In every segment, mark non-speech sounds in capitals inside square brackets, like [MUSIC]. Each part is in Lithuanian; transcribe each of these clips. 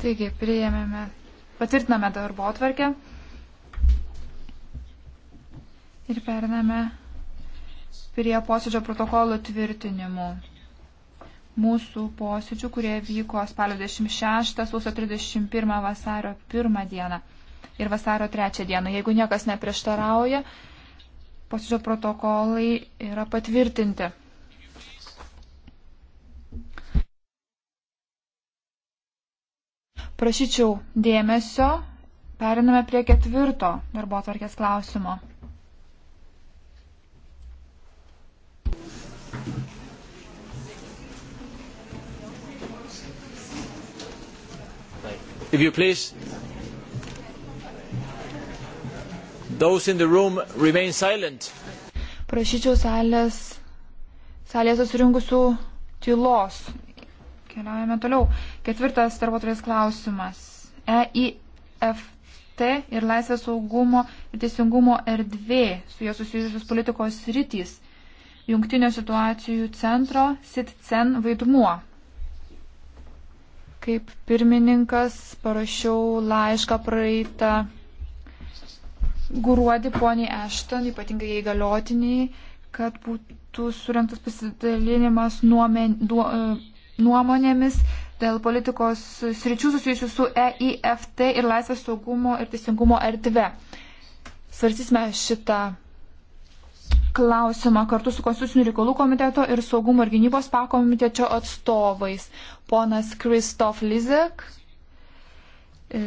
Taigi, priėmėme, patvirtiname darbo atvarkę ir periname prie posėdžio protokolo tvirtinimų. Mūsų posėdžių, kurie vyko spalio 26, sausio 31, vasario 1 dieną ir vasario 3 dieną. Jeigu niekas neprieštarauja, posėdžio protokolai yra patvirtinti. Prašyčiau dėmesio, periname prie ketvirto darbo atvarkės klausimo. If you please, those in the room remain silent. Prašyčiau salės, salės susirinkusių tylos Keliaujame toliau. Ketvirtas darbuotojas klausimas. EIFT ir laisvės saugumo ir teisingumo erdvė su jie susijusios politikos rytys. Jungtinio situacijų centro SITCEN vaidmuo. Kaip pirmininkas parašiau laišką praeitą gruodį poniai Ešton, ypatingai įgaliotiniai, kad būtų surinktas pasidalinimas nuomen, duo, nuomonėmis dėl politikos sričių susijusių su EIFT ir laisvės saugumo ir teisingumo erdve. Svarsysime šitą klausimą kartu su Konstitucinių reikalų komiteto ir saugumo ir gynybos pakomitečio atstovais. Ponas Kristof Lizek, e,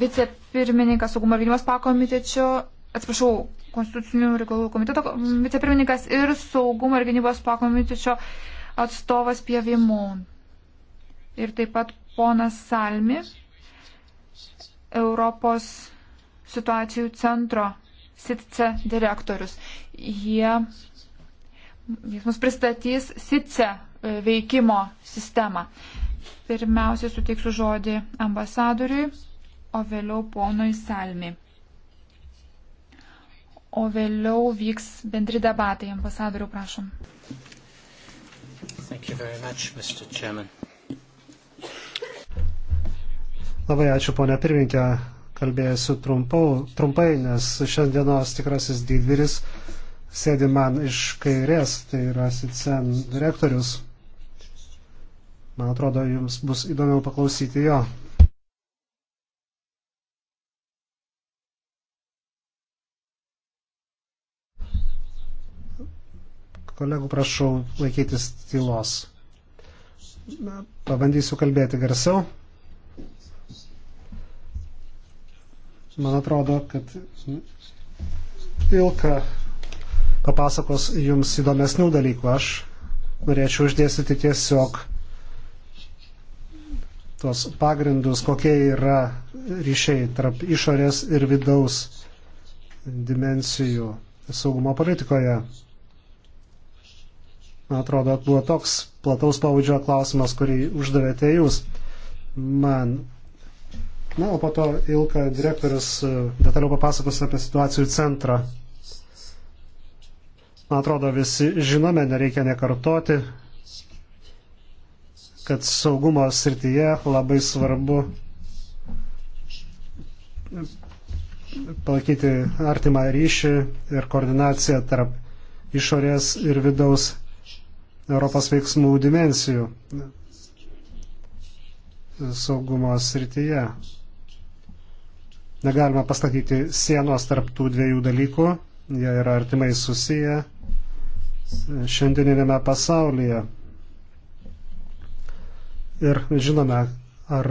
vicepirmininkas saugumo ir gynybos pakomitečio, atsiprašau, Konstitucinių reikalų komiteto vicepirmininkas ir saugumo ir gynybos pakomitečio uh, atstovas Pievimon. Ir taip pat ponas Salmi, Europos situacijų centro SITCE direktorius. Jie, jis mus pristatys SITCE e, veikimo sistemą. Pirmiausiai suteiksiu žodį ambasadoriui, o vėliau ponui Salmi. O vėliau vyks bendri debatai. Ambasadoriu, prašom. Thank you very much, Mr. Chairman. Labai ačiū, ponia pirminkė. Kalbėsiu trumpau, trumpai, nes šiandienos tikrasis didvyris sėdi man iš kairės, tai yra SICEN direktorius. Man atrodo, jums bus įdomiau paklausyti jo. Kolegų prašau laikytis tylos. Na, pabandysiu kalbėti garsiau. Man atrodo, kad Ilka papasakos jums įdomesnių dalykų. Aš norėčiau uždėstyti tiesiog tuos pagrindus, kokie yra ryšiai tarp išorės ir vidaus dimensijų saugumo politikoje man atrodo, buvo toks plataus pavudžio klausimas, kurį uždavėte jūs man. Na, o po to Ilka direktorius e, detaliau papasakos apie situacijų centrą. Man atrodo, visi žinome, nereikia nekartoti, kad saugumo srityje labai svarbu palaikyti artimą ryšį ir koordinaciją tarp išorės ir vidaus Europos veiksmų dimensijų saugumo srityje. Negalima pastatyti sienos tarptų dviejų dalykų, jie yra artimai susiję šiandieninėme pasaulyje. Ir žinome, ar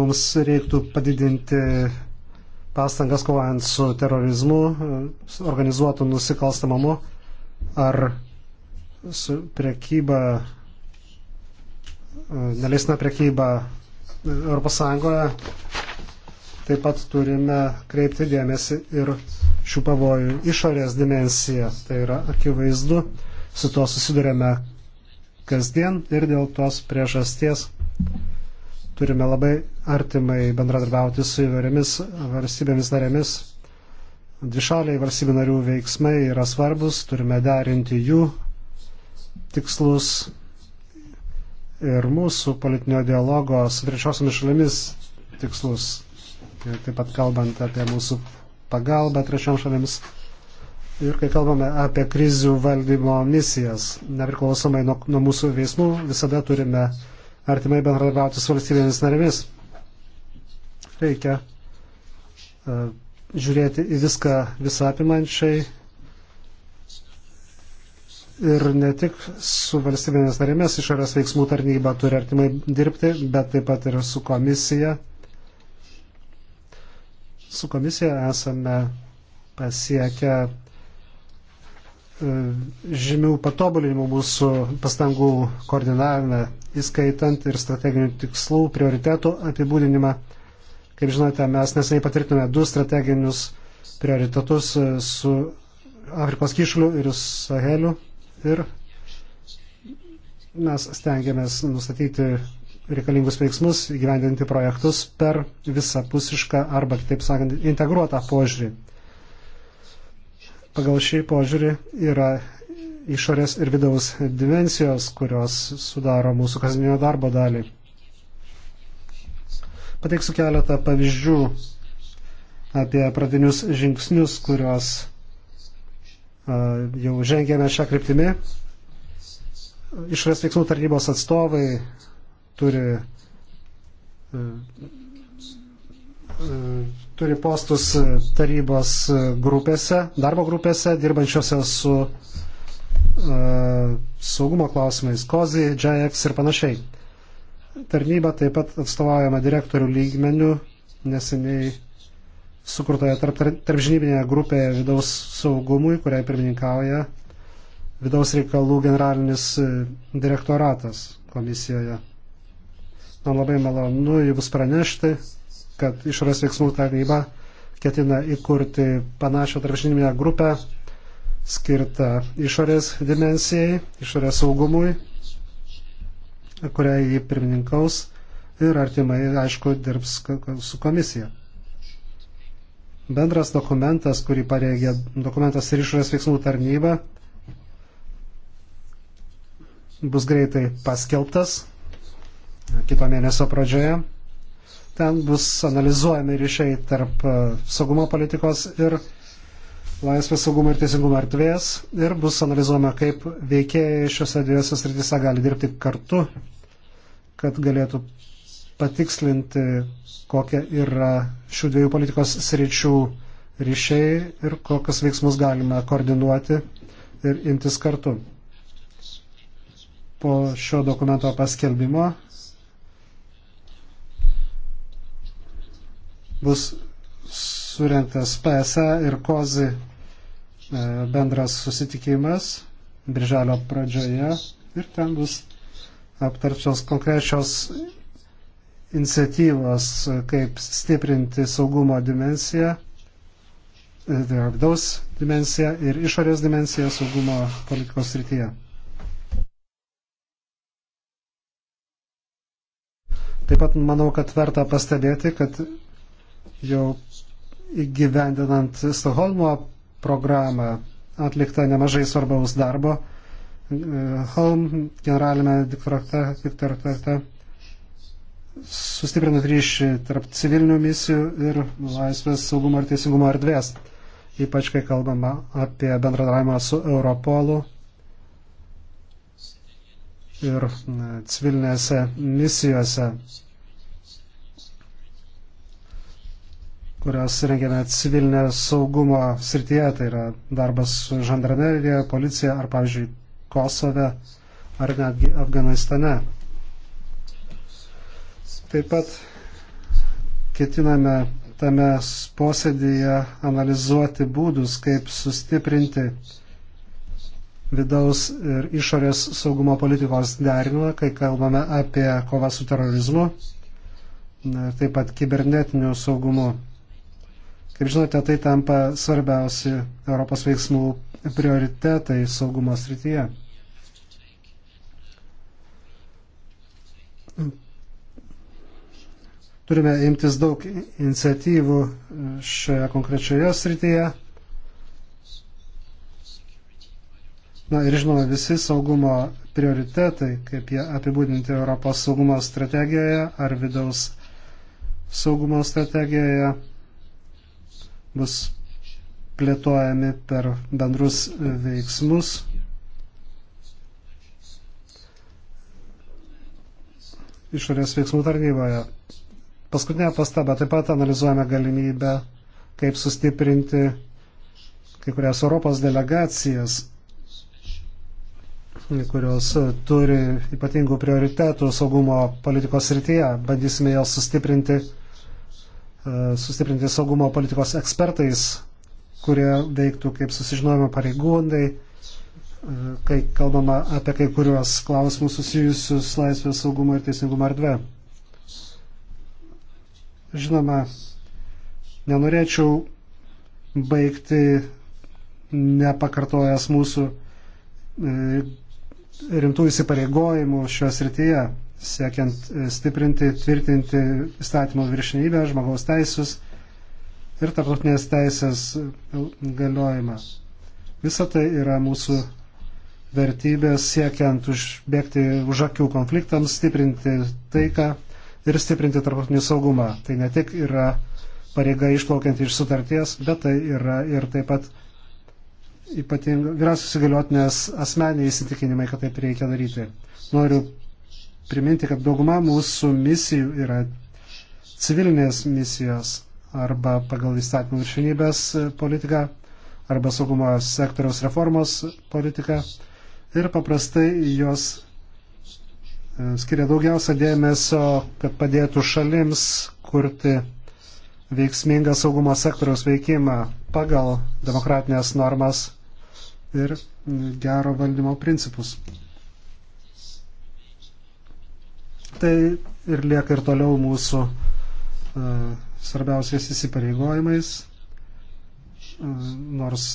mums reiktų padidinti pastangas kovojant su terorizmu, organizuotų nusikalstamamu, ar su prekyba, e, neleisna prekyba ES, taip pat turime kreipti dėmesį ir šių pavojų išorės dimensiją. Tai yra akivaizdu, su tuo susidurėme kasdien ir dėl tos priežasties turime labai artimai bendradarbiauti su įvairiomis valstybėmis narėmis. Dvišaliai valstybių narių veiksmai yra svarbus, turime derinti jų tikslus ir mūsų politinio dialogo su trečiosiomis šalimis tikslus. Ir taip pat kalbant apie mūsų pagalbą trečiom šalims ir kai kalbame apie krizių valdymo misijas, nepriklausomai nuo, nuo mūsų veiksmų, visada turime artimai bendradarbiauti su valstybėmis narėmis. Reikia uh, žiūrėti į viską visapimančiai ir ne tik su valstybinės narėmis išorės veiksmų tarnyba turi artimai dirbti, bet taip pat ir su komisija. Su komisija esame pasiekę e, žymių patobulinimų mūsų pastangų koordinavime, įskaitant ir strateginių tikslų, prioritetų apibūdinimą. Kaip žinote, mes neseniai patvirtinome du strateginius prioritetus e, su Afrikos kišliu ir Saheliu ir mes stengiamės nustatyti reikalingus veiksmus, įgyvendinti projektus per visapusišką arba, kitaip sakant, integruotą požiūrį. Pagal šį požiūrį yra išorės ir vidaus dimensijos, kurios sudaro mūsų kasdienio darbo dalį. Pateiksiu keletą pavyzdžių apie pradinius žingsnius, kuriuos jau žengėme šią kryptimį. Išorės veiksmų tarnybos atstovai turi, e, e, turi postus tarybos grupėse, darbo grupėse, dirbančiose su e, saugumo klausimais, COZI, JAX ir panašiai. Tarnyba taip pat atstovaujama direktorių lygmenių, neseniai sukurtoje tarp, tarp žinybinėje grupėje vidaus saugumui, kuriai pirmininkauja vidaus reikalų generalinis e, direktoratas komisijoje. Man labai malonu jums pranešti, kad išorės veiksmų taryba ketina įkurti panašią tarpžininę grupę skirtą išorės dimensijai, išorės saugumui, kuriai jį pirmininkaus ir artimai, aišku, dirbs su komisija. Bendras dokumentas, kurį pareigė dokumentas ir išorės veiksmų tarnyba, bus greitai paskelbtas kito mėnesio pradžioje. Ten bus analizuojami ryšiai tarp e, saugumo politikos ir laisvės saugumo ir teisingumo erdvės ir bus analizuojama, kaip veikėjai šiuose dviejose srityse gali dirbti kartu, kad galėtų patikslinti, kokie yra šių dviejų politikos sričių ryšiai ir kokius veiksmus galime koordinuoti ir imtis kartu. Po šio dokumento paskelbimo bus surinktas PSA ir COZI e, bendras susitikimas birželio pradžioje ir ten bus aptarčios konkrečios iniciatyvos, kaip stiprinti saugumo dimensiją, e, tai yra vidaus dimensija ir išorės dimensija saugumo politikos srityje. Taip pat manau, kad verta pastebėti, kad jau įgyvendinant Stokholmo programą atlikta nemažai svarbaus darbo. E, Holm generalinė diktorate sustiprinant ryšį tarp civilinių misijų ir laisvės saugumo ir teisingumo erdvės, ypač kai kalbama apie bendradarbiavimą su Europolu ir civilinėse misijose, kurios rengiame civilinę saugumo srityje, tai yra darbas su žandarmerija, policija ar, pavyzdžiui, Kosove ar netgi Afganistane. Taip pat ketiname tame posėdėje analizuoti būdus, kaip sustiprinti vidaus ir išorės saugumo politikos derinimą, kai kalbame apie kovą su terorizmu, taip pat kibernetiniu saugumu. Kaip žinote, tai tampa svarbiausi Europos veiksmų prioritetai saugumo srityje. Turime imtis daug iniciatyvų šioje konkrečioje srityje. Na ir žinoma, visi saugumo prioritetai, kaip jie apibūdinti Europos saugumo strategijoje ar vidaus saugumo strategijoje, bus plėtojami per bendrus veiksmus. Išorės veiksmų tarnyboje. Paskutinė pastaba taip pat analizuojame galimybę, kaip sustiprinti kai kurias Europos delegacijas, kurios turi ypatingų prioritetų saugumo politikos srityje. Bandysime jas sustiprinti, e, sustiprinti saugumo politikos ekspertais, kurie veiktų kaip susižinojimo pareigūnai e, kai kalbama apie kai kuriuos klausimus susijusius laisvės saugumo ir teisingumo erdvė. Žinoma, nenorėčiau baigti nepakartojęs mūsų e, rimtų įsipareigojimų šios rytyje, siekiant e, stiprinti, tvirtinti įstatymų viršinybę, žmogaus teisus ir tarptautinės teisės galiojimą. Visa tai yra mūsų vertybės siekiant užbėgti už akių konfliktams, stiprinti taiką ir stiprinti tarptautinį saugumą. Tai ne tik yra pareiga išplaukianti iš sutarties, bet tai yra ir taip pat ypatingai vyriausios įgaliotinės asmeniai įsitikinimai, kad taip reikia daryti. Noriu priminti, kad dauguma mūsų misijų yra civilinės misijos arba pagal įstatymų viršinybės politiką arba saugumo sektoriaus reformos politiką ir paprastai jos skiria daugiausia dėmesio, kad padėtų šalims kurti veiksmingą saugumo sektoriaus veikimą pagal demokratinės normas ir gero valdymo principus. Tai ir lieka ir toliau mūsų uh, svarbiausiais įsipareigojimais, uh, nors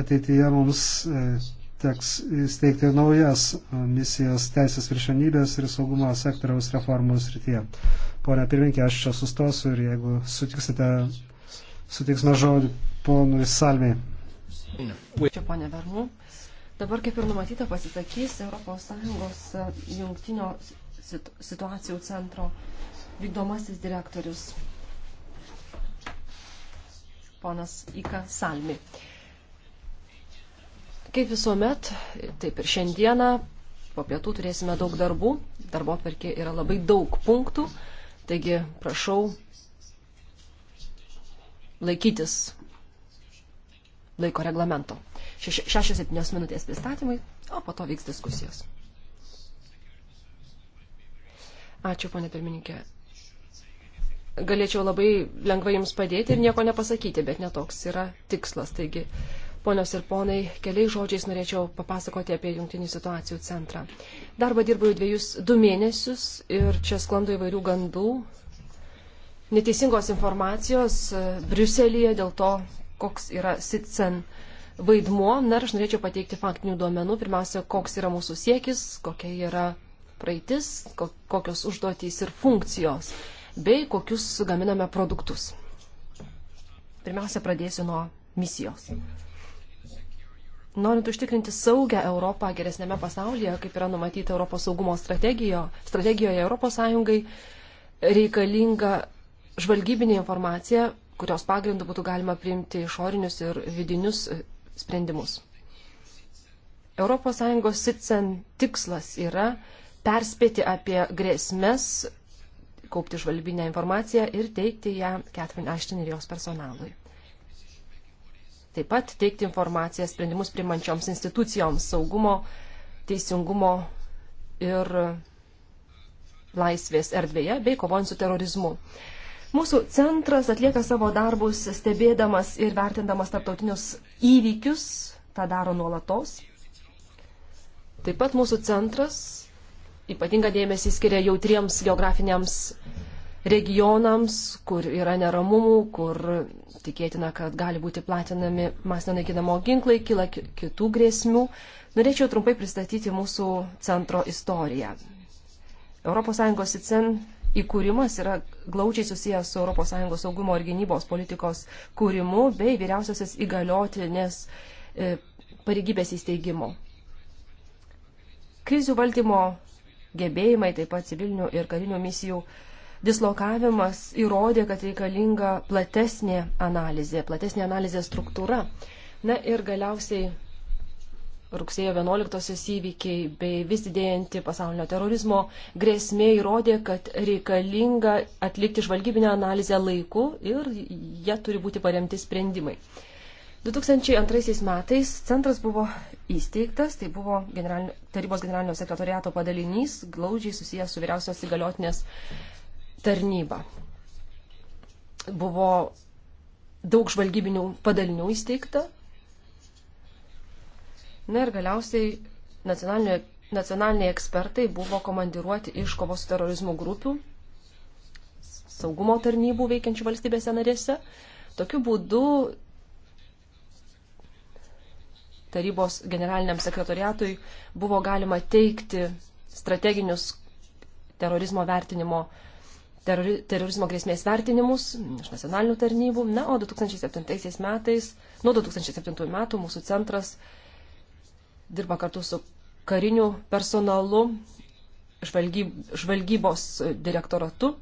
ateityje mums uh, teks įsteigti naujas misijas teisės viršenybės ir saugumo sektoriaus reformų srityje. Pone pirminkė, aš čia sustosiu ir jeigu sutiksite, sutiksime žodį ponui Salmiai. Čia ponė Vermų. Dabar, kaip ir numatyta, pasisakys ES e, jungtinio situacijų centro vykdomasis direktorius ponas Ika Salmi. Kaip visuomet, taip ir šiandieną, po pietų turėsime daug darbų, darbo atverkė yra labai daug punktų, taigi prašau laikytis laiko reglamento. 6-7 minutės pristatymai, o po to vyks diskusijos. Ačiū, ponė pirmininkė. Galėčiau labai lengvai jums padėti ir nieko nepasakyti, bet netoks yra tikslas. Taigi, Ponios ir ponai, keliais žodžiais norėčiau papasakoti apie Junktinių situacijų centrą. Darbą dirbu jau dviejus, du mėnesius ir čia sklando įvairių gandų, neteisingos informacijos e, Briuselėje dėl to, koks yra SITCEN vaidmuo. Na ir aš norėčiau pateikti faktinių duomenų. Pirmiausia, koks yra mūsų siekis, kokia yra praeitis, kokios užduotys ir funkcijos, bei kokius gaminame produktus. Pirmiausia, pradėsiu nuo misijos. Mhm norint užtikrinti saugę Europą geresnėme pasaulyje, kaip yra numatyta Europos saugumo strategijo, strategijoje Europos Sąjungai, reikalinga žvalgybinė informacija, kurios pagrindu būtų galima priimti išorinius ir vidinius e, sprendimus. Europos Sąjungos SITCEN tikslas yra perspėti apie grėsmes, kaupti žvalgybinę informaciją ir teikti ją Catherine Ashton ir jos personalui. Taip pat teikti informaciją sprendimus primančioms institucijoms saugumo, teisingumo ir laisvės erdvėje bei kovojant su terorizmu. Mūsų centras atlieka savo darbus stebėdamas ir vertindamas tarptautinius įvykius, tą daro nuolatos. Taip pat mūsų centras ypatinga dėmesį skiria jautriems geografiniams regionams, kur yra neramumų, kur tikėtina, kad gali būti platinami masinio naikinamo ginklai, kyla kitų grėsmių. Norėčiau trumpai pristatyti mūsų centro istoriją. ES ICEN įkūrimas yra glaučiai susijęs su ES saugumo ir gynybos politikos kūrimu bei vyriausiasis įgaliotinės e, pareigybės įsteigimo. Krizių valdymo gebėjimai, taip pat civilinių ir karinių misijų dislokavimas įrodė, kad reikalinga platesnė analizė, platesnė analizės struktūra. Na ir galiausiai rugsėjo 11-osios įvykiai bei vis didėjanti pasaulinio terorizmo grėsmė įrodė, kad reikalinga atlikti žvalgybinę analizę laiku ir jie turi būti paremti sprendimai. 2002 metais centras buvo įsteigtas, tai buvo generalinio, tarybos generalinio sekretoriato padalinys, glaudžiai susijęs su vyriausios įgaliotinės tarnybą. Buvo daug žvalgybinių padalinių įsteigta. Na ir galiausiai nacionalinė, nacionaliniai ekspertai buvo komandiruoti iš kovos su terorizmu grupių, saugumo tarnybų veikiančių valstybėse narėse. Tokiu būdu tarybos generaliniam sekretoriatui buvo galima teikti strateginius terorizmo vertinimo uh, terorizmo grėsmės vertinimus iš nacionalinių tarnybų. Na, o 2007 metais, nuo 2007 metų mūsų centras dirba kartu su kariniu personalu, žvalgyb, žvalgybos direktoratu.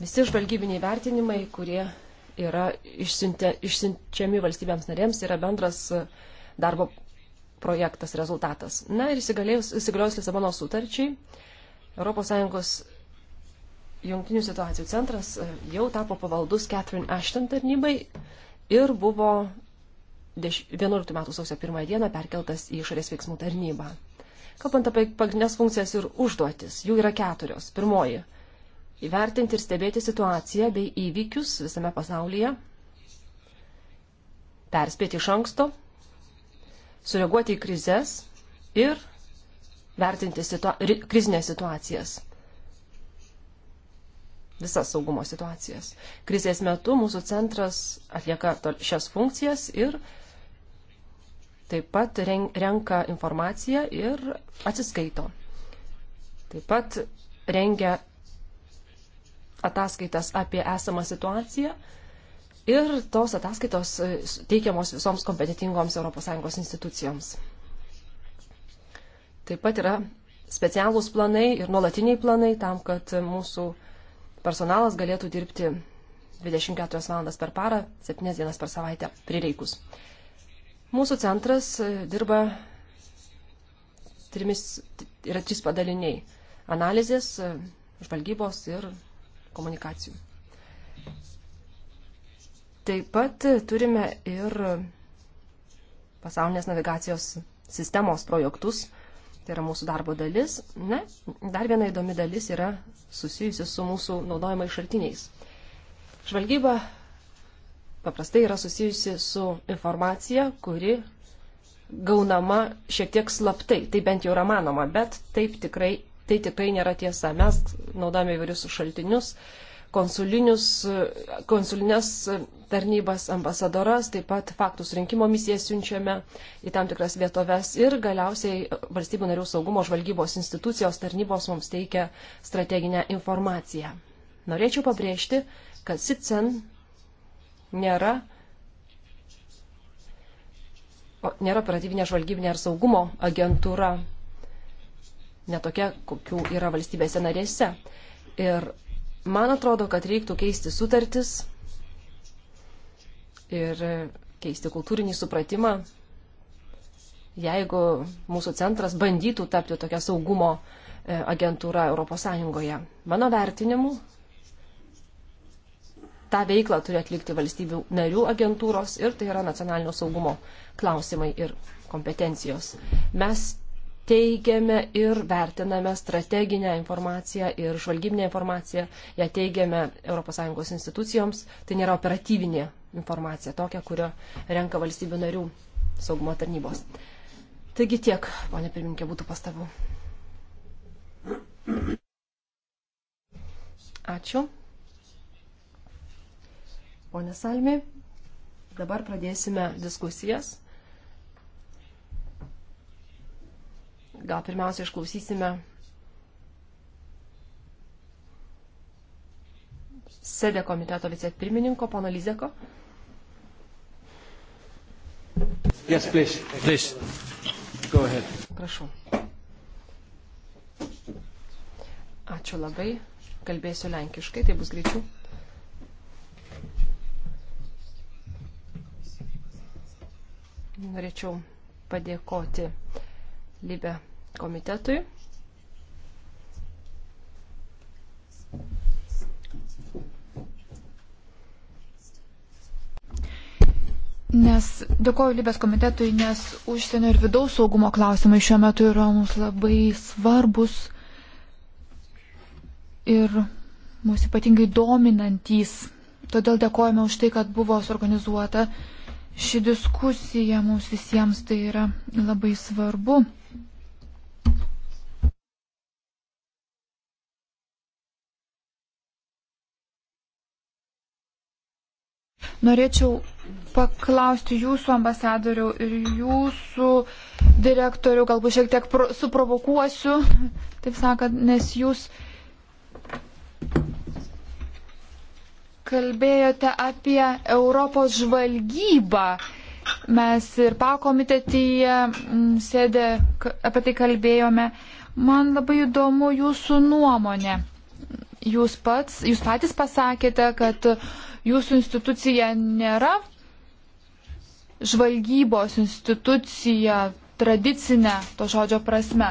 Visi žvalgybiniai vertinimai, kurie yra išsiuntė, išsiunčiami valstybėms narėms, yra bendras darbo projektas, rezultatas. Na ir įsigaliojus Lisabono sutarčiai, ES Jungtinių situacijų centras e, jau tapo pavaldus Catherine Ashton tarnybai ir buvo 11 metų sausio 1 dieną perkeltas į išorės veiksmų tarnybą. Kalbant apie pagrindinės funkcijas ir užduotis, jų yra keturios. Pirmoji - įvertinti ir stebėti situaciją bei įvykius visame pasaulyje, perspėti iš anksto, sureaguoti į krizės ir vertinti situa krizinės situacijas visas saugumo situacijas. Krizės metu mūsų centras atlieka šias funkcijas ir taip pat renka informaciją ir atsiskaito. Taip pat rengia ataskaitas apie esamą situaciją ir tos ataskaitos e, teikiamos visoms kompetitingoms ES institucijoms. Taip pat yra specialūs planai ir nuolatiniai planai tam, kad mūsų personalas galėtų dirbti 24 valandas per parą, 7 dienas per savaitę prireikus. Mūsų centras e, dirba trimis, yra trys padaliniai - analizės, e, žvalgybos ir komunikacijų. Taip pat e, turime ir pasaulinės navigacijos sistemos projektus, tai yra mūsų darbo dalis. Na, dar viena įdomi dalis yra susijusi su mūsų naudojimais šaltiniais. Žvalgyba paprastai yra susijusi su informacija, kuri gaunama šiek tiek slaptai. Tai bent jau yra manoma, bet taip tikrai, tai tikrai nėra tiesa. Mes naudojame įvairius šaltinius, uh, konsulinės tarnybas, ambasadoras, taip pat faktų surinkimo misiją siunčiame į tam tikras vietoves ir galiausiai valstybių narių saugumo žvalgybos institucijos tarnybos mums teikia strateginę informaciją. Norėčiau pabrėžti, kad SITCEN nėra, nėra operatyvinė žvalgybinė ar saugumo agentūra, netokia, kokių yra valstybėse narėse. Ir Man atrodo, kad reiktų keisti sutartis ir keisti kultūrinį supratimą, jeigu mūsų centras bandytų tapti tokią saugumo e, agentūrą ES. Mano vertinimu, tą veiklą turi atlikti valstybių narių agentūros ir tai yra nacionalinio saugumo klausimai ir kompetencijos. Mes teigiame ir vertiname strateginę informaciją ir žvalgybinę informaciją, ją teigiame ES institucijoms, tai nėra operatyvinė informacija, tokia, kurio renka valstybių narių saugumo tarnybos. Taigi tiek, ponė pirminkė, būtų pastabų. Ačiū. Pone Salmi, dabar pradėsime diskusijas. Gal pirmiausia išklausysime sėdė komiteto vicepirmininko, pono Lizeko. Yes, please. Please. Go ahead. Prašau. Ačiū labai. Kalbėsiu lenkiškai, tai bus greičiau. Norėčiau padėkoti Libe komitetui. Nes dėkoju Libės komitetui, nes užsienio ir vidaus saugumo klausimai šiuo metu yra mums labai svarbus ir mūsų ypatingai dominantys. Todėl dėkojame už tai, kad buvo suorganizuota ši diskusija mums visiems, tai yra labai svarbu. Norėčiau paklausti jūsų ambasadorių ir jūsų direktorių, galbūt šiek tiek pro, suprovokuosiu, [LAUGHS] taip sakant, nes jūs kalbėjote apie Europos žvalgybą. Mes ir pakomitetyje mm, sėdė, apie tai kalbėjome. Man labai įdomu jūsų nuomonė. Jūs, pats, jūs patys pasakėte, kad uh, Jūsų institucija nėra žvalgybos institucija tradicinė to žodžio prasme.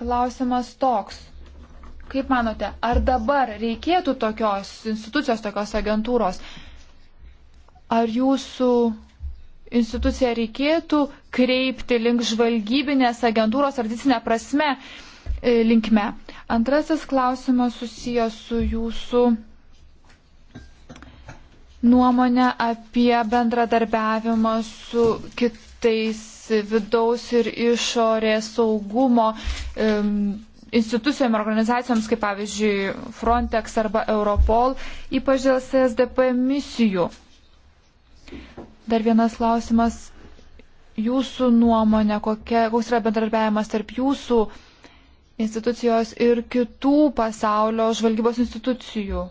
Klausimas toks. Kaip manote, ar dabar reikėtų tokios institucijos, tokios agentūros? Ar jūsų instituciją reikėtų kreipti link žvalgybinės agentūros tradicinę prasme e, linkme? Antrasis klausimas susijęs su jūsų nuomonę apie bendradarbiavimą su kitais vidaus ir išorės saugumo um, institucijom ir organizacijoms, kaip pavyzdžiui Frontex arba Europol, ypač dėl CSDP misijų. Dar vienas klausimas. Jūsų nuomonė, kokia, koks yra bendradarbiavimas tarp jūsų institucijos ir kitų pasaulio žvalgybos institucijų?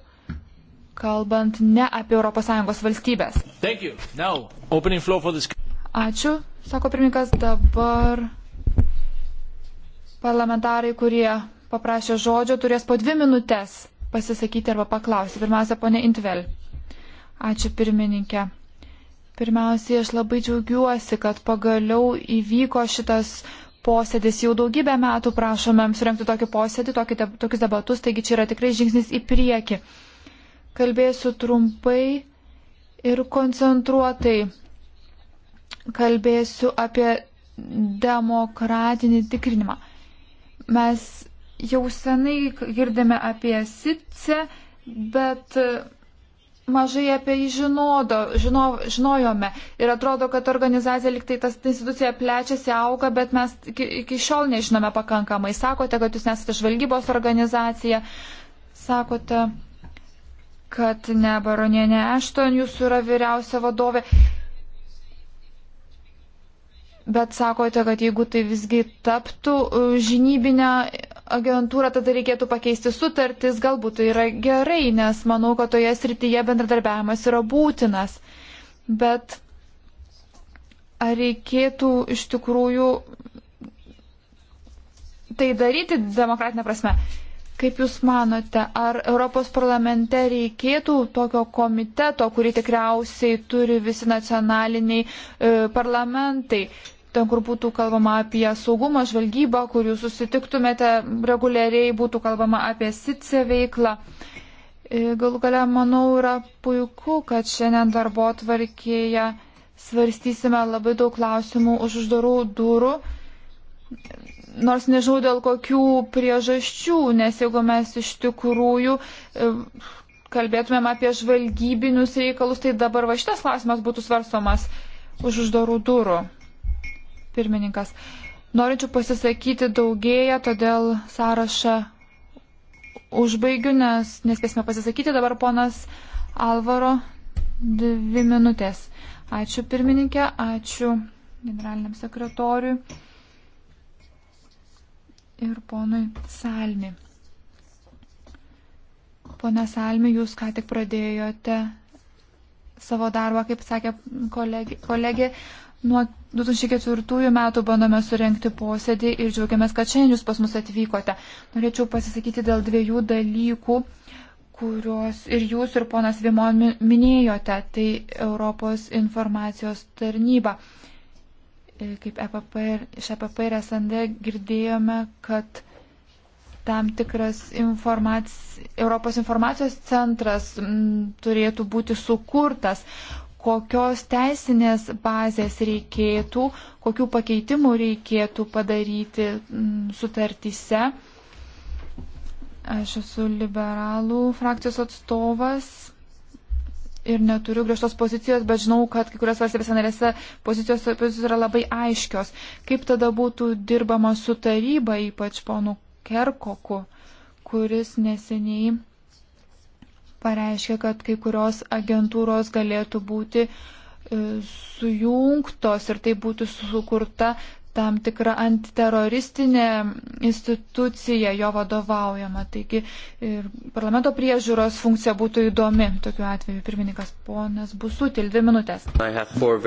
kalbant ne apie ES valstybės. Now, this... Ačiū, sako pirmininkas. Dabar parlamentarai, kurie paprašė žodžio, turės po dvi minutės pasisakyti arba paklausti. Pirmiausia, ponė Intvel. Ačiū pirmininkė. Pirmiausiai, aš labai džiaugiuosi, kad pagaliau įvyko šitas posėdis. Jau daugybę metų prašomėm surenkti tokį posėdį, tokį, tokius debatus, taigi čia yra tikrai žingsnis į priekį. Kalbėsiu trumpai ir koncentruotai. Kalbėsiu apie demokratinį tikrinimą. Mes jau senai girdėme apie SITCE, bet mažai apie jį žinodo, žino, žinojome. Ir atrodo, kad organizacija liktai tas ta institucija plečiasi, auga, bet mes iki, iki šiol nežinome pakankamai. Sakote, kad jūs nesate žvalgybos organizacija, sakote, kad ne baronienė Ešton, jūsų yra vyriausia vadovė. Bet sakote, kad jeigu tai visgi taptų e, žinybinę agentūrą, tada reikėtų pakeisti sutartis, galbūt tai yra gerai, nes manau, kad toje srityje bendradarbiavimas yra būtinas. Bet ar reikėtų iš tikrųjų tai daryti demokratinę prasme? Kaip Jūs manote, ar Europos parlamente reikėtų tokio komiteto, kurį tikriausiai turi visi nacionaliniai e, parlamentai, ten, kur būtų kalbama apie saugumą, žvalgybą, kur Jūs susitiktumėte reguliariai, būtų kalbama apie SICE veiklą. E, Galų gale, manau, yra puiku, kad šiandien darbo tvarkėje svarstysime labai daug klausimų už uždarų durų nors nežinau dėl kokių priežasčių, nes jeigu mes iš tikrųjų e, kalbėtumėm apie žvalgybinius reikalus, tai dabar va šitas klausimas būtų svarstomas už uždarų durų. Pirmininkas. Norinčių pasisakyti daugėja, todėl sąrašą užbaigiu, nes nespėsime pasisakyti. Dabar ponas Alvaro, dvi minutės. Ačiū pirmininkė, ačiū generaliniam sekretoriui ir ponui Salmi. Pone Salmi, jūs ką tik pradėjote savo darbą, kaip sakė kolegė, kolegė Nuo 2004 metų bandome surenkti posėdį ir džiaugiamės, kad šiandien jūs pas mus atvykote. Norėčiau pasisakyti dėl dviejų dalykų, kuriuos ir jūs, ir ponas Vimon minėjote, tai Europos informacijos tarnyba. E, kaip EPP ir iš EPP ir SND girdėjome, kad tam tikras informac... Europos informacijos centras m, turėtų būti sukurtas, kokios teisinės bazės reikėtų, kokių pakeitimų reikėtų padaryti m, sutartyse. Aš esu liberalų frakcijos atstovas ir neturiu griežtos pozicijos, bet žinau, kad kai kurios valstybės narėse pozicijos, pozicijos yra labai aiškios. Kaip tada būtų dirbama su taryba, ypač ponu Kerkoku, kuris neseniai pareiškė, kad kai kurios agentūros galėtų būti e, sujungtos ir tai būtų sukurta tam tikra antiteroristinė institucija jo vadovaujama. Taigi ir parlamento priežiūros funkcija būtų įdomi tokiu atveju. Pirmininkas ponas Busutil, dvi minutės. Four...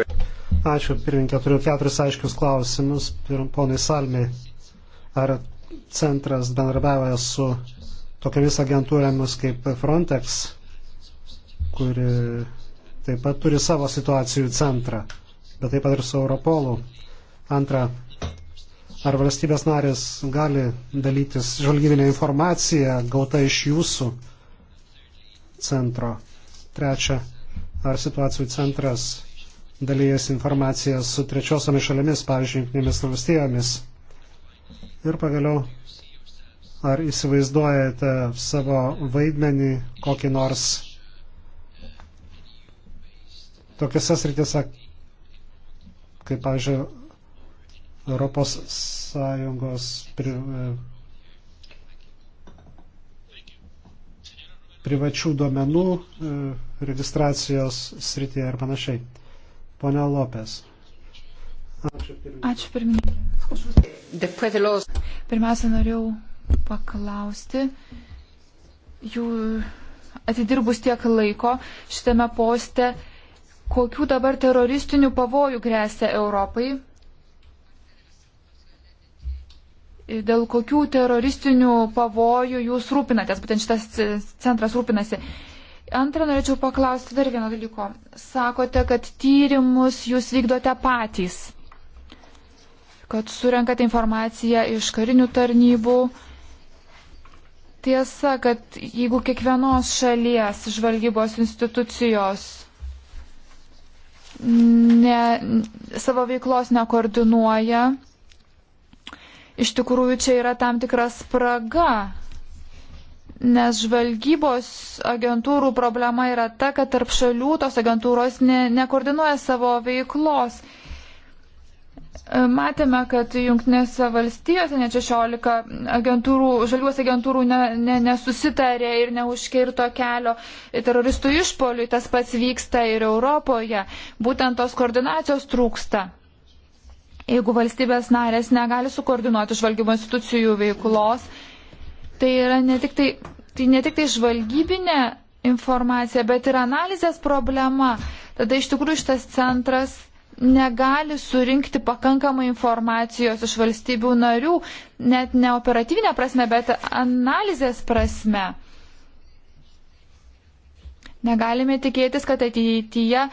Ačiū, pirmininkė, turiu keturis aiškius klausimus. Ponai Salmiai, ar centras bendrabiavoja su tokiamis agentūrėmis kaip Frontex, kuri taip pat turi savo situacijų centrą, bet taip pat ir su Europolu. Antra, ar valstybės narės gali dalytis žvalgybinę informaciją gauta iš jūsų centro? Trečia, ar situacijų centras dalyjas informaciją su trečiosiomis šalimis, pavyzdžiui, jungtinėmis valstijomis? Ir pagaliau, ar įsivaizduojate savo vaidmenį kokį nors tokiuose srityse, kaip, pavyzdžiui, Europos Sąjungos pri, privačių duomenų e, registracijos srityje ir panašiai. Pone Lopes. Ačiū pirmininkė. Pirmiausia, norėjau paklausti, jų atidirbus tiek laiko šitame poste, kokių dabar teroristinių pavojų grėsia Europai dėl kokių teroristinių pavojų jūs rūpinatės, būtent šitas centras rūpinasi. Antra, norėčiau paklausti dar vieno dalyko. Sakote, kad tyrimus jūs vykdote patys, kad surenkate informaciją iš karinių tarnybų. Tiesa, kad jeigu kiekvienos šalies žvalgybos institucijos ne, savo veiklos nekoordinuoja, Iš tikrųjų, čia yra tam tikra spraga, nes žvalgybos agentūrų problema yra ta, kad tarp šalių tos agentūros ne, nekoordinuoja savo veiklos. Matėme, kad Junktinėse valstijose ne 16 agentūrų, žaliuos agentūrų ne, ne, nesusitarė ir neužkirto kelio teroristų išpoliui, tas pats vyksta ir Europoje. Būtent tos koordinacijos trūksta. Jeigu valstybės narės negali sukoordinuoti žvalgymo institucijų veiklos, tai yra ne tik tai, tai, ne tik tai žvalgybinė informacija, bet ir analizės problema. Tada iš tikrųjų šitas centras negali surinkti pakankamai informacijos iš valstybių narių, net ne operatyvinė prasme, bet analizės prasme. Negalime tikėtis, kad ateityje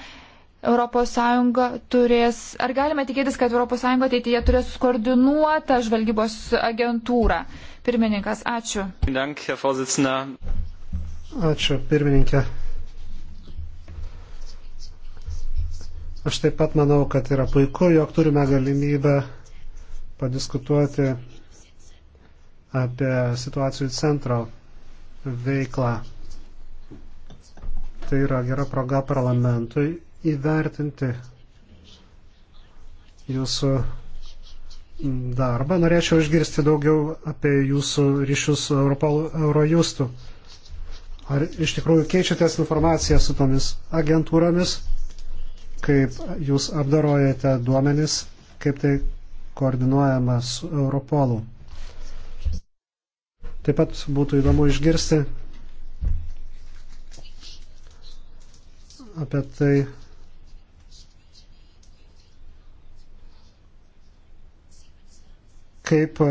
ES turės, ar galime tikėtis, kad ES ateityje turės koordinuotą žvalgybos agentūrą? Pirmininkas, ačiū. Ačiū, pirmininkė. Aš taip pat manau, kad yra puiku, jog turime galimybę padiskutuoti apie situacijų centro veiklą. Tai yra gera proga parlamentui įvertinti jūsų darbą. Norėčiau išgirsti daugiau apie jūsų ryšius su Eurojustu. Ar iš tikrųjų keičiatės informaciją su tomis agentūromis, kaip jūs apdarojate duomenis, kaip tai koordinuojama su Europolu. Taip pat būtų įdomu išgirsti apie tai, kaip e,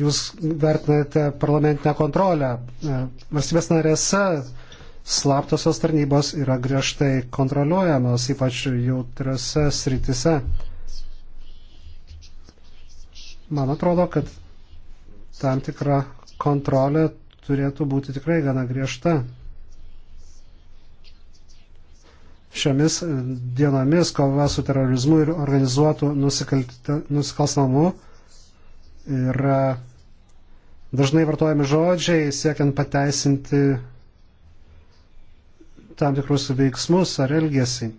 jūs vertinate parlamentinę kontrolę. E, valstybės narėse slaptosios tarnybos yra griežtai kontroliuojamos, ypač jautriose sritise. Man atrodo, kad tam tikra kontrolė turėtų būti tikrai gana griežta. Šiomis dienomis kova su terorizmu ir organizuotų nusikalstamumu yra dažnai vartojami žodžiai, siekiant pateisinti tam tikrus veiksmus ar elgesį,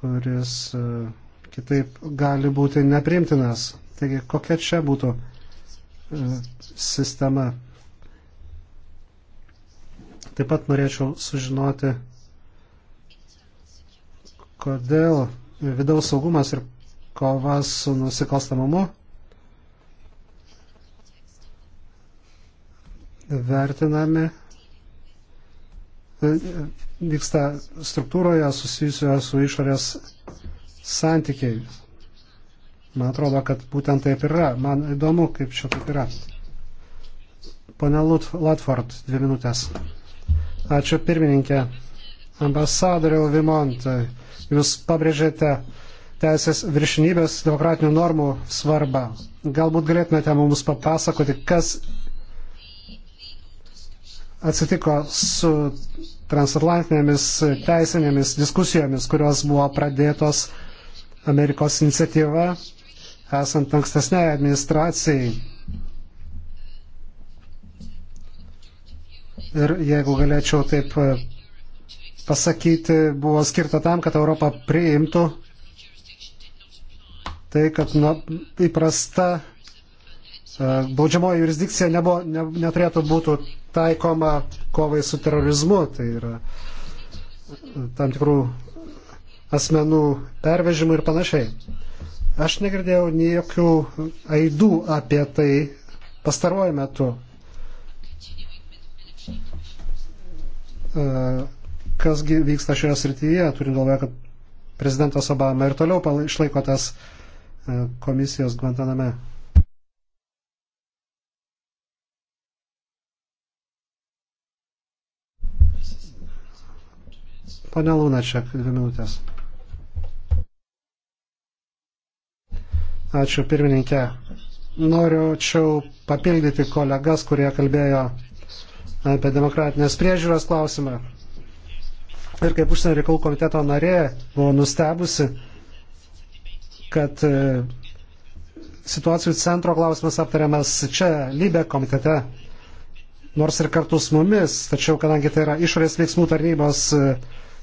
kuris e, kitaip gali būti neprimtinas. Taigi, kokia čia būtų e, sistema? Taip pat norėčiau sužinoti, kodėl vidaus saugumas ir kova su nusikalstamumu vertinami vyksta struktūroje susijusioje su išorės santykiai. Man atrodo, kad būtent taip yra. Man įdomu, kaip čia taip yra. Pone Latford, dvi minutės. Ačiū pirmininkė. Ambasadoriau Vimont, jūs pabrėžėte teisės viršinybės demokratinių normų svarbą. Galbūt galėtumėte mums papasakoti, kas atsitiko su transatlantinėmis teisinėmis diskusijomis, kurios buvo pradėtos Amerikos iniciatyva, esant ankstesniai administracijai. Ir jeigu galėčiau taip e, pasakyti, buvo skirta tam, kad Europa priimtų tai, kad na, įprasta e, baudžiamoji jurisdikcija nebuvo, ne, neturėtų būti taikoma kovai su terorizmu, tai yra e, tam tikrų asmenų pervežimų ir panašiai. Aš negirdėjau jokių aidų apie tai pastaruoju metu. E, Kasgi vyksta šioje srityje, turint galvoje, kad prezidentas Obama ir toliau išlaiko tas uh, E, komisijos Guantaname. Pane Lunačiak, dvi minutės. Ačiū pirmininkė. Noriu čia papildyti kolegas, kurie kalbėjo apie demokratinės priežiūros klausimą. Ir kaip užsienio reikalų komiteto narė buvo nustebusi, kad e, situacijų centro klausimas aptariamas čia, Lybė komitete, nors ir kartu su mumis, tačiau kadangi tai yra išorės veiksmų tarnybos e,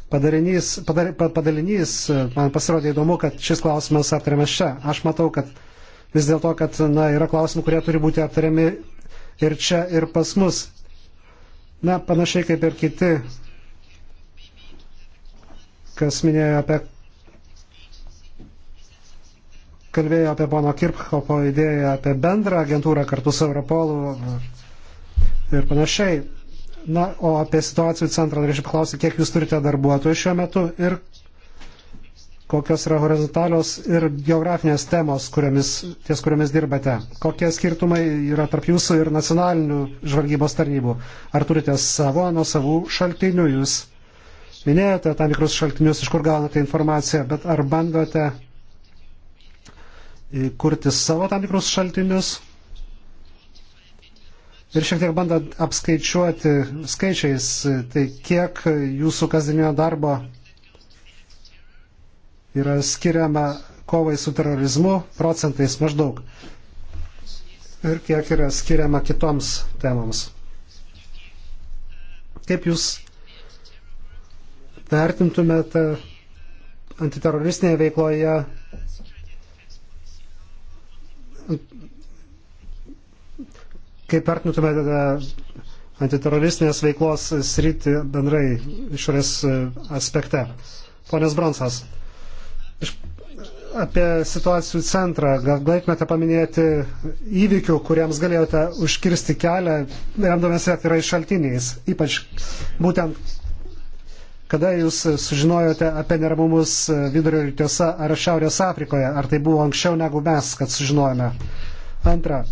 padarinys, padar, padalinys, e, man pasirodė įdomu, kad šis klausimas aptariamas čia. Aš matau, kad vis dėlto, kad na, yra klausimų, kurie turi būti aptariami ir čia, ir pas mus. Na, panašiai kaip ir kiti, kas minėjo apie kalbėjo apie pono Kirpchopo idėją apie bendrą agentūrą kartu su Europolu ir panašiai. Na, o apie situacijų centrą norėčiau paklausti, kiek jūs turite darbuotojų šiuo metu ir kokios yra horizontalios ir geografinės temos, kuriomis, ties kuriomis dirbate. Kokie skirtumai yra tarp jūsų ir nacionalinių žvalgybos tarnybų. Ar turite savo, nuo savų šaltinių jūs? Minėjote tam tikrus šaltinius, iš kur gaunate informaciją, bet ar bandote kurti savo tam tikrus šaltinius ir šiek tiek bandant apskaičiuoti skaičiais, tai kiek jūsų kasdieninio darbo yra skiriama kovai su terorizmu procentais maždaug ir kiek yra skiriama kitoms temams. Kaip jūs vertintumėte antiteroristinėje veikloje Kaip vertintumėte antiteroristinės veiklos sritį bendrai išorės e, aspekte? Ponas Bronsas, iš, apie situacijų centrą, gal galėtumėte paminėti įvykių, kuriems galėjote užkirsti kelią, remdamėsi atvirai šaltiniais, ypač būtent kada jūs sužinojote apie neramumus e, vidurio rytuose ar Šiaurės Afrikoje, ar tai buvo anksčiau negu mes, kad sužinojome. Antra,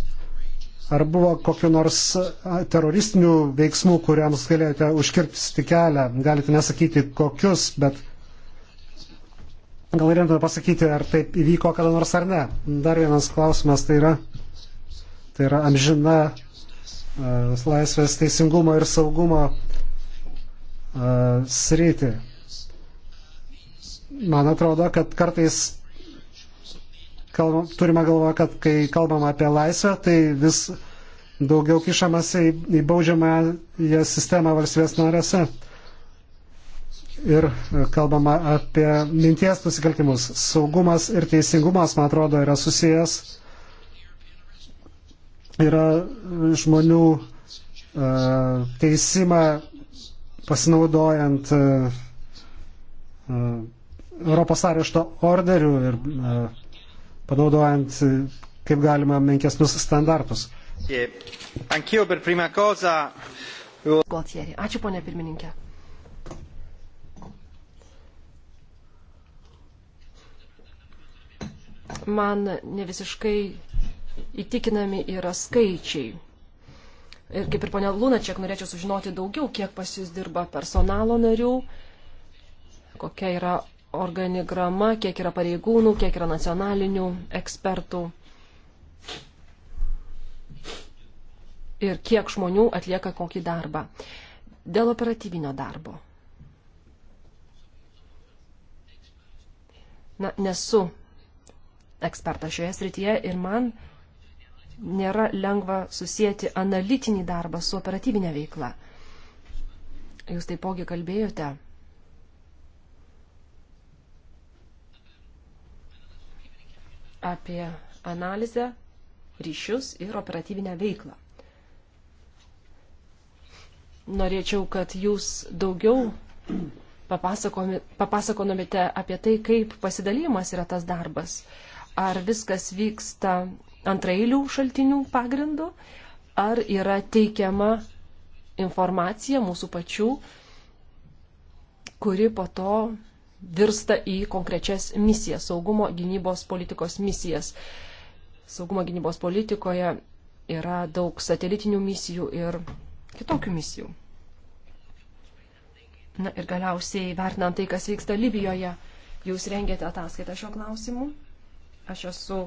Ar buvo kokiu nors teroristinių veiksmų, kuriams galėjote užkirpsti kelią? Galite nesakyti kokius, bet gal reikėtų pasakyti, ar taip įvyko kada nors ar ne. Dar vienas klausimas tai yra, tai yra amžina uh, laisvės teisingumo ir saugumo uh, sritį. Man atrodo, kad kartais kalbam, turime galvoje, kad kai kalbam apie laisvę, tai vis daugiau kišamas į, į baudžiamąją sistemą valstybės narėse. Ir kalbama apie minties nusikaltimus. Saugumas ir teisingumas, man atrodo, yra susijęs. Yra žmonių uh, e, teisima pasinaudojant uh, uh, Europos arešto orderių ir uh, panaudojant e, kaip galima menkesnius standartus. Gautieri. Ačiū, ponė pirmininkė. Man ne visiškai įtikinami yra skaičiai. Ir kaip ir ponia Lunačiak, norėčiau sužinoti daugiau, kiek pas jūs dirba personalo narių, kokia yra organigrama, kiek yra pareigūnų, kiek yra nacionalinių ekspertų ir kiek žmonių atlieka kokį darbą. Dėl operatyvinio darbo. Na, nesu ekspertas šioje srityje ir man nėra lengva susijęti analitinį darbą su operatyvinė veikla. Jūs taipogi kalbėjote apie analizę, ryšius ir operatyvinę veiklą. Norėčiau, kad jūs daugiau papasakotumėte apie tai, kaip pasidalymas yra tas darbas. Ar viskas vyksta antrailių šaltinių pagrindu, ar yra teikiama informacija mūsų pačių, kuri po to virsta į konkrečias misijas, saugumo gynybos politikos misijas. Saugumo gynybos politikoje yra daug satelitinių misijų ir kitokių misijų. Na ir galiausiai, vertinant tai, kas vyksta Libijoje, jūs rengėte ataskaitą šio klausimu. Aš esu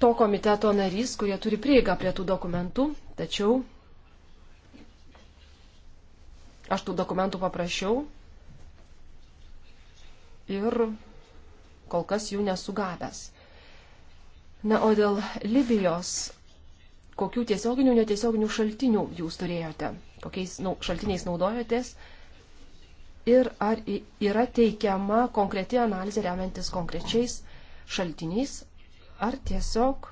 to komiteto narys, kurie turi prieigą prie tų dokumentų, tačiau aš tų dokumentų paprašiau ir kol kas jų nesugavęs. Na, o dėl Libijos, kokių tiesioginių, netiesioginių šaltinių jūs turėjote, kokiais nu, šaltiniais naudojotės ir ar yra teikiama konkreti analizė remiantis konkrečiais šaltiniais, ar tiesiog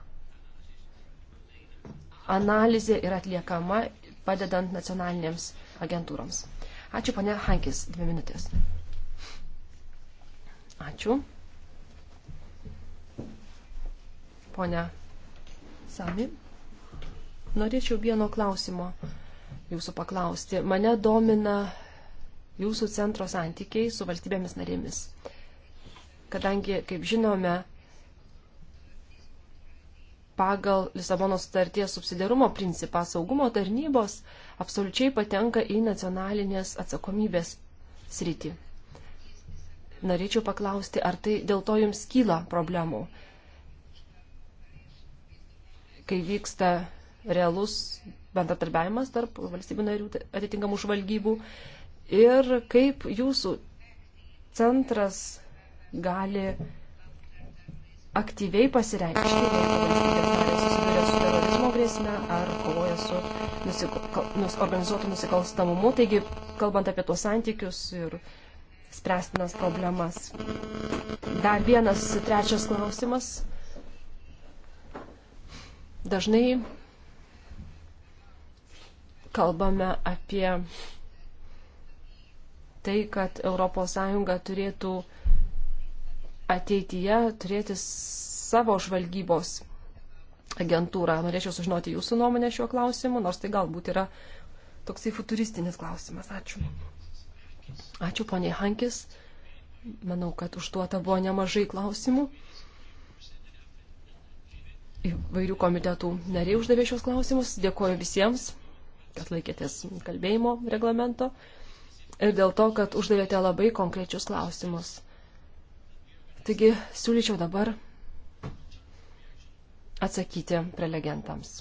analizė yra atliekama padedant nacionalinėms agentūroms. Ačiū, ponia Hankis, dvi minutės. Ačiū. Pone Sami, norėčiau vieno klausimo jūsų paklausti. Mane domina jūsų centro santykiai su valstybėmis narėmis. Kadangi, kaip žinome, pagal Lisabonos sutarties subsidiarumo principą saugumo tarnybos absoliučiai patenka į nacionalinės atsakomybės sritį norėčiau paklausti, ar tai dėl to jums kyla problemų, kai vyksta realus bendratarbiavimas tarp valstybių narių atitinkamų žvalgybų ir kaip jūsų centras gali aktyviai pasireikšti, jeigu valstybės narės susiduria su terorizmo grėsme ar kovoja su nusik... nus... organizuotu nusikalstamumu. Taigi, kalbant apie tuos santykius ir uh, spręstinas problemas. Dar vienas trečias klausimas. Dažnai kalbame apie tai, kad ES turėtų ateityje turėti savo žvalgybos agentūrą. Norėčiau sužinoti jūsų nuomonę šiuo klausimu, nors tai galbūt yra toksai futuristinis klausimas. Ačiū. Ačiū, ponė Hankis. Manau, kad užduota buvo nemažai klausimų. Įvairių komitetų nariai uždavė šios klausimus. Dėkuoju visiems, kad laikėtės kalbėjimo reglamento ir dėl to, kad uždavėte labai konkrečius klausimus. Taigi, siūlyčiau dabar atsakyti prelegentams.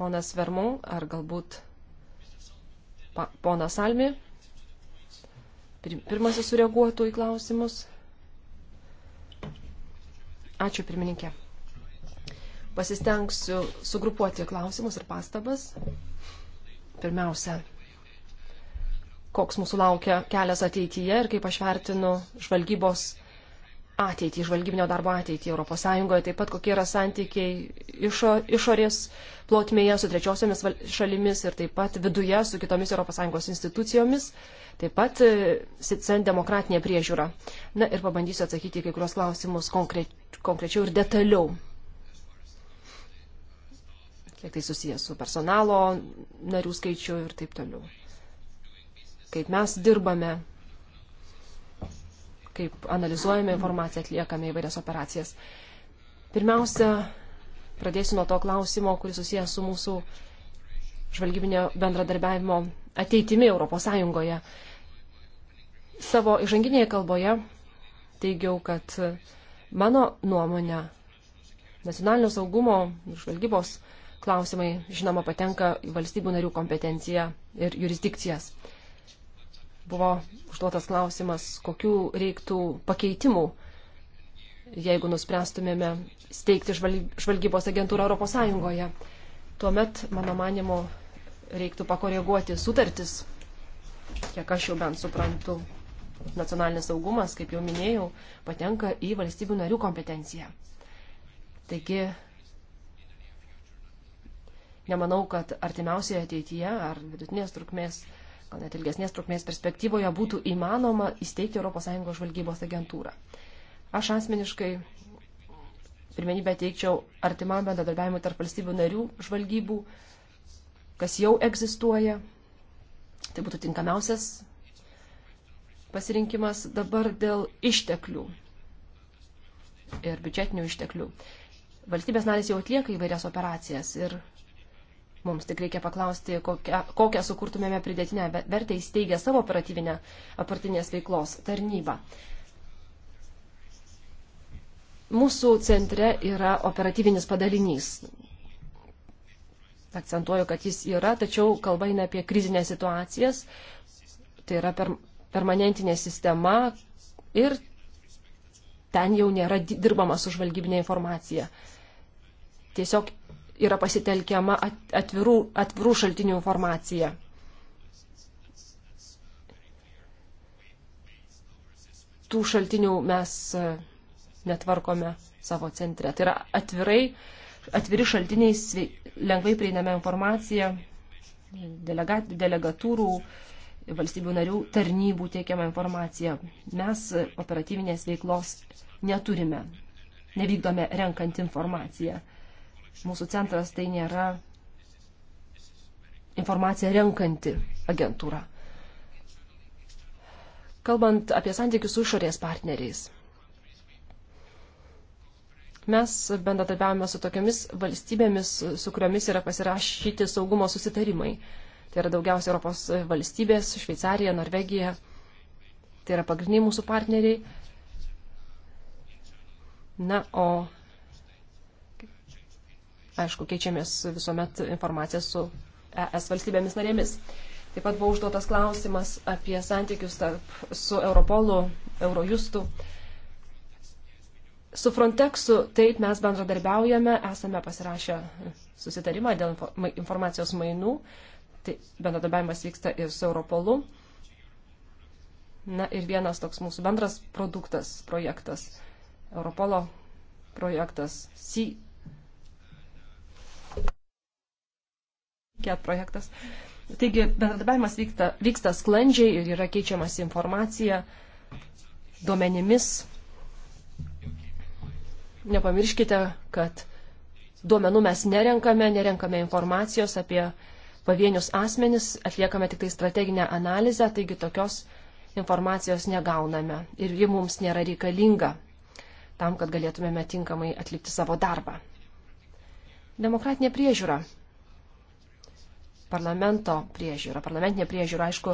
Ponas Vermon, ar galbūt Pa, pona Salmi, pirmasis sureaguotų į klausimus. Ačiū, pirmininkė. Pasistengsiu sugrupuoti klausimus ir pastabas. Pirmiausia, koks mūsų laukia kelias ateityje ir kaip aš vertinu žvalgybos ateitį, žvalgybinio darbo ateitį ES, taip pat kokie yra santykiai išo, išorės plotmėje su trečiosiomis šalimis ir taip pat viduje su kitomis ES institucijomis, taip pat SITSEN e, demokratinė priežiūra. Na ir pabandysiu atsakyti kai kurios klausimus konkre, konkrečiau ir detaliau. Kiek tai susijęs su personalo narių skaičiu ir taip toliau. Kaip mes dirbame kaip analizuojame informaciją, atliekame įvairias operacijas. Pirmiausia, pradėsiu nuo to klausimo, kuris susijęs su mūsų žvalgybinio bendradarbiavimo ateitimi Europos Sąjungoje. Savo įžanginėje kalboje teigiau, kad mano nuomonė nacionalinio saugumo ir žvalgybos klausimai, žinoma, patenka į valstybių narių kompetenciją ir jurisdikcijas. Buvo užduotas klausimas, kokių reiktų pakeitimų, jeigu nuspręstumėme steigti žvalgybos agentūrą ES. Tuomet, mano manimo, reiktų pakoreguoti sutartis, kiek aš jau bent suprantu, nacionalinis saugumas, kaip jau minėjau, patenka į valstybių narių kompetenciją. Taigi, nemanau, kad artimiausioje ateityje ar vidutinės trukmės gal net ilgesnės trukmės perspektyvoje būtų įmanoma įsteigti ES žvalgybos agentūrą. Aš asmeniškai pirmenybę teikčiau artimam bendradarbiavimui tarp valstybių narių žvalgybų, kas jau egzistuoja. Tai būtų tinkamiausias pasirinkimas dabar dėl išteklių ir biudžetinių išteklių. Valstybės narės jau atlieka įvairias operacijas ir Mums tik reikia paklausti, kokią, kokią sukurtumėme pridėtinę vertę įsteigę savo operatyvinę apartinės veiklos tarnybą. Mūsų centre yra operatyvinis padalinys. Akcentuoju, kad jis yra, tačiau kalba eina apie krizinės situacijas. Tai yra per, permanentinė sistema ir ten jau nėra dirbama su žvalgybinė informacija. Tiesiog yra pasitelkiama atvirų, atvirų šaltinių informacija. Tų šaltinių mes e, netvarkome savo centre. Tai yra atvirai, atviri šaltiniai, lengvai prieinama informacija, delegat, delegatūrų, valstybių narių tarnybų teikiama informacija. Mes e, operatyvinės veiklos neturime, nevykdome renkant informaciją. Mūsų centras tai nėra informaciją renkanti agentūra. Kalbant apie santykius su išorės partneriais. Mes bendradarbiavame su tokiamis valstybėmis, su kuriomis yra pasirašyti saugumo susitarimai. Tai yra daugiausia Europos valstybės - Šveicarija, Norvegija. Tai yra pagrindiniai mūsų partneriai. Na, o Aišku, keičiamės visuomet informaciją su ES valstybėmis narėmis. Taip pat buvo užduotas klausimas apie santykius tarp, su Europolu, Eurojustu. Su Frontexu taip mes bendradarbiaujame, esame pasirašę susitarimą dėl informacijos mainų, tai bendradarbiavimas vyksta ir su Europolu. Na ir vienas toks mūsų bendras produktas, projektas, Europolo projektas, C CAT projektas. Taigi, bendradarbiavimas vyksta, vyksta sklandžiai ir yra keičiamas informacija, duomenimis. Nepamirškite, kad duomenų mes nerenkame, nerenkame informacijos apie pavienius asmenis, atliekame tik tai strateginę analizę, taigi tokios informacijos negauname ir ji mums nėra reikalinga tam, kad galėtumėme tinkamai atlikti savo darbą. Demokratinė priežiūra parlamento priežiūra, parlamentinė priežiūra, aišku,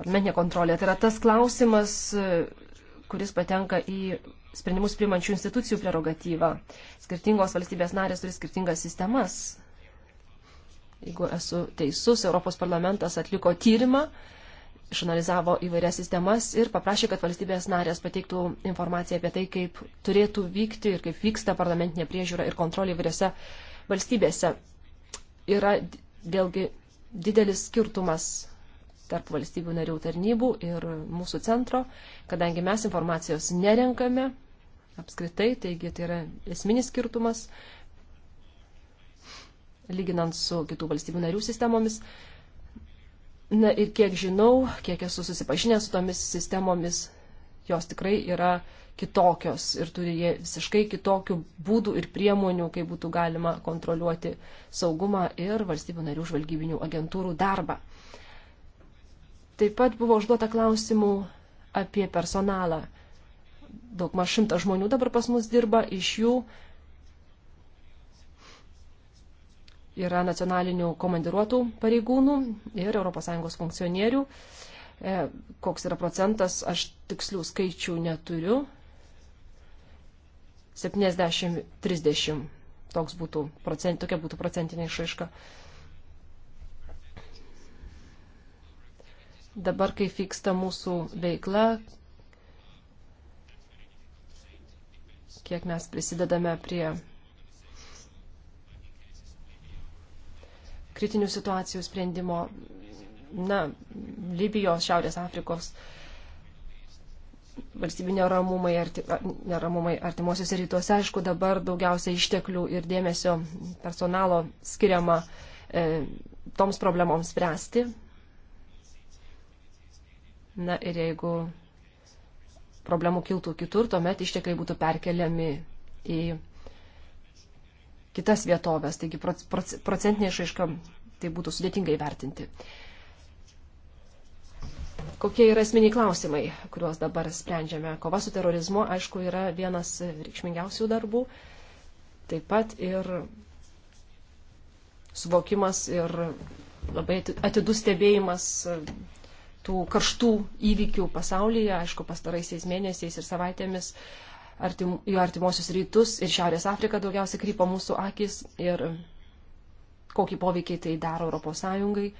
parlamentinė kontrolė. Tai yra tas klausimas, kuris patenka į sprendimus priimančių institucijų prerogatyvą. Skirtingos valstybės narės turi skirtingas sistemas. Jeigu esu teisus, Europos parlamentas atliko tyrimą, išanalizavo įvairias sistemas ir paprašė, kad valstybės narės pateiktų informaciją apie tai, kaip turėtų vykti ir kaip vyksta parlamentinė priežiūra ir kontrolė įvairiose valstybėse. Yra vėlgi didelis skirtumas tarp valstybių narių tarnybų ir mūsų centro, kadangi mes informacijos nerenkame apskritai, taigi tai yra esminis skirtumas, lyginant su kitų valstybių narių sistemomis. Na ir kiek žinau, kiek esu susipažinęs su tomis sistemomis, jos tikrai yra uh, kitokios ir turi jie visiškai kitokių būdų ir priemonių, kaip būtų galima kontroliuoti saugumą ir valstybių narių žvalgybinių agentūrų darbą. Taip pat buvo užduota klausimų apie personalą. Daugmaž šimtas žmonių dabar pas mus dirba, iš jų yra nacionalinių komandiruotų pareigūnų ir ES funkcionierių e, koks yra procentas, aš tikslių skaičių neturiu, 70-30. Toks būtų, procent, tokia būtų procentinė išraiška. Dabar, kai vyksta mūsų veikla, kiek mes prisidedame prie kritinių situacijų sprendimo, na, Libijos, Šiaurės Afrikos, uh, valstybinio ramumai, arti, neramumai artimuosiuose rytuose, aišku, dabar daugiausia išteklių ir dėmesio personalo skiriama e, toms problemoms spręsti. Na ir jeigu problemų kiltų kitur, tuomet ištekliai būtų perkeliami į kitas vietovės, taigi procentinė išaiška tai būtų sudėtinga įvertinti. E, Kokie yra esminiai klausimai, kuriuos dabar sprendžiame? Kova su terorizmu, aišku, yra vienas reikšmingiausių darbų. Taip pat ir suvokimas ir labai atidus stebėjimas tų karštų įvykių pasaulyje, aišku, pastaraisiais mėnesiais ir savaitėmis artim, į artimuosius rytus ir Šiaurės Afriką daugiausiai krypo mūsų akis ir kokį poveikį tai daro ES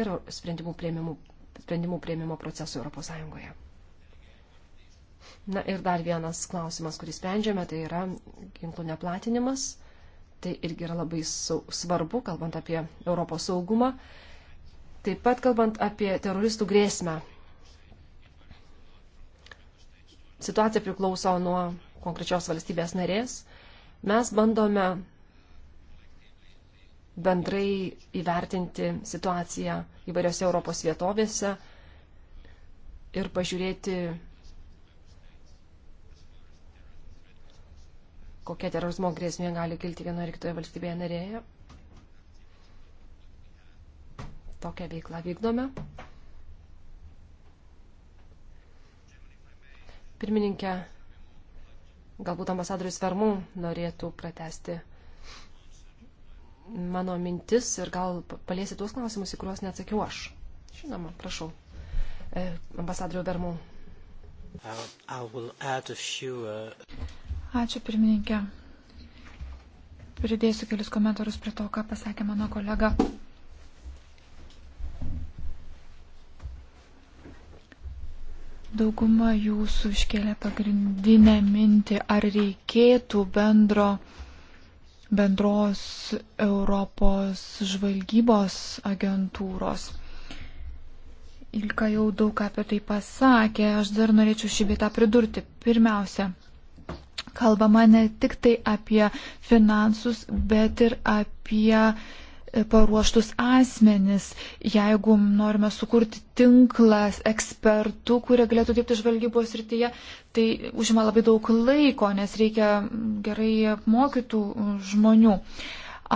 ir sprendimų prieimimų sprendimų prieimimo procesų ES. Na ir dar vienas klausimas, kurį sprendžiame, tai yra ginklų neplatinimas. Tai irgi yra labai svarbu, kalbant apie Europos saugumą. Taip pat kalbant apie teroristų grėsmę. Situacija priklauso nuo konkrečios valstybės narės. Mes bandome bendrai įvertinti situaciją įvairiose Europos vietovėse ir pažiūrėti, kokia terorizmo grėsmė gali kilti vienoje ar kitoje valstybėje narėje. Tokią veiklą vykdome. Pirmininkė, galbūt ambasadorius Vermų norėtų pratesti mano mintis ir gal paliesi tuos klausimus, į kuriuos neatsakiau aš. Žinoma, prašau. E, ambasadoriu Bermų. Uh, uh, Ačiū pirmininkė. Pridėsiu kelius komentarus prie to, ką pasakė mano kolega. Dauguma jūsų iškėlė pagrindinę mintį, ar reikėtų bendro bendros Europos žvalgybos agentūros. Ilka jau daug apie tai pasakė, aš dar norėčiau šį bitą pridurti. Pirmiausia, kalbama ne tik tai apie finansus, bet ir apie paruoštus asmenis, jeigu norime sukurti tinklą ekspertų, kurie galėtų dirbti žvalgybos rytyje, tai užima labai daug laiko, nes reikia gerai apmokytų žmonių.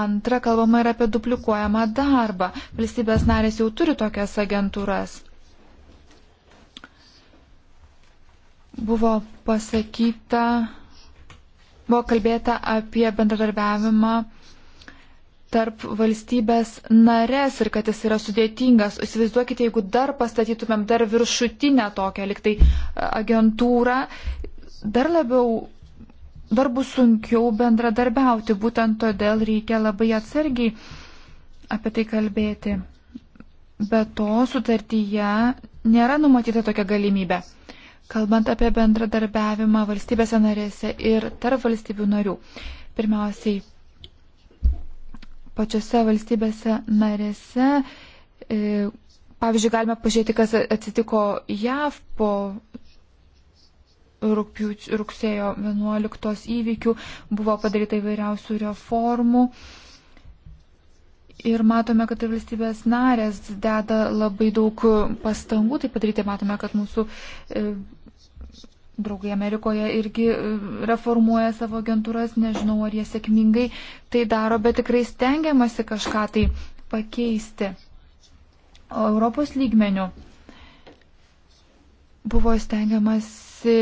Antra, kalbama ir apie duplikuojamą darbą. Valstybės narės jau turi tokias agentūras. Buvo pasakyta, buvo kalbėta apie bendradarbiavimą tarp valstybės narės ir kad jis yra sudėtingas. Įsivaizduokite, jeigu dar pastatytumėm dar viršutinę tokią liktai e, agentūrą, dar labiau, dar bus sunkiau bendradarbiauti. Būtent todėl reikia labai atsargiai apie tai kalbėti. Be to, sutartyje nėra numatyta tokia galimybė. Kalbant apie bendradarbiavimą valstybėse narėse ir tarp valstybių narių. Pirmiausiai, pačiose valstybėse narėse. E, pavyzdžiui, galime pažiūrėti, kas atsitiko JAV po rūpiuč, rugsėjo 11 įvykių, buvo padaryta įvairiausių reformų. Ir matome, kad ir valstybės narės deda labai daug pastangų tai padaryti. Matome, kad mūsų e, draugai Amerikoje irgi e, reformuoja savo agentūras, nežinau, ar jie sėkmingai tai daro, bet tikrai stengiamasi kažką tai pakeisti. O Europos lygmenių buvo stengiamasi,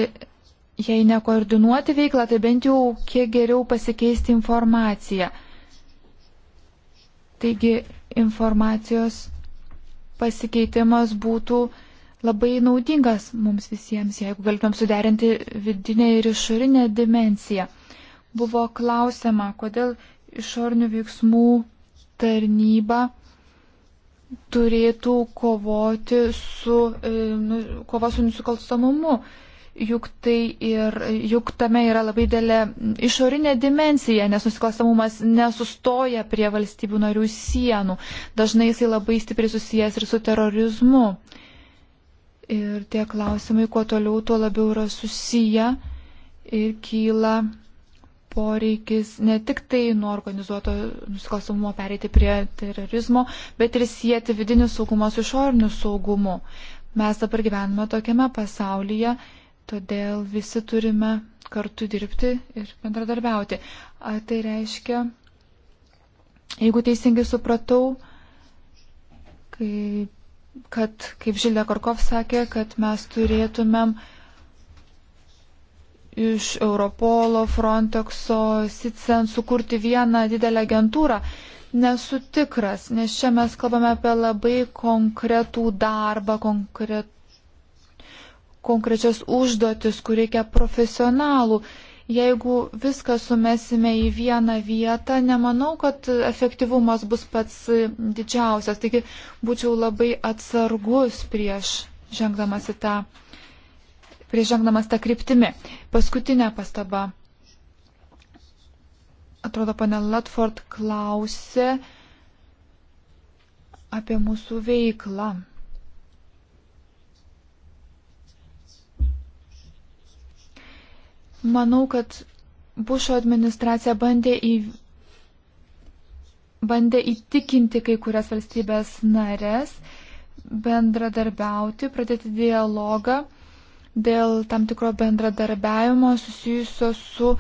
jei nekoordinuoti veiklą, tai bent jau kiek geriau pasikeisti informaciją. Taigi informacijos pasikeitimas būtų labai naudingas mums visiems, jeigu galėtumėm suderinti vidinę ir išorinę dimenciją. Buvo klausima, kodėl išorinių veiksmų tarnyba turėtų kovoti su, e, nu, kova su nusikalstamumu. Juk, tai ir, juk tame yra labai dėlė išorinė dimensija, nes nusikalstamumas nesustoja prie valstybių narių sienų. Dažnai jisai labai stipriai susijęs ir su terorizmu. Uh, Ir tie klausimai, kuo toliau, tuo labiau yra susiję ir kyla poreikis ne tik tai nuo organizuoto nusikalstamumo pereiti prie terorizmo, bet ir sieti vidinį saugumą su išoriniu saugumu. Mes dabar gyvename tokiame pasaulyje, todėl visi turime kartu dirbti ir bendradarbiauti. Ar tai reiškia, jeigu teisingai supratau, kaip kad, kaip Žilė Korkov sakė, kad mes turėtumėm iš Europolo, Frontexo, SITSEN sukurti vieną didelę agentūrą. Nesu tikras, nes čia mes kalbame apie labai konkretų darbą, konkret... konkrečias užduotis, kur reikia profesionalų. Jeigu viską sumesime į vieną vietą, nemanau, kad efektyvumas bus pats didžiausias. Taigi būčiau labai atsargus prieš žengdamas į tą, prieš žengdamas tą kryptimį. Paskutinė pastaba. Atrodo, pane Latford klausė apie mūsų veiklą. Manau, kad Bušo administracija bandė, į, bandė įtikinti kai kurias valstybės narės bendradarbiauti, pradėti dialogą dėl tam tikro bendradarbiavimo susijusio su,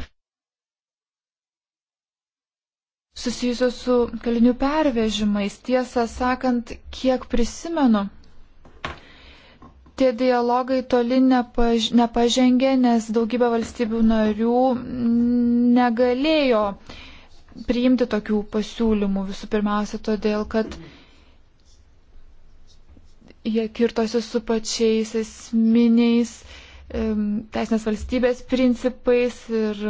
susijusio su kalinių pervežimais. Tiesą sakant, kiek prisimenu, tie dialogai toli nepaž, nepažengė, nes daugybė valstybių narių negalėjo priimti tokių pasiūlymų. Visų pirmiausia, todėl, kad jie kirtosi su pačiais esminiais teisinės valstybės principais ir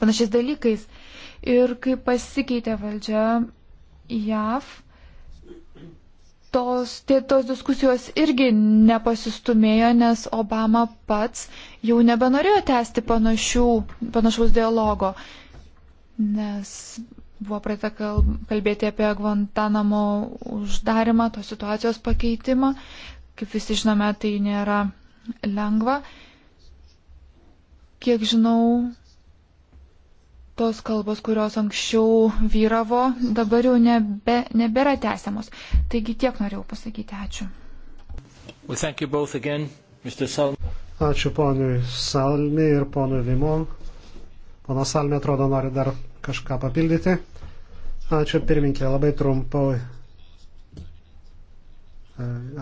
panašiais dalykais. Ir kai pasikeitė valdžia JAV, tos, tie, tos diskusijos irgi nepasistumėjo, nes Obama pats jau nebenorėjo tęsti panašių, panašaus dialogo, nes buvo praeita kalbėti apie Guantanamo uždarimą, tos situacijos pakeitimą. Kaip visi žinome, tai nėra lengva. Kiek žinau, tos kalbos, kurios anksčiau vyravo, dabar jau nebe, nebėra tęsiamos. Taigi tiek norėjau pasakyti. Ačiū. Well, again, Ačiū ponui Salmi ir ponui Vimon. Pana Salmi atrodo nori dar kažką papildyti. Ačiū pirminkė, labai trumpai.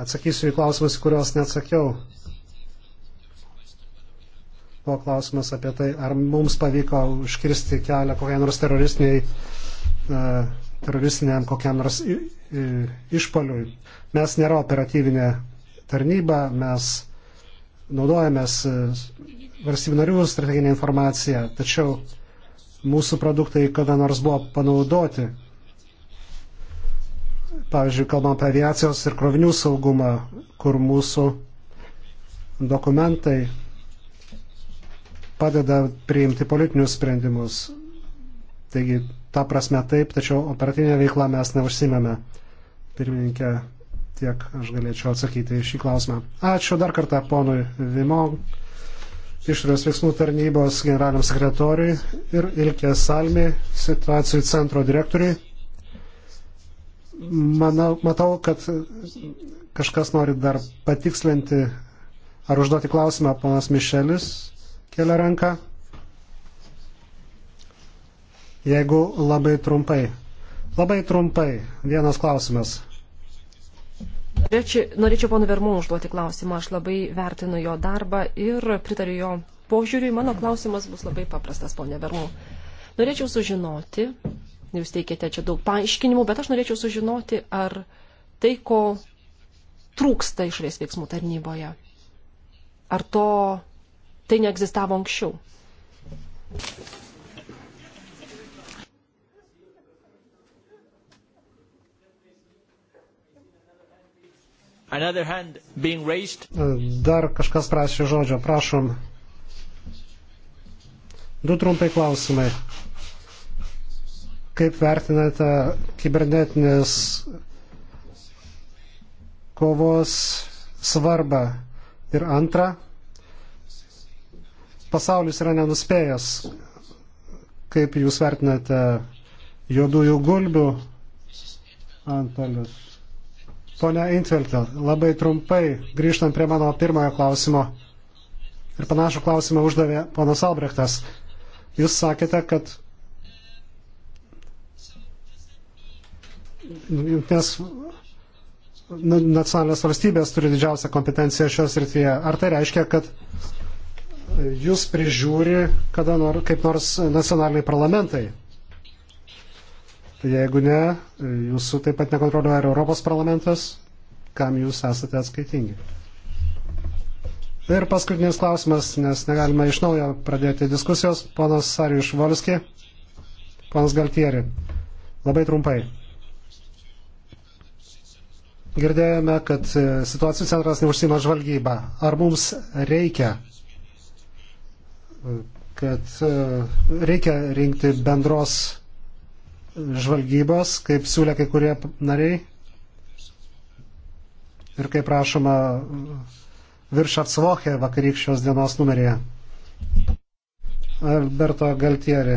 Atsakysiu į klausimus, kuriuos neatsakiau buvo klausimas apie tai, ar mums pavyko užkirsti kelią kokiai nors teroristiniai, e, teroristiniam kokiam nors išpoliui. Mes nėra operatyvinė tarnyba, mes naudojamės e, valstybių narių strateginę informaciją, tačiau mūsų produktai kada nors buvo panaudoti. Pavyzdžiui, kalbam apie aviacijos ir krovinių saugumą, kur mūsų dokumentai padeda priimti politinius sprendimus. Taigi, ta prasme taip, tačiau operatyvinę veiklą mes neužsimėme. Pirmininkė, tiek aš galėčiau atsakyti į šį klausimą. Ačiū dar kartą ponui Vimo, išorės veiksmų tarnybos generaliniam sekretoriui ir Ilkė Salmi, situacijų centro direktoriui. Manau, matau, kad kažkas nori dar patikslinti ar užduoti klausimą, ponas Mišelis kelia ranką. Jeigu labai trumpai. Labai trumpai. Vienas klausimas. Norėčiau, norėčiau pono Vermų užduoti klausimą. Aš labai vertinu jo darbą ir pritariu jo požiūriui. Mano klausimas bus labai paprastas, ponė Vermų. Norėčiau sužinoti, jūs teikėte čia daug paaiškinimų, bet aš norėčiau sužinoti, ar tai, ko trūksta išorės veiksmų tarnyboje, ar to tai neegzistavo anksčiau. Dar kažkas prašė žodžio, prašom. Du trumpai klausimai. Kaip vertinate kibernetinės kovos svarbą? Ir antra, pasaulis yra nenuspėjęs. Kaip jūs vertinate juodųjų gulbių antalius? Pone Intveltė, labai trumpai, grįžtant prie mano pirmojo klausimo. Ir panašų klausimą uždavė ponas Albrechtas. Jūs sakėte, kad jungtinės nacionalinės valstybės turi didžiausią kompetenciją šios rytyje. Ar tai reiškia, kad jūs prižiūri kada nor, kaip nors nacionaliniai parlamentai. Tai jeigu ne, jūsų taip pat nekontroliuoja ir Europos parlamentas, kam jūs esate atskaitingi. Ir paskutinis klausimas, nes negalime iš naujo pradėti diskusijos. Ponas Sarijus Volski, ponas Galtieri. Labai trumpai. Girdėjome, kad e, situacijų centras neužsima žvalgybą. Ar mums reikia kad e, reikia rinkti bendros žvalgybos, kaip siūlė kai kurie nariai ir kaip rašoma virš atsvohė vakarykščios dienos numeryje. Alberto Galtieri.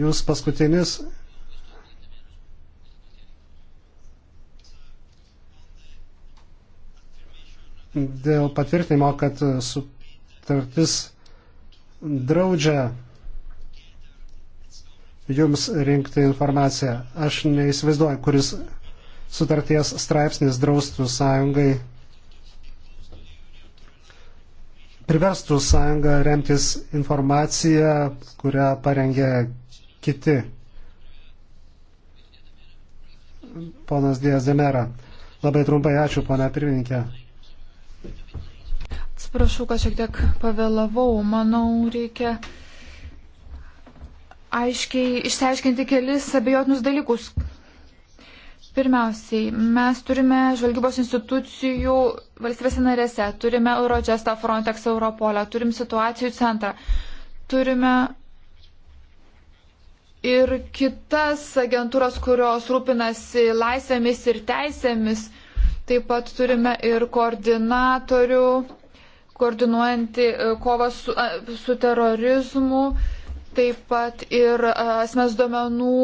Jūs paskutinis dėl patvirtinimo, kad sutartis draudžia jums rinkti informaciją. Aš neįsivaizduoju, kuris sutarties straipsnis draustų sąjungai, priverstų sąjungą remtis informaciją, kurią parengė kiti. Ponas Dijas Demera. Labai trumpai ačiū, ponia pirmininkė. Atsiprašau, kad šiek tiek pavėlavau. Manau, reikia aiškiai išsiaiškinti kelis abejotinus dalykus. Pirmiausiai, mes turime žvalgybos institucijų valstybėse narėse, turime Eurojustą, Frontex, Europolę, turim situacijų centrą, turime ir kitas agentūras, kurios rūpinasi laisvėmis ir teisėmis, taip pat turime ir koordinatorių koordinuojanti e, kovą su, su terorizmu, taip pat ir e, asmens duomenų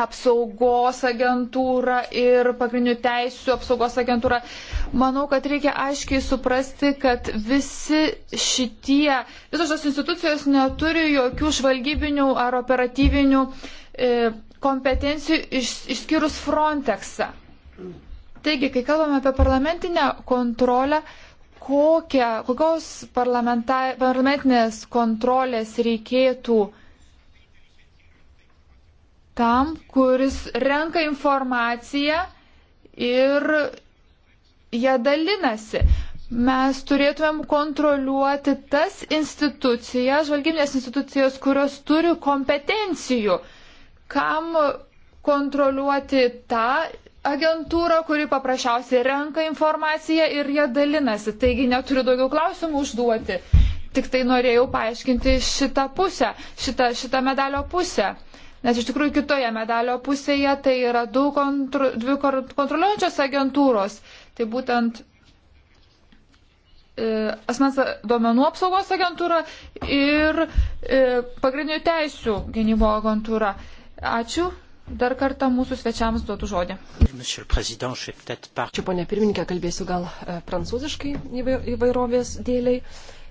apsaugos agentūra ir pagrindinių teisų apsaugos agentūra. Manau, kad reikia aiškiai suprasti, kad visi šitie, visos šios institucijos neturi jokių žvalgybinių ar operatyvinių e, kompetencijų iš, išskyrus Frontexą. Taigi, kai kalbame apie parlamentinę kontrolę, kokia, kokios parlamentinės kontrolės reikėtų tam, kuris renka informaciją ir ją dalinasi. Mes turėtumėm kontroliuoti tas institucijas, žvalgybinės institucijas, kurios turi kompetencijų, kam kontroliuoti tą agentūra, kuri paprasčiausiai renka informaciją ir ją dalinasi. Taigi neturiu daugiau klausimų užduoti. Tik tai norėjau paaiškinti šitą pusę, šitą, šitą medalio pusę. Nes iš tikrųjų kitoje medalio pusėje tai yra du kontro, dvi kontroliuojančios agentūros. Tai būtent e, asmens duomenų apsaugos agentūra ir e, pagrindinių teisų gynybo agentūra. Ačiū dar kartą mūsų svečiams duotų žodį. Ačiū, ponė pirmininkė, kalbėsiu gal e, prancūziškai įvairovės dėliai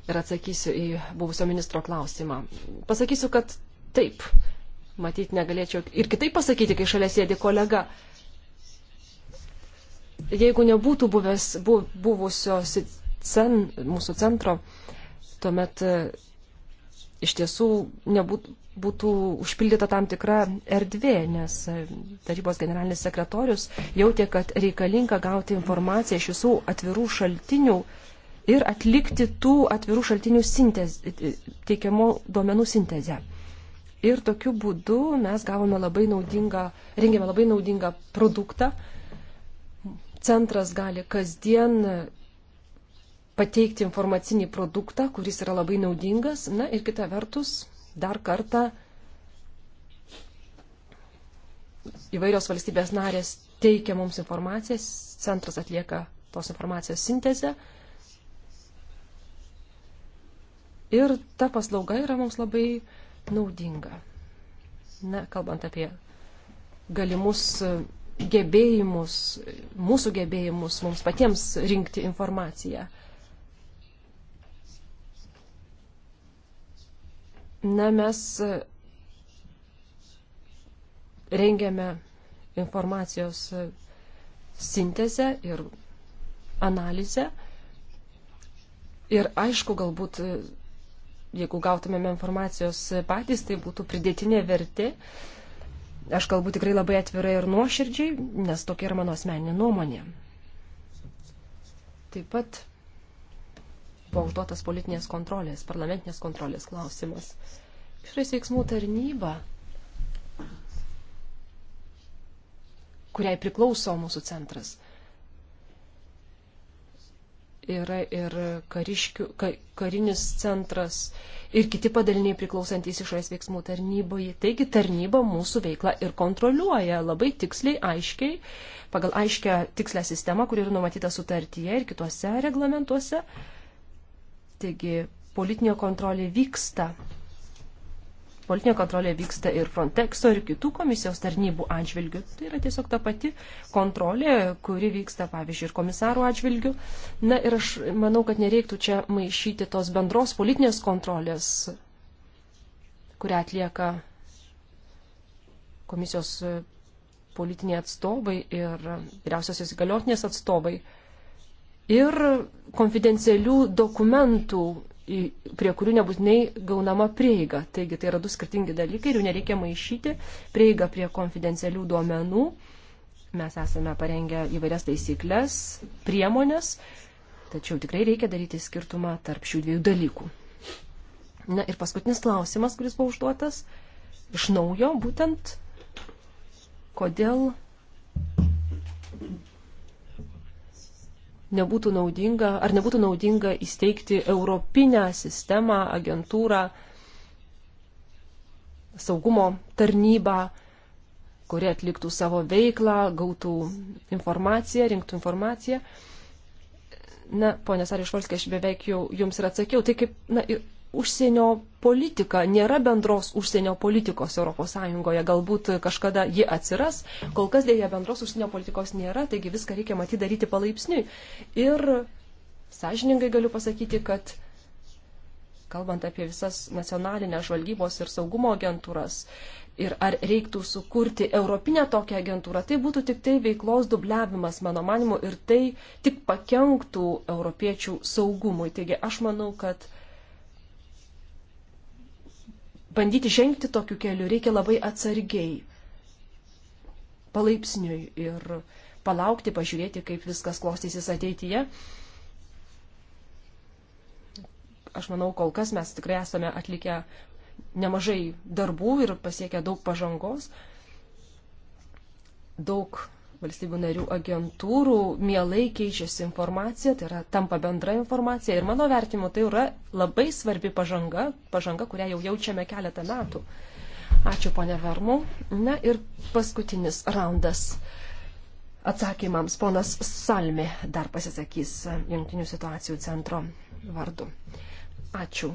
ir atsakysiu į buvusio ministro klausimą. Pasakysiu, kad taip, matyt, negalėčiau ir kitaip pasakyti, kai šalia sėdi kolega. Jeigu nebūtų buvęs, bu, buvusio cen, mūsų centro, tuomet e, iš tiesų nebūtų būtų užpildyta tam tikra erdvė, nes tarybos generalinis sekretorius jautė, kad reikalinga gauti informaciją iš visų atvirų šaltinių ir atlikti tų atvirų šaltinių sintez, teikiamų duomenų sintezę. Ir tokiu būdu mes gavome labai naudingą, rengėme labai naudingą produktą. Centras gali kasdien pateikti informacinį produktą, kuris yra labai naudingas. Na ir kita vertus, dar kartą įvairios valstybės narės teikia mums informacijas, centras atlieka tos informacijos sintezę. Ir ta paslauga yra mums labai naudinga. Na, kalbant apie galimus gebėjimus, mūsų gebėjimus mums patiems rinkti informaciją. Na, mes e, rengiame informacijos e, sintezę ir analizę. Ir aišku, galbūt, e, jeigu gautumėme informacijos patys, tai būtų pridėtinė vertė. Aš galbūt tikrai labai atvirai ir nuoširdžiai, nes tokia yra mano asmeninė nuomonė. Taip pat buvo užduotas politinės kontrolės, parlamentinės kontrolės klausimas. Išrais veiksmų tarnyba, kuriai priklauso mūsų centras, yra ir kariškių, ka, karinis centras ir kiti padaliniai priklausantys išorės veiksmų tarnyboje. Taigi tarnyba mūsų veiklą ir kontroliuoja labai tiksliai, aiškiai, pagal aiškę tikslę sistemą, kuri yra numatyta sutartyje ir kituose reglamentuose. Uh, Taigi politinė kontrolė vyksta. Politinė kontrolė vyksta ir Frontexo, ir kitų komisijos tarnybų atžvilgių. Tai yra tiesiog ta pati kontrolė, kuri vyksta, pavyzdžiui, ir komisarų atžvilgių. Na ir aš manau, kad nereiktų čia maišyti tos bendros politinės kontrolės, kurią atlieka komisijos politiniai atstovai ir vyriausiosios įgaliotinės atstovai ir konfidencialių dokumentų, prie kurių nebūtinai gaunama prieiga. Taigi tai yra du skirtingi dalykai ir jų nereikia maišyti. Prieiga prie konfidencialių duomenų. Mes esame parengę įvairias taisyklės, priemonės, tačiau tikrai reikia daryti skirtumą tarp šių dviejų dalykų. Na ir paskutinis klausimas, kuris buvo užduotas, iš naujo būtent, kodėl nebūtų naudinga, ar nebūtų naudinga įsteigti europinę sistemą, agentūrą, saugumo tarnybą, kuri atliktų savo veiklą, gautų informaciją, rinktų informaciją. Na, ponė Sarišvalskė, aš beveik jau jums ir atsakiau. Tai kaip, na, užsienio politika, nėra bendros užsienio politikos ES, galbūt kažkada ji atsiras, kol kas dėja bendros užsienio politikos nėra, taigi viską reikia matyti daryti palaipsniui. Ir sąžiningai galiu pasakyti, kad kalbant apie visas nacionalinės žvalgybos ir saugumo agentūras, ir ar reiktų sukurti europinę tokią agentūrą, tai būtų tik tai veiklos dubliavimas, mano manimu, ir tai tik pakenktų europiečių saugumui. Taigi aš manau, kad bandyti žengti tokiu keliu reikia labai atsargiai, palaipsniui ir palaukti, pažiūrėti, kaip viskas klostysis ateityje. Aš manau, kol kas mes tikrai esame atlikę nemažai darbų ir pasiekę daug pažangos. Daug valstybių narių agentūrų mielai keičiasi informacija, tai yra tampa bendra informacija ir mano vertimu tai yra labai svarbi pažanga, pažanga, kurią jau jaučiame keletą metų. Ačiū, ponė Vermu. Na ir paskutinis raundas atsakymams. Ponas Salmi dar pasisakys Junktinių situacijų centro vardu. Ačiū.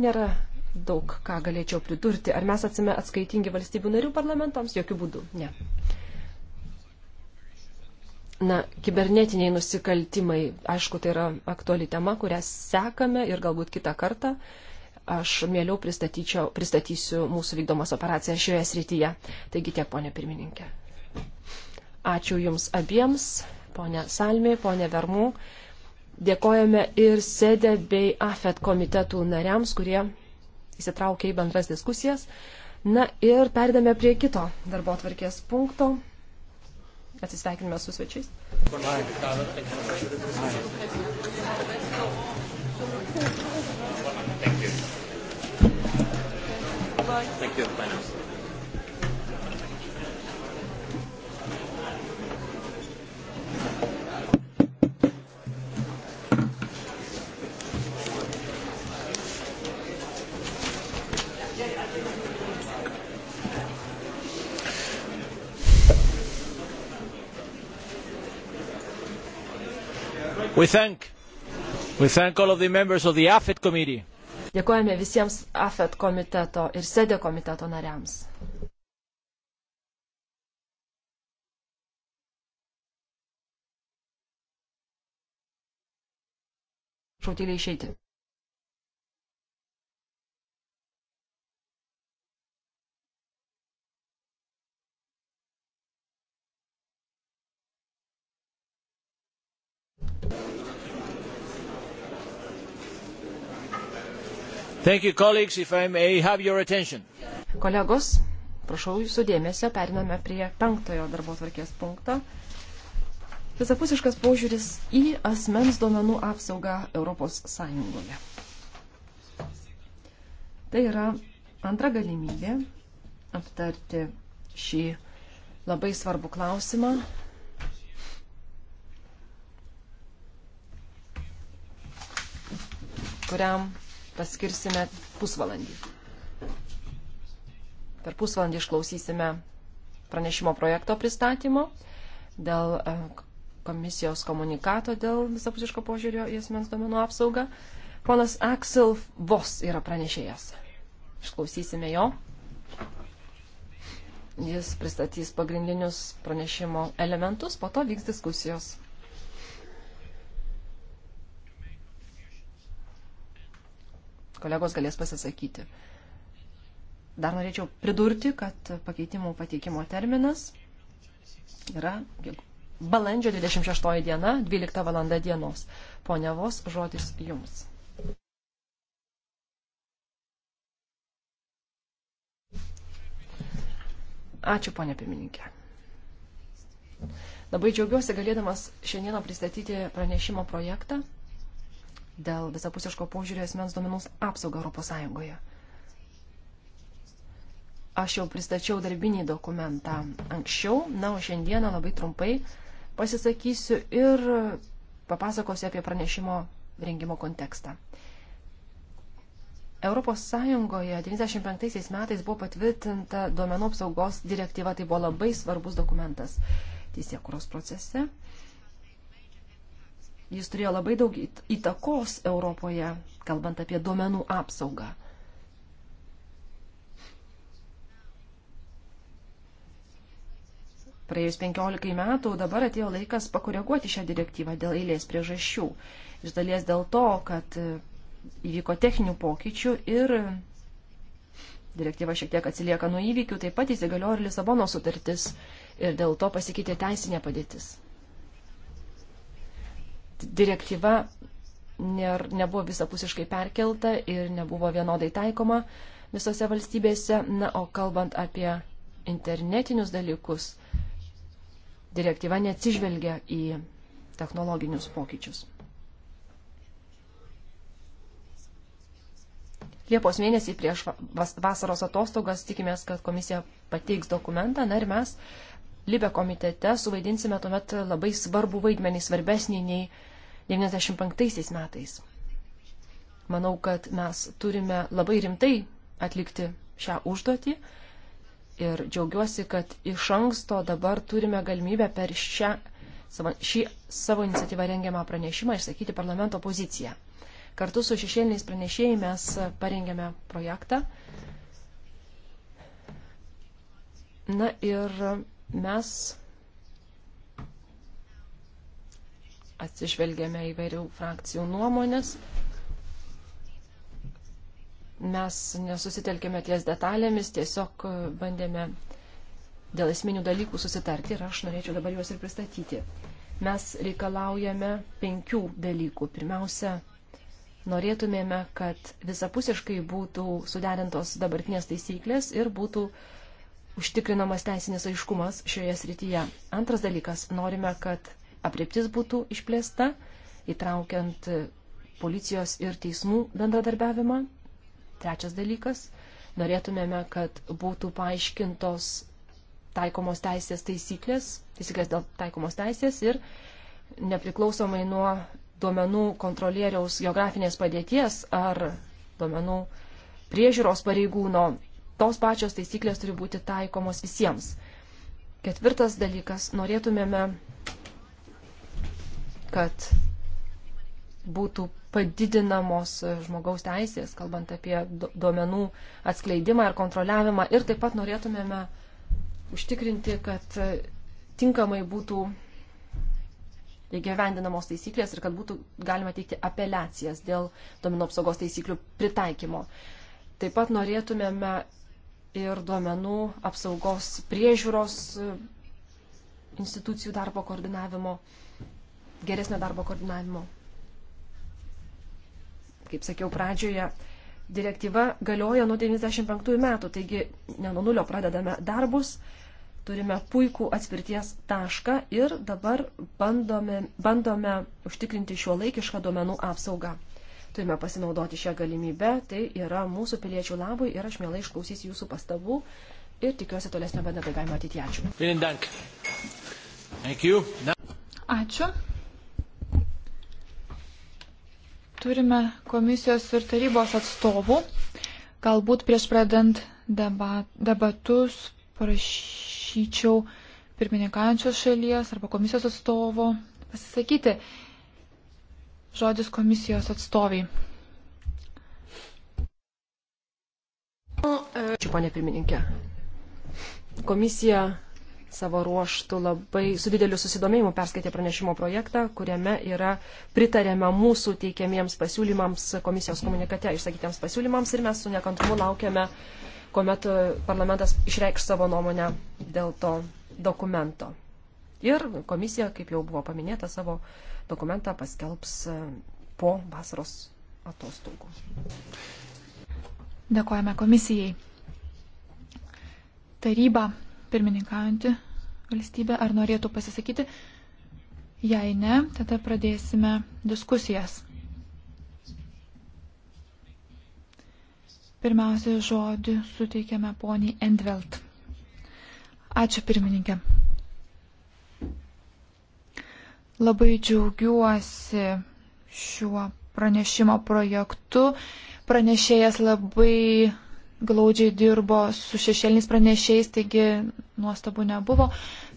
Nėra daug ką galėčiau pridurti. Ar mes atsime atskaitingi valstybių narių parlamentams? Jokių būdų. Ne. Na, kibernetiniai nusikaltimai, aišku, tai yra aktuali tema, kurią sekame ir galbūt kitą kartą aš mieliau pristatysiu mūsų vykdomas operacijas šioje srityje. Taigi tiek, ponė pirmininkė. Ačiū Jums abiems, ponė Salmi, ponė Vermų. Dėkojame ir SEDE bei AFET komitetų nariams, kurie įsitraukė į bendras diskusijas. Na ir perdame prie kito darbo atvarkės punkto. Atsisveikinime su svečiais. Thank you. Thank you. We thank, we thank all of the members of the AFET committee. Dėkojame visiems AFET komiteto ir SEDE komiteto nariams. Šautėlė išeiti. You, Kolegos, prašau jūsų dėmesio, periname prie penktojo darbo tvarkės punkto. Visapusiškas požiūris į asmens duomenų apsaugą Europos Sąjungoje. Tai yra antra galimybė aptarti šį labai svarbų klausimą, kuriam paskirsime pusvalandį. Per pusvalandį išklausysime pranešimo projekto pristatymo dėl e, komisijos komunikato dėl visapusiško požiūrio į asmens domenų apsaugą. Ponas Aksel Vos yra pranešėjas. Išklausysime jo. Jis pristatys pagrindinius pranešimo elementus, po to vyks diskusijos. kolegos galės pasisakyti. Dar norėčiau pridurti, kad pakeitimų pateikimo terminas yra balandžio 26 diena, 12 valanda dienos. Pone Vos, žodis jums. Ačiū, ponė pirmininkė. Labai džiaugiuosi galėdamas šiandieną pristatyti pranešimo projektą dėl visapusiško požiūrio asmens duomenų apsaugą ES. Aš jau pristačiau darbinį dokumentą anksčiau, na, o šiandieną labai trumpai pasisakysiu ir papasakosiu apie pranešimo rengimo kontekstą. Europos Sąjungoje 1995 metais buvo patvirtinta duomenų apsaugos direktyva, tai buvo labai svarbus dokumentas teisėkuros procese. Uh, Jis turėjo labai daug įtakos Europoje, kalbant apie duomenų apsaugą. Praėjus 15 metų dabar atėjo laikas pakoreguoti šią direktyvą dėl eilės priežasčių. Iš dalies dėl to, kad e, įvyko techninių pokyčių ir direktyva šiek tiek atsilieka nuo įvykių, taip pat įsigaliojo ir Lisabono sutartis ir dėl to pasikeitė teisinė padėtis direktyva nėr, nebuvo visapusiškai perkelta ir nebuvo vienodai taikoma visose valstybėse. Na, o kalbant apie internetinius dalykus, direktyva neatsižvelgia į technologinius pokyčius. Liepos mėnesį prieš vasaros atostogas tikimės, kad komisija pateiks dokumentą. Na ir mes Libe komitete suvaidinsime tuomet labai svarbų vaidmenį, svarbesnį nei 95 metais. Manau, kad mes turime labai rimtai atlikti šią užduotį ir džiaugiuosi, kad iš anksto dabar turime galimybę per šią, savo, šį savo iniciatyvą rengiamą pranešimą išsakyti parlamento poziciją. Kartu su šešėliniais pranešėjai mes parengėme projektą. Na ir mes atsižvelgėme įvairių frakcijų nuomonės. Mes nesusitelkėme ties detalėmis, tiesiog bandėme dėl esminių dalykų susitarti ir aš norėčiau dabar juos ir pristatyti. Mes reikalaujame penkių dalykų. Pirmiausia, norėtumėme, kad visapusiškai būtų suderintos dabartinės taisyklės ir būtų užtikrinamas teisinis aiškumas šioje srityje. Antras dalykas, norime, kad apriptis būtų išplėsta, įtraukiant policijos ir teismų bendradarbiavimą. Trečias dalykas, norėtumėme, kad būtų paaiškintos taikomos teisės taisyklės, taisyklės dėl taikomos teisės ir nepriklausomai nuo duomenų kontrolieriaus geografinės padėties ar duomenų priežiūros pareigūno, tos pačios taisyklės turi būti taikomos visiems. Ketvirtas dalykas, norėtumėme kad būtų padidinamos žmogaus teisės, kalbant apie duomenų atskleidimą ir kontroliavimą. Ir taip pat norėtumėme užtikrinti, kad tinkamai būtų įgyvendinamos taisyklės ir kad būtų galima teikti apeliacijas dėl duomenų apsaugos taisyklių pritaikymo. Taip pat norėtumėme ir duomenų apsaugos priežiūros institucijų darbo koordinavimo geresnio darbo koordinavimo. Kaip sakiau pradžioje, direktyva galioja nuo 95 metų, taigi ne nuo nulio pradedame darbus, turime puikų atspirties tašką ir dabar bandome, bandome užtikrinti šio laikišką duomenų apsaugą. Turime pasinaudoti šią galimybę, tai yra mūsų piliečių labui ir aš mielai išklausysiu jūsų pastabų ir tikiuosi tolesnio bendradarbiavimo ateityje. Ačiū. Ačiū turime komisijos ir tarybos atstovų. Galbūt prieš pradant debatus prašyčiau pirmininkaujančios šalies arba komisijos atstovo pasisakyti. Žodis komisijos atstoviai. Ačiū, ponė pirmininkė. Komisija savo ruoštų labai su dideliu susidomėjimu perskaitė pranešimo projektą, kuriame yra pritarėme mūsų teikiamiems pasiūlymams komisijos komunikate išsakytiems pasiūlymams ir mes su nekantrumu laukiame, kuomet parlamentas išreikš savo nuomonę dėl to dokumento. Ir komisija, kaip jau buvo paminėta, savo dokumentą paskelbs e, po vasaros atostogų. Dėkojame komisijai. Taryba pirmininkaujanti valstybė, ar norėtų pasisakyti. Jei ne, tada pradėsime diskusijas. Pirmiausia, žodį suteikiame poniai Endvelt. Ačiū pirmininkė. Labai džiaugiuosi šiuo pranešimo projektu. Pranešėjas labai glaudžiai dirbo su šešėliniais pranešiais, taigi nuostabų nebuvo,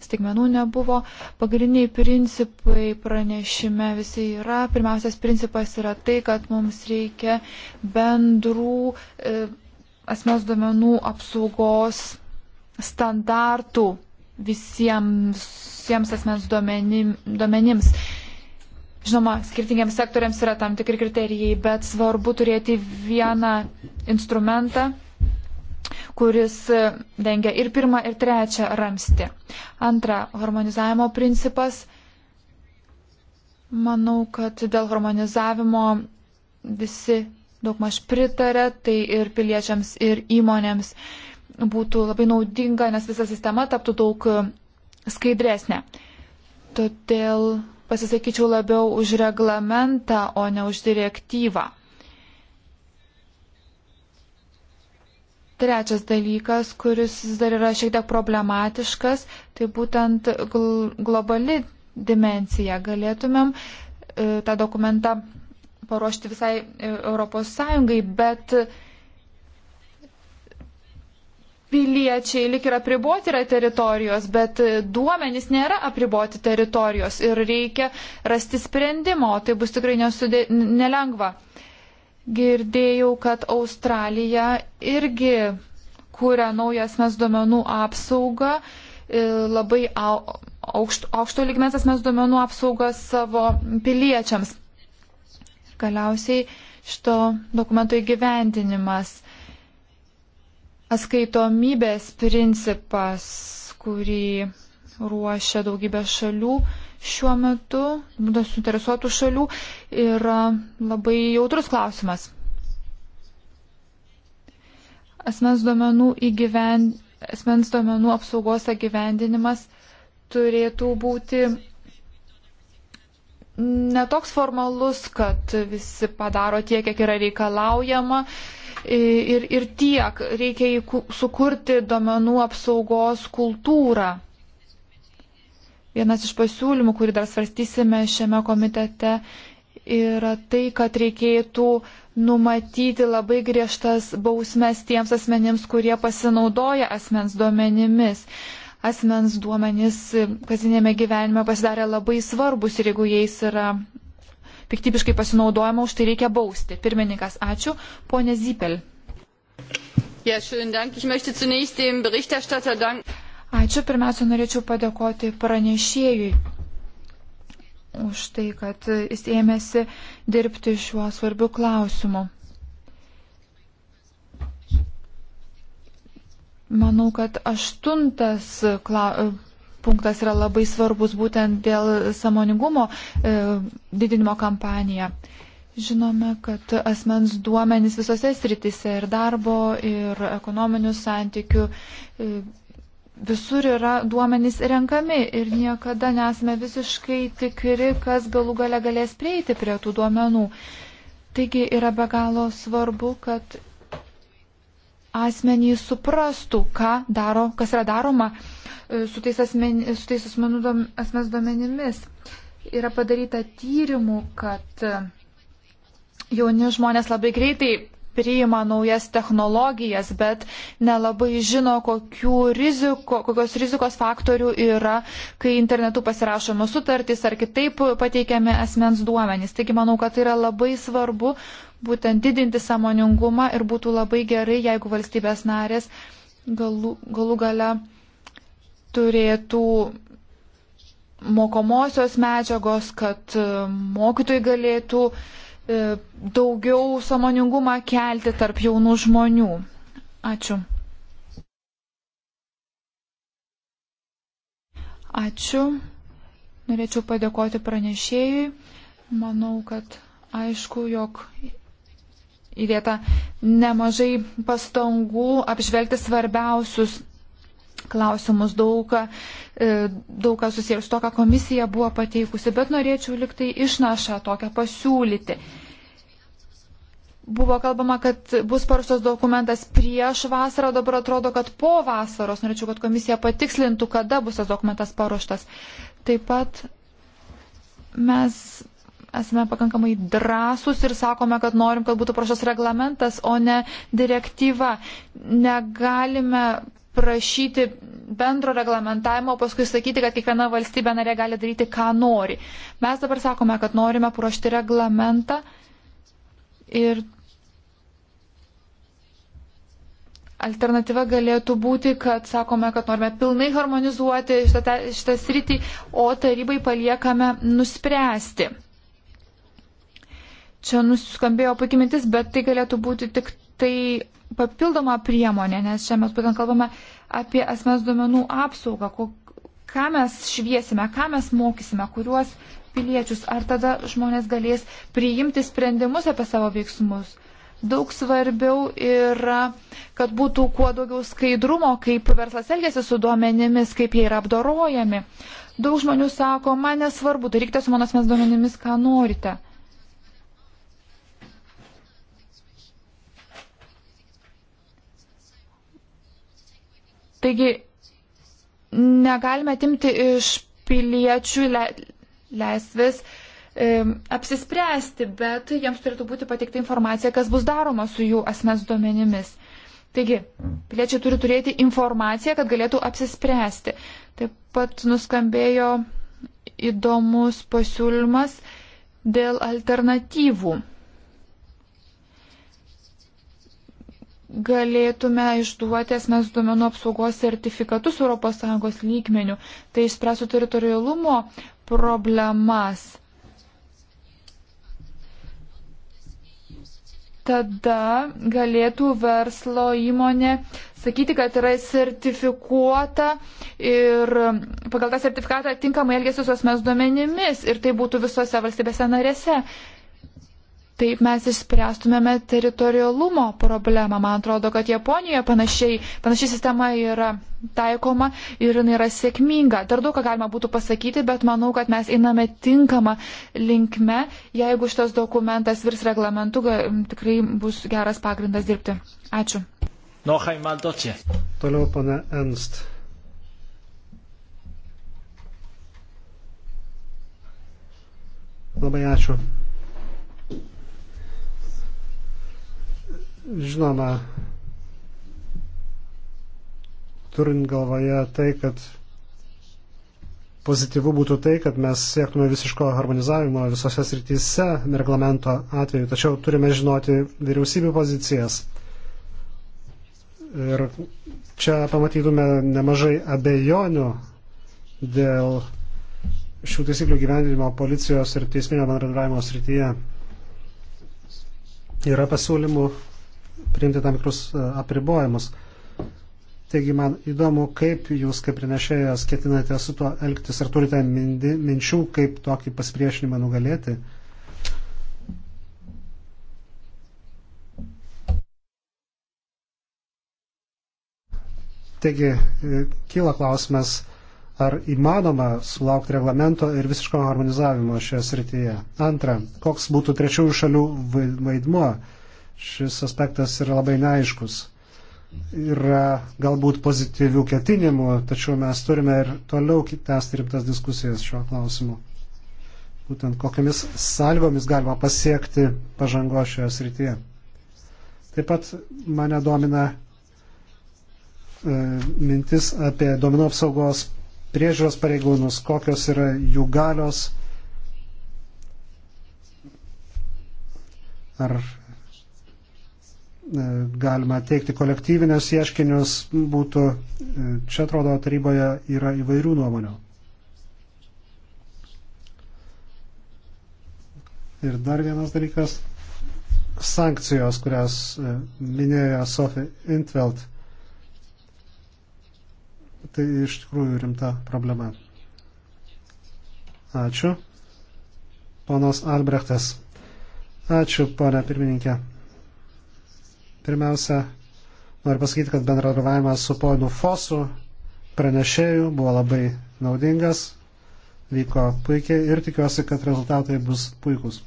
stigmenų nebuvo. Pagrindiniai principai pranešime visi yra. Pirmiausias principas yra tai, kad mums reikia bendrų e, asmens duomenų apsaugos standartų visiems, visiems asmens duomenim, duomenims. Žinoma, skirtingiams sektoriams yra tam tikri kriterijai, bet svarbu turėti vieną instrumentą kuris e, dengia ir pirmą, ir trečią ramsti. Antra, harmonizavimo principas. Manau, kad dėl harmonizavimo visi daugmaž pritarė, tai ir piliečiams, ir įmonėms būtų labai naudinga, nes visa sistema taptų daug e, skaidresnė. Todėl pasisakyčiau labiau už reglamentą, o ne už direktyvą. Trečias dalykas, kuris dar yra šiek tiek problematiškas, tai būtent gl globali dimencija. Galėtumėm e, tą dokumentą paruošti visai ES, bet piliečiai lik ir apriboti yra teritorijos, bet duomenys nėra apriboti teritorijos ir reikia rasti sprendimo, tai bus tikrai nesudė, nelengva. Ne Girdėjau, kad Australija irgi kūrė naują asmens duomenų apsaugą, e, labai aukšto, aukšto ligmens asmens duomenų apsaugą savo piliečiams. Galiausiai šito dokumento įgyvendinimas, atskaitomybės principas, kurį ruošia daugybė šalių, šiuo metu, suinteresuotų šalių, yra labai jautrus klausimas. Asmens duomenų, įgyven... Asmens duomenų apsaugos įgyvendinimas turėtų būti netoks formalus, kad visi padaro tiek, kiek yra reikalaujama. Ir, ir tiek reikia sukurti domenų apsaugos kultūrą. Vienas iš pasiūlymų, kurį dar svarstysime šiame komitete, yra tai, kad reikėtų numatyti labai griežtas bausmes tiems asmenims, kurie pasinaudoja asmens duomenimis. Asmens duomenys kasdienėme gyvenime pasidarė labai svarbus ir jeigu jais yra piktybiškai pasinaudojama, už tai reikia bausti. Pirmininkas, ačiū. Pone Zipel. Ja, schön, dank. Ich möchte zunächst dem Berichterstatter danken. Ačiū. Pirmiausia, norėčiau padėkoti pranešėjui už tai, kad jis ėmėsi dirbti šiuo svarbiu klausimu. Manau, kad aštuntas kla... punktas yra labai svarbus būtent dėl samoningumo e, didinimo kampaniją. Žinome, kad asmens duomenys visose sritise ir darbo, ir ekonominių santykių. E, visur yra duomenys renkami ir niekada nesame visiškai tikri, kas galų gale galės prieiti prie tų duomenų. Taigi yra be galo svarbu, kad asmenys suprastų, ką daro, kas yra daroma e, su tais, asmen, su tais asmenų, asmens duomenimis. Yra padaryta tyrimų, kad e, jauni žmonės labai greitai priima naujas technologijas, bet nelabai žino, riziko, kokios rizikos faktorių yra, kai internetu pasirašomos sutartys ar kitaip pateikiami asmens duomenys. Taigi manau, kad tai yra labai svarbu būtent didinti samoningumą ir būtų labai gerai, jeigu valstybės narės galų, galų gale turėtų mokomosios medžiagos, kad mokytojai galėtų uh, E, daugiau samoningumą kelti tarp jaunų žmonių. Ačiū. Ačiū. Norėčiau padėkoti pranešėjui. Manau, kad aišku, jog įdėta nemažai pastangų apžvelgti svarbiausius klausimus, daug, e, daug kas susijęs su to, ką komisija buvo pateikusi, bet norėčiau liktai išnašą tokią pasiūlyti. Buvo kalbama, kad bus parstos dokumentas prieš vasarą, dabar atrodo, kad po vasaros. Norėčiau, kad komisija patikslintų, kada bus tas dokumentas paruoštas. Taip pat mes esame pakankamai drąsūs ir sakome, kad norim, kad būtų prašas reglamentas, o ne direktyva. Negalime prašyti bendro reglamentavimo, paskui sakyti, kad kiekviena valstybė narė gali daryti, ką nori. Mes dabar sakome, kad norime paruošti reglamentą ir alternatyva galėtų būti, kad sakome, kad norime pilnai harmonizuoti šitą, šitą sritį, o tarybai paliekame nuspręsti. Čia nuskambėjo puikiai mintis, bet tai galėtų būti tik tai papildoma priemonė, nes čia mes būtent kalbame apie asmens duomenų apsaugą, ką mes šviesime, ką mes mokysime, kuriuos piliečius, ar tada žmonės galės priimti sprendimus apie savo veiksmus. Daug svarbiau yra, kad būtų kuo daugiau skaidrumo, kaip verslas elgesi su duomenimis, kaip jie yra apdorojami. Daug žmonių sako, man nesvarbu, darykite su mano asmens duomenimis, ką norite. Taigi negalime timti iš piliečių le, leisvis e, apsispręsti, bet jiems turėtų būti pateikta informacija, kas bus daroma su jų asmens duomenimis. Taigi, piliečiai turi turėti informaciją, kad galėtų apsispręsti. Taip pat nuskambėjo įdomus pasiūlymas dėl alternatyvų. galėtume išduoti asmens duomenų apsaugos sertifikatus ES lygmenių. Tai išspręsų teritorialumo problemas. Tada galėtų verslo įmonė sakyti, kad yra sertifikuota ir pagal tą sertifikatą tinkamai elgesi su asmens duomenimis ir tai būtų visose valstybėse narėse. Taip mes išspręstumėme teritorialumo problemą. Man atrodo, kad Japonijoje panašiai, panašiai sistema yra taikoma ir jinai yra sėkminga. Dar daug ką galima būtų pasakyti, bet manau, kad mes einame tinkamą linkme. Jeigu šitas dokumentas virs reglamentu, tikrai bus geras pagrindas dirbti. Ačiū. No, Toliau pana Enst. Labai ačiū. Žinoma, turint galvoje tai, kad pozityvu būtų tai, kad mes siektume visiško harmonizavimo visose srityse reglamento atveju, tačiau turime žinoti vyriausybių pozicijas. Ir čia pamatytume nemažai abejonių dėl šių taisyklių gyvendinimo policijos ir teisminio bendradarbiavimo srityje. Yra pasiūlymų priimti tam tikrus e, apribojimus. Taigi man įdomu, kaip jūs kaip prinešėjas ketinate su tuo elgtis, ar turite mindi, minčių, kaip tokį pasipriešinimą nugalėti. Taigi e, kyla klausimas, ar įmanoma sulaukti reglamento ir visiško harmonizavimo šioje srityje. Antra, koks būtų trečiųjų šalių vaidmuo šis aspektas yra labai neaiškus. Yra galbūt pozityvių ketinimų, tačiau mes turime ir toliau tęsti rimtas diskusijas šiuo klausimu. Būtent kokiamis sąlygomis galima pasiekti pažango šioje srityje. Taip pat mane domina e, mintis apie domino apsaugos priežiūros pareigūnus, kokios yra jų galios, ar E, galima teikti kolektyvinius ieškinius būtų, e, čia atrodo taryboje yra įvairių nuomonių. Ir dar vienas dalykas - sankcijos, kurias e, minėjo Sofi Intveld. Tai iš tikrųjų rimta problema. Ačiū. Ponas Albrechtas. Ačiū, ponia pirmininkė. Pirmiausia, noriu pasakyti, kad bendradarbiavimas su ponu Fosu pranešėjų buvo labai naudingas, vyko puikiai ir tikiuosi, kad rezultatai bus puikūs.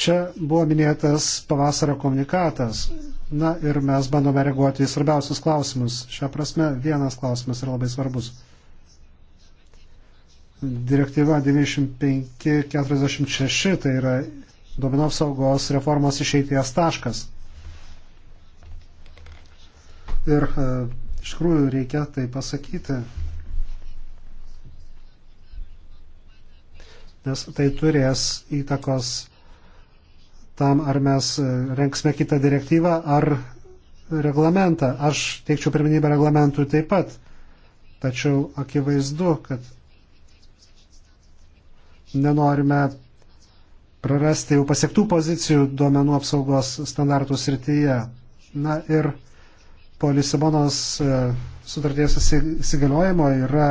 Čia buvo minėtas pavasario komunikatas. Na ir mes bandome reaguoti į svarbiausius klausimus. Šią prasme, vienas klausimas yra labai svarbus direktyva 9546, tai yra duomenų apsaugos reformos išeities taškas. Ir e, iš tikrųjų reikia tai pasakyti, nes tai turės įtakos tam, ar mes e, renksime kitą direktyvą ar reglamentą. Aš teikčiau pirminybę reglamentui taip pat, tačiau akivaizdu, kad nenorime prarasti jau pasiektų pozicijų duomenų apsaugos standartų srityje. Na ir po Lisabonos e, sutarties įsigaliojimo yra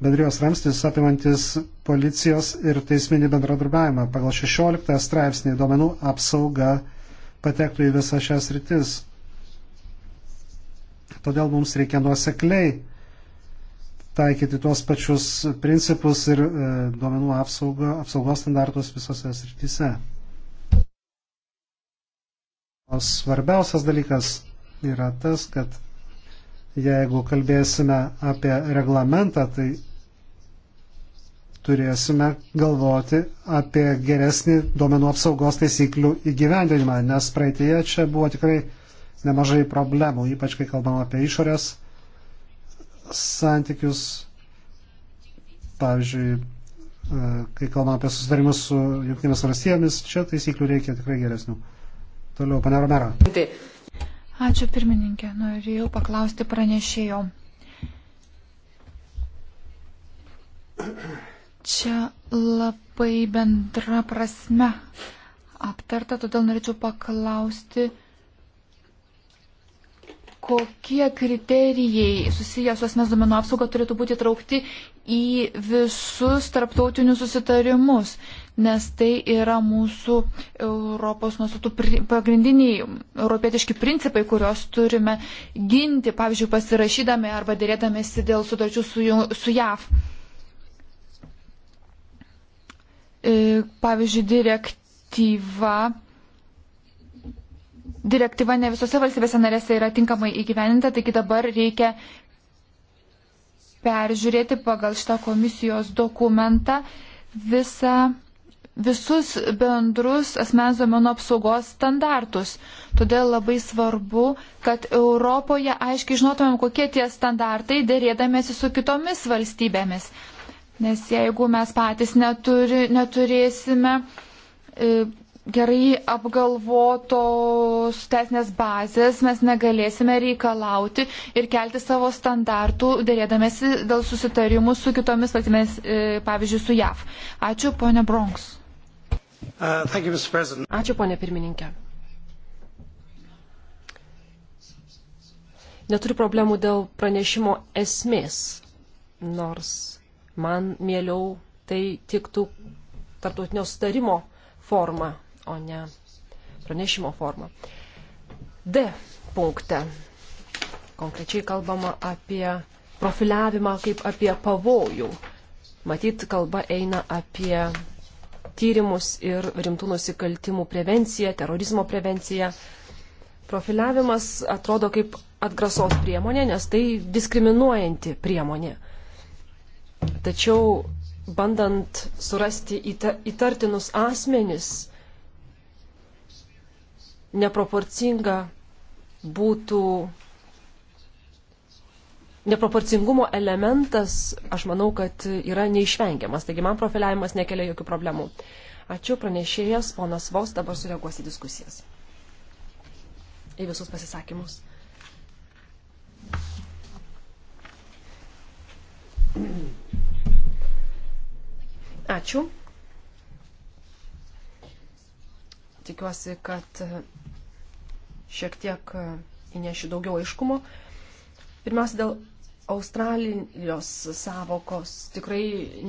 bendrijos ramstis apimantis policijos ir teisminį bendradarbiavimą. Pagal 16 straipsnį duomenų apsauga patektų į visas šias rytis. Todėl mums reikia nuosekliai taikyti tuos pačius principus ir e, duomenų apsaugo, apsaugos standartus visose srityse. O svarbiausias dalykas yra tas, kad jeigu kalbėsime apie reglamentą, tai turėsime galvoti apie geresnį duomenų apsaugos taisyklių įgyvendinimą, nes praeitėje čia buvo tikrai nemažai problemų, ypač kai kalbam apie išorės santykius, pavyzdžiui, e, kai kalbam apie susitarimus su jungtinėmis valstybėmis, čia taisyklių reikia tikrai geresnių. Toliau, pane Romero. Ačiū pirmininkė, norėjau paklausti pranešėjo. Čia labai bendra prasme aptarta, todėl norėčiau paklausti kokie kriterijai susijęs su asmens duomenų apsauga turėtų būti traukti į visus tarptautinius susitarimus, nes tai yra mūsų Europos nuostatų pagrindiniai europietiški principai, kuriuos turime ginti, pavyzdžiui, pasirašydami arba dėrėdamėsi dėl sutarčių su, su JAV. E, pavyzdžiui, direktyva direktyva ne visose valstybėse narėse yra tinkamai įgyveninta, taigi dabar reikia peržiūrėti pagal šitą komisijos dokumentą visą, visus bendrus asmens duomenų apsaugos standartus. Todėl labai svarbu, kad Europoje aiškiai žinotumėm, kokie tie standartai dėrėdamėsi su kitomis valstybėmis. Nes jeigu mes patys neturi, neturėsime. E, gerai apgalvotos teisinės bazės mes negalėsime reikalauti ir kelti savo standartų, dėrėdamėsi dėl susitarimų su kitomis valstybėmis, e, pavyzdžiui, su JAV. Ačiū, ponė Bronks. Uh, you, Ačiū, ponė pirmininkė. Neturiu problemų dėl pranešimo esmės, nors man mieliau tai tiktų tarptautinio sutarimo forma o ne pranešimo formą. D punkte konkrečiai kalbama apie profiliavimą kaip apie pavojų. Matyt, kalba eina apie tyrimus ir rimtų nusikaltimų prevenciją, terorizmo prevenciją. Profiliavimas atrodo kaip atgrasos priemonė, nes tai diskriminuojanti priemonė. Tačiau bandant surasti įtartinus asmenis, neproporcinga būtų neproporcingumo elementas, aš manau, kad yra neišvengiamas. Taigi man profiliavimas nekelia jokių problemų. Ačiū pranešėjas, ponas Vos dabar sureaguos į diskusijas. Į visus pasisakymus. Ačiū. tikiuosi, kad šiek tiek įnešiu daugiau aiškumo. Pirmiausia, dėl Australijos savokos. Tikrai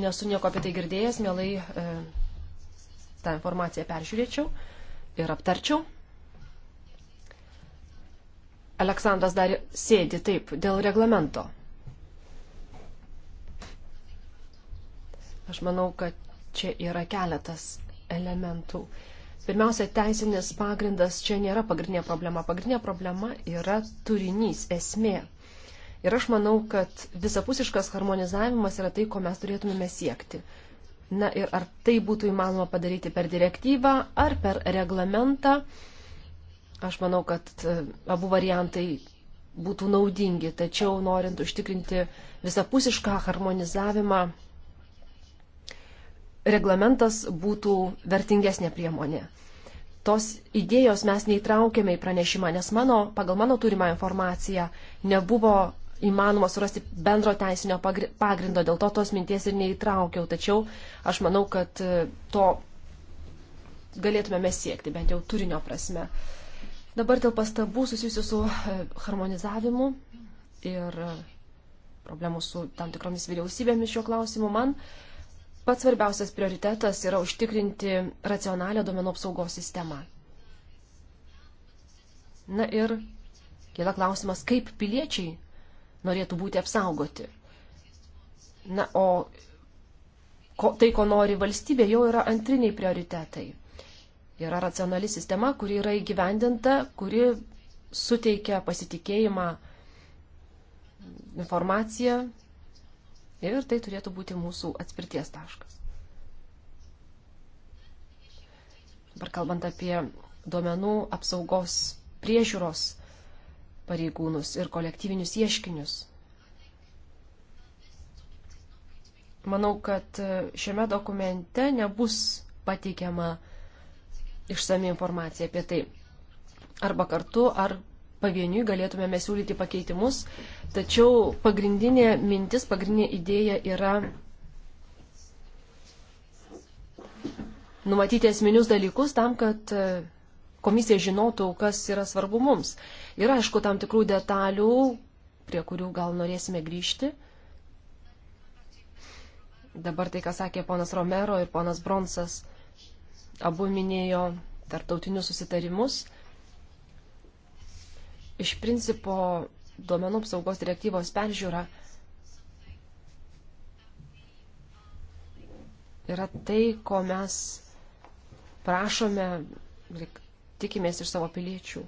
nesu nieko apie tai girdėjęs, mielai e, tą informaciją peržiūrėčiau ir aptarčiau. Aleksandras dar sėdi taip dėl reglamento. Aš manau, kad čia yra keletas elementų. E, Pirmiausia, teisinis pagrindas čia nėra pagrindinė problema. Pagrindinė problema yra turinys, esmė. Ir aš manau, kad visapusiškas harmonizavimas yra tai, ko mes turėtumėme siekti. Na ir ar tai būtų įmanoma padaryti per direktyvą ar per reglamentą, aš manau, kad e, abu variantai būtų naudingi, tačiau norint užtikrinti visapusišką harmonizavimą reglamentas būtų vertingesnė priemonė. Tos idėjos mes neįtraukėme į pranešimą, nes mano, pagal mano turimą informaciją nebuvo įmanoma surasti bendro teisinio pagrindo, dėl to tos minties ir neįtraukiau. Tačiau aš manau, kad e, to galėtumėme siekti, bent jau turinio prasme. Dabar dėl pastabų susijusių su e, harmonizavimu ir e, problemų su tam tikromis vyriausybėmis šiuo klausimu man uh, Pats svarbiausias prioritetas yra užtikrinti racionalią duomenų apsaugos sistemą. Na ir kila klausimas, kaip piliečiai norėtų būti apsaugoti. Na, o ko, tai, ko nori valstybė, jau yra antriniai prioritetai. Yra racionali sistema, kuri yra įgyvendinta, kuri suteikia pasitikėjimą informaciją, Ir tai turėtų būti mūsų atspirties taškas. Dabar kalbant apie duomenų apsaugos priežiūros pareigūnus ir kolektyvinius ieškinius. Manau, kad šiame dokumente nebus pateikiama išsami informacija apie tai. Arba kartu, ar pavieniui galėtumėme siūlyti pakeitimus, tačiau pagrindinė mintis, pagrindinė idėja yra numatyti esminius dalykus tam, kad e, komisija žinotų, kas yra svarbu mums. Ir aišku, tam tikrų detalių, prie kurių gal norėsime grįžti. Dabar tai, ką sakė ponas Romero ir ponas Bronsas, abu minėjo tarptautinius susitarimus. Iš principo, duomenų apsaugos direktyvos peržiūra yra tai, ko mes prašome, tikimės iš savo piliečių.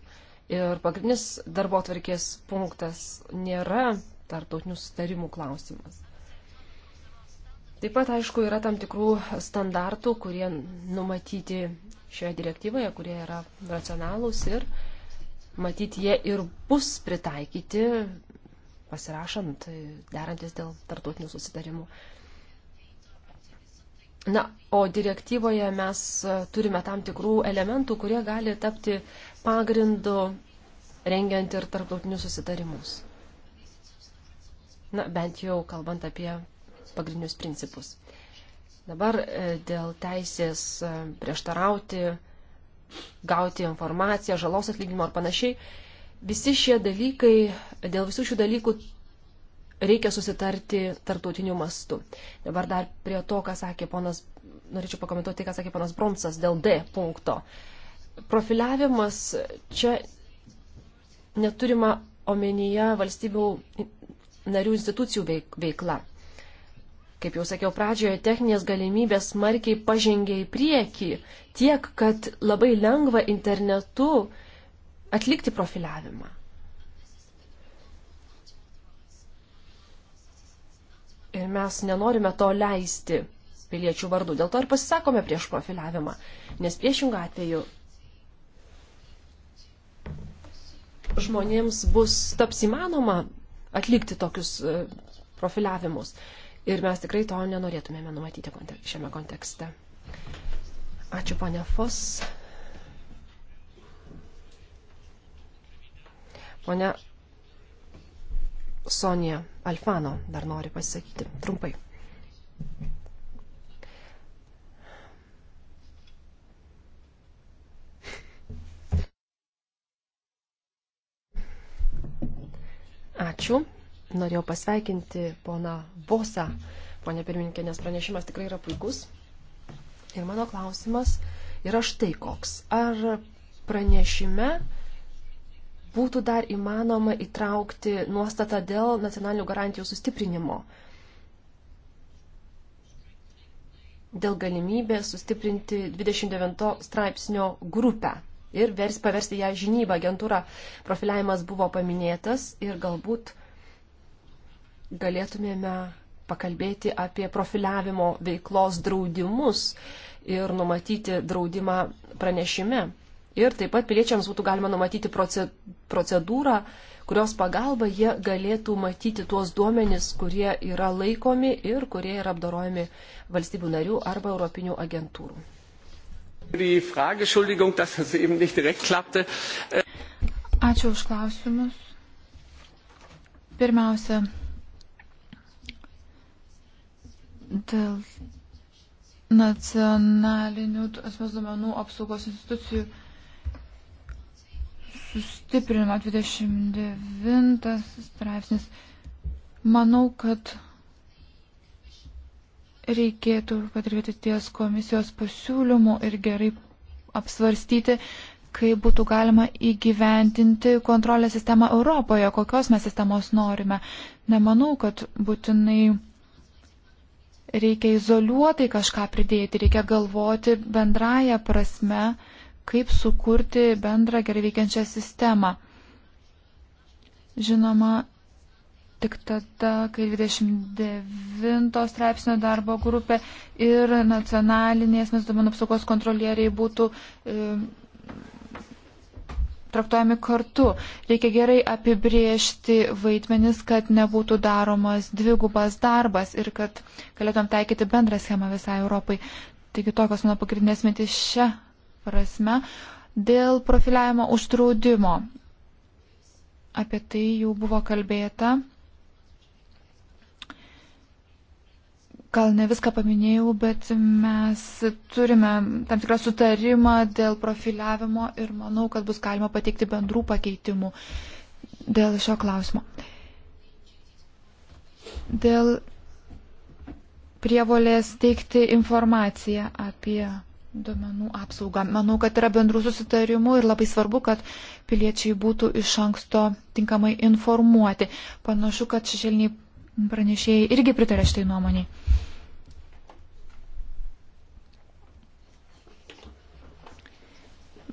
Ir pagrindinis darbo atvarkės punktas nėra tartautinių sustarimų klausimas. Taip pat, aišku, yra tam tikrų standartų, kurie numatyti šioje direktyvoje, kurie yra racionalūs ir uh, matyt, jie ir bus pritaikyti, pasirašant, derantis dėl tartutinių susitarimų. Na, o direktyvoje mes turime tam tikrų elementų, kurie gali tapti pagrindu rengiant ir tarptautinius susitarimus. Na, bent jau kalbant apie pagrindinius principus. Dabar e, dėl teisės e, prieštarauti gauti informaciją, žalos atlyginimo ar panašiai. Visi šie dalykai, dėl visų šių dalykų reikia susitarti tartutiniu mastu. Dabar dar prie to, ką sakė ponas, norėčiau pakomentuoti tai, ką sakė ponas Bromsas dėl D punkto. Profiliavimas čia neturima omenyje valstybių narių institucijų veikla. Kaip jau sakiau pradžioje, techninės galimybės smarkiai pažengė į priekį tiek, kad labai lengva internetu atlikti profiliavimą. Ir mes nenorime to leisti piliečių vardu. Dėl to ir pasisakome prieš profiliavimą. Nes priešingą atveju žmonėms bus taps įmanoma atlikti tokius e, profiliavimus ir mes tikrai to nenorėtumėme numatyti šiame kontekste. Ačiū, ponia Fos. Pone Sonija Alfano dar nori pasisakyti trumpai. Ačiū norėjau pasveikinti poną Bosą, ponė pirmininkė, nes pranešimas tikrai yra puikus. Ir mano klausimas yra štai koks. Ar pranešime būtų dar įmanoma įtraukti nuostatą dėl nacionalinių garantijų sustiprinimo? Dėl galimybės sustiprinti 29 straipsnio grupę ir vers, paversti ją žinybą. Agentūra profiliavimas buvo paminėtas ir galbūt galėtumėme pakalbėti apie profiliavimo veiklos draudimus ir numatyti draudimą pranešime. Ir taip pat piliečiams būtų galima numatyti procedūrą, kurios pagalba jie galėtų matyti tuos duomenys, kurie yra laikomi ir kurie yra apdorojami valstybių narių arba europinių agentūrų. Ačiū už klausimus. Pirmiausia, dėl nacionalinių asmens duomenų apsaugos institucijų sustiprinimo 29 straipsnis. Manau, kad reikėtų padirbėti ties komisijos pasiūlymų ir gerai apsvarstyti, kaip būtų galima įgyventinti kontrolės sistemą Europoje, kokios mes sistemos norime. Nemanau, kad būtinai reikia izoliuotai kažką pridėti, reikia galvoti bendrąją prasme, kaip sukurti bendrą gerai veikiančią sistemą. Žinoma, tik tada, kai 29 straipsnio darbo grupė ir nacionalinės mes duomenų apsaugos kontrolieriai būtų e, traktuojami kartu. Reikia gerai apibriežti vaidmenis, kad nebūtų daromas dvigubas darbas ir kad galėtum taikyti bendrą schemą visai Europai. Taigi tokios mano pagrindinės mintis šią prasme. Dėl profiliavimo uždraudimo. Apie tai jau buvo kalbėta. Gal ne viską paminėjau, bet mes turime tam tikrą sutarimą dėl profiliavimo ir manau, kad bus galima pateikti bendrų pakeitimų dėl šio klausimo. Dėl prievolės teikti informaciją apie duomenų apsaugą. Manau, kad yra bendrų susitarimų ir labai svarbu, kad piliečiai būtų iš anksto tinkamai informuoti. Panašu, kad šešėliniai pranešėjai irgi pritarė šitai nuomoniai.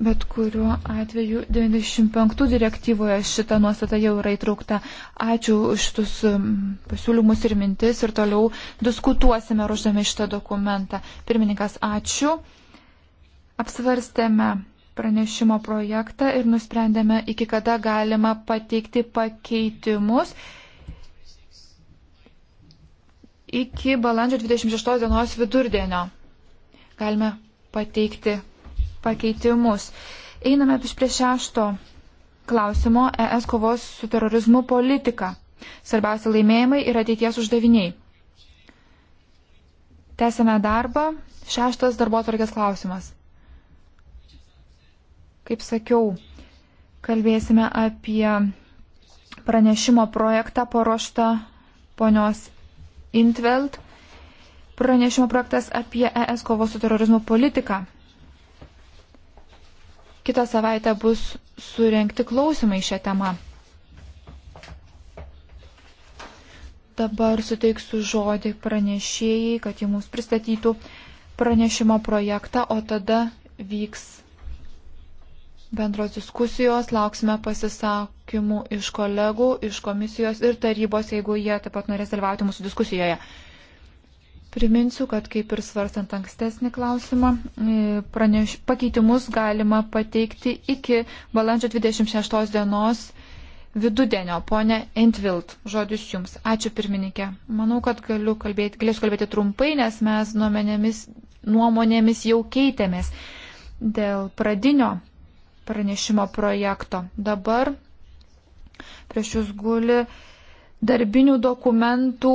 Bet kuriuo atveju 95 direktyvoje šita nuostata jau yra įtraukta. Ačiū už šitus mm, pasiūlymus ir mintis ir toliau diskutuosime ruoždami šitą dokumentą. Pirmininkas, ačiū. Apsvarstėme pranešimo projektą ir nusprendėme, iki kada galima pateikti pakeitimus iki balandžio 26 dienos vidurdienio. Galime pateikti pakeitimus. Einame prie šešto klausimo ES kovos su terorizmu politika. Svarbiausia laimėjimai ir ateities uždaviniai. Tęsime darbą. Šeštas darbo atvarkės klausimas. Kaip sakiau, kalbėsime apie pranešimo projektą paruoštą ponios Intveld pranešimo projektas apie ES kovos su terorizmu politiką. Kitą savaitę bus surenkti klausimai šią temą. Dabar suteiksiu žodį pranešėjai, kad jie mums pristatytų pranešimo projektą, o tada vyks bendros diskusijos, lauksime pasisakymų iš kolegų, iš komisijos ir tarybos, jeigu jie taip pat norės dalyvauti mūsų diskusijoje. Priminsiu, kad kaip ir svarstant ankstesnį klausimą, e, praneš, pakeitimus galima pateikti iki balandžio 26 dienos vidudienio. Pone Entvilt, žodis jums. Ačiū pirmininkė. Manau, kad galiu kalbėti, galėsiu kalbėti trumpai, nes mes nuomenėmis, nuomonėmis jau keitėmės dėl pradinio pranešimo projekto. Dabar prieš jūs guli darbinių dokumentų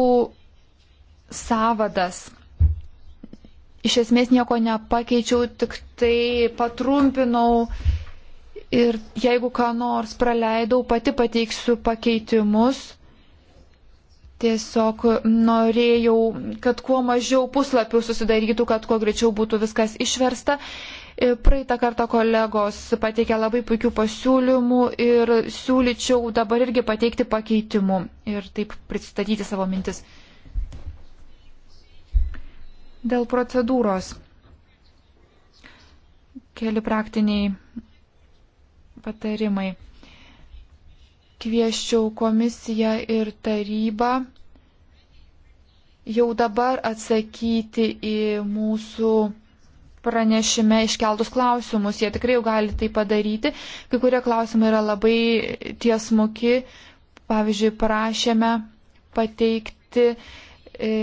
savadas. Iš esmės nieko nepakeičiau, tik tai patrumpinau ir jeigu ką nors praleidau, pati pateiksiu pakeitimus. Tiesiog norėjau, kad kuo mažiau puslapių susidarytų, kad kuo greičiau būtų viskas išversta. E, praeitą kartą kolegos pateikė labai puikių pasiūlymų ir siūlyčiau dabar irgi pateikti pakeitimų ir taip pristatyti savo mintis. Dėl procedūros. Keli praktiniai patarimai. Kvieščiau komisiją ir tarybą jau dabar atsakyti į mūsų pranešime iškeltus klausimus. Jie tikrai jau gali tai padaryti. Kai kurie klausimai yra labai tiesmuki. Pavyzdžiui, prašėme pateikti e,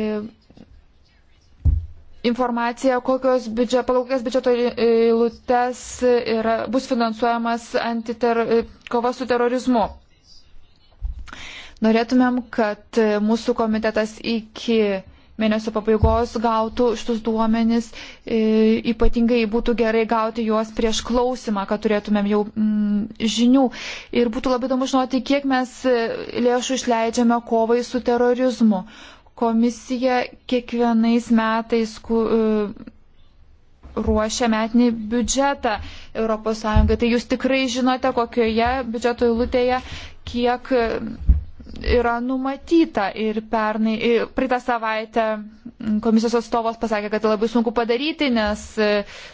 informaciją, kokios biudžeto, pagal kokias biudžeto eilutes yra, bus finansuojamas antiter, e, kova su terorizmu. Norėtumėm, kad mūsų komitetas iki mėnesio pabaigos gautų šitus duomenis. E, ypatingai būtų gerai gauti juos prieš klausimą, kad turėtumėm jau mm, žinių. Ir būtų labai įdomu žinoti, kiek mes e, lėšų išleidžiame kovai su terorizmu. Komisija kiekvienais metais. Ku, e, ruošia metinį biudžetą ES. Tai jūs tikrai žinote, kokioje biudžeto eilutėje kiek yra numatyta ir pernai, praeitą savaitę komisijos atstovas pasakė, kad tai labai sunku padaryti, nes e,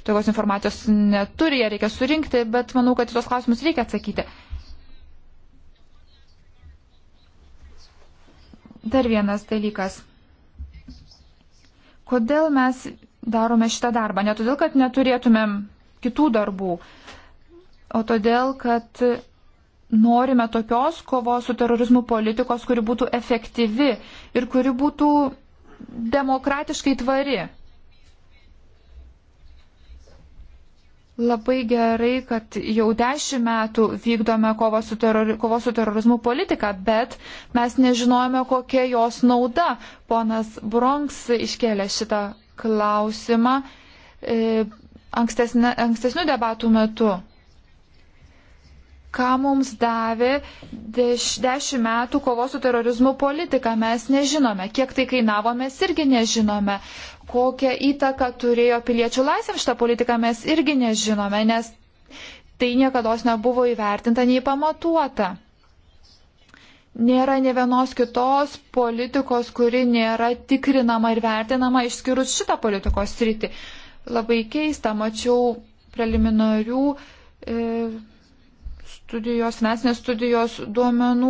tokios informacijos neturi, ją reikia surinkti, bet manau, kad į tos klausimus reikia atsakyti. Dar vienas dalykas. Kodėl mes darome šitą darbą? Ne todėl, kad neturėtumėm kitų darbų, o todėl, kad norime tokios kovos su terorizmu politikos, kuri būtų efektyvi ir kuri būtų demokratiškai tvari. Labai gerai, kad jau dešimt metų vykdome kovos su, terori, kovos su terorizmu politiką, bet mes nežinojame, kokia jos nauda. Ponas Bronks iškėlė šitą klausimą e, ankstesnių debatų metu ką mums davė deš, dešimt metų kovos su terorizmu politika, mes nežinome. Kiek tai kainavo, mes irgi nežinome. Kokią įtaką turėjo piliečių laisvėm šitą politiką, mes irgi nežinome, nes tai niekada nebuvo įvertinta nei pamatuota. Nėra ne vienos kitos politikos, kuri nėra tikrinama ir vertinama išskyrus šitą politikos sritį. Labai keista, mačiau preliminarių. E, studijos, finansinės studijos duomenų.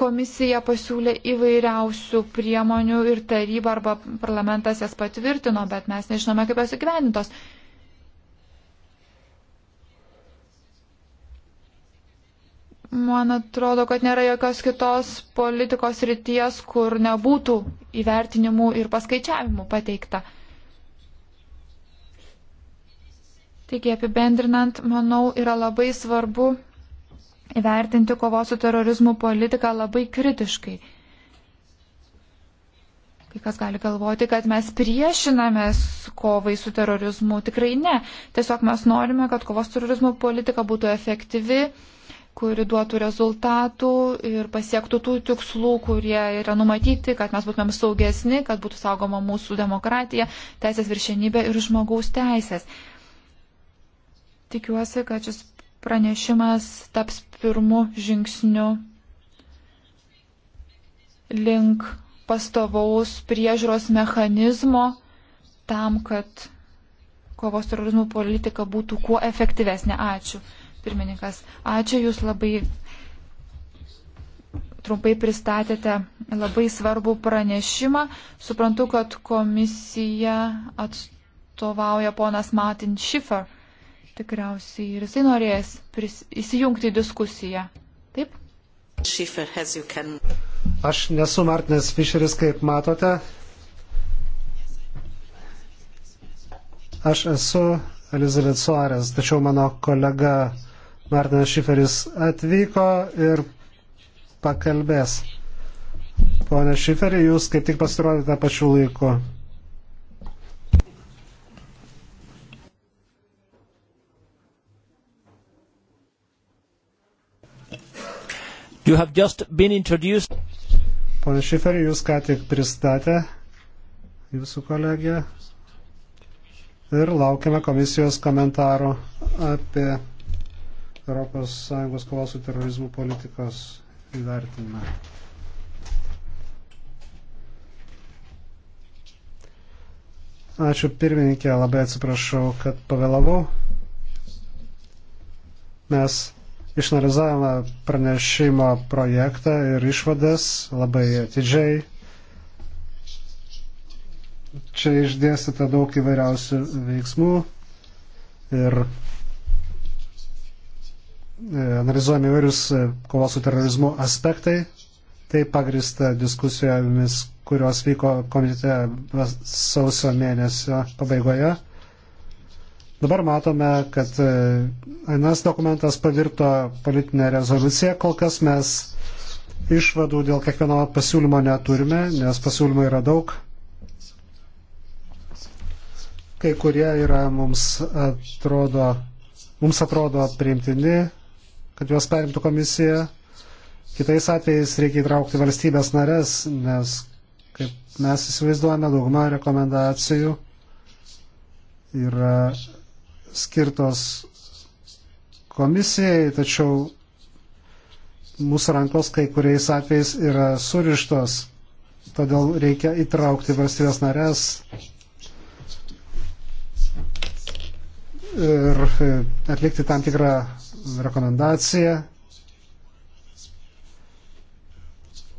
Komisija pasiūlė įvairiausių priemonių ir taryba arba parlamentas jas patvirtino, bet mes nežinome, kaip jos įgyvendintos. Man atrodo, kad nėra jokios kitos politikos ryties, kur nebūtų įvertinimų ir paskaičiavimų pateikta. Taigi apibendrinant, manau, yra labai svarbu įvertinti kovos su terorizmu politiką labai kritiškai. Kai kas gali galvoti, kad mes priešinamės kovai su terorizmu. Tikrai ne. Tiesiog mes norime, kad kovos su terorizmu politika būtų efektyvi, kuri duotų rezultatų ir pasiektų tų tikslų, kurie yra numatyti, kad mes būtumėm saugesni, kad būtų saugoma mūsų demokratija, teisės viršenybė ir žmogaus teisės. Tikiuosi, kad šis pranešimas taps pirmu žingsniu link pastovaus priežros mechanizmo tam, kad kovos terorizmų politika būtų kuo efektyvesnė. Ačiū, pirmininkas. Ačiū, jūs labai trumpai pristatėte labai svarbų pranešimą. Suprantu, kad komisija atstovauja ponas Martin Schiffer. Tikriausiai ir jisai norės pris, įsijungti į diskusiją. Taip? Schiffer, can... Aš nesu Martinas Fischeris, kaip matote. Aš esu Elizabeth Suarez, tačiau mano kolega Martinas Šiferis atvyko ir pakalbės. Pone Šiferi, jūs kaip tik pasirodėte pačiu laiku. You have just been introduced. Pone Šiferi, jūs ką tik pristatė jūsų kolegę ir laukiame komisijos komentaro apie ES kovos su terorizmu politikos įvertinimą. Ačiū pirmininkė, labai atsiprašau, kad pavėlavau. Mes išanalizavome pranešimo projektą ir išvadas labai atidžiai. Čia išdėstyta daug įvairiausių veiksmų ir e, analizuojami įvairius kovos su terorizmu aspektai. Tai pagrista diskusijomis, kurios vyko komitete sausio mėnesio pabaigoje. Dabar matome, kad anas e, dokumentas pavirto politinę rezoliuciją, kol kas mes išvadų dėl kiekvieno pasiūlymo neturime, nes pasiūlymų yra daug. Kai kurie yra mums atrodo, mums atrodo priimtini, kad juos perimtų komisija. Kitais atvejais reikia įtraukti valstybės narės, nes kaip mes įsivaizduojame, dauguma rekomendacijų yra skirtos komisijai, tačiau mūsų rankos kai kuriais atvejais yra surištos, todėl reikia įtraukti valstybės narės ir e, atlikti tam tikrą rekomendaciją.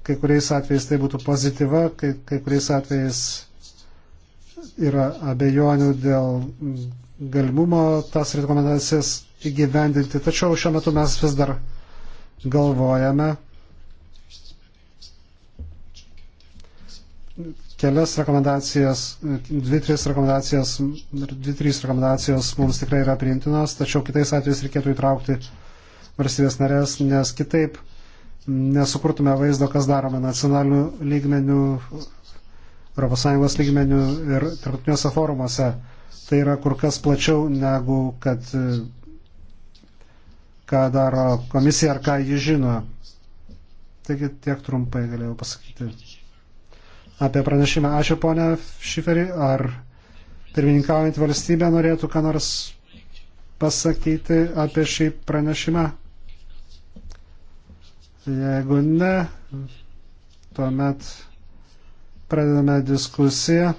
Kai kuriais atvejais tai būtų pozityva, kai, kai kuriais atvejais yra abejonių dėl galimumo tas rekomendacijas įgyvendinti. Tačiau šiuo metu mes vis dar galvojame kelias rekomendacijas, dvi, trys rekomendacijas, dvi, trys rekomendacijos mums tikrai yra priimtinos, tačiau kitais atvejais reikėtų įtraukti valstybės narės, nes kitaip nesukurtume vaizdo, kas darome nacionalinių lygmenių, ES lygmenių ir tarptautiniuose forumuose tai yra kur kas plačiau negu kad e, ką daro komisija ar ką ji žino. Taigi tiek trumpai galėjau pasakyti apie pranešimą. Ačiū ponia Šiferi, ar pirmininkaujant valstybė norėtų ką nors pasakyti apie šį pranešimą? Jeigu ne, tuomet pradedame diskusiją.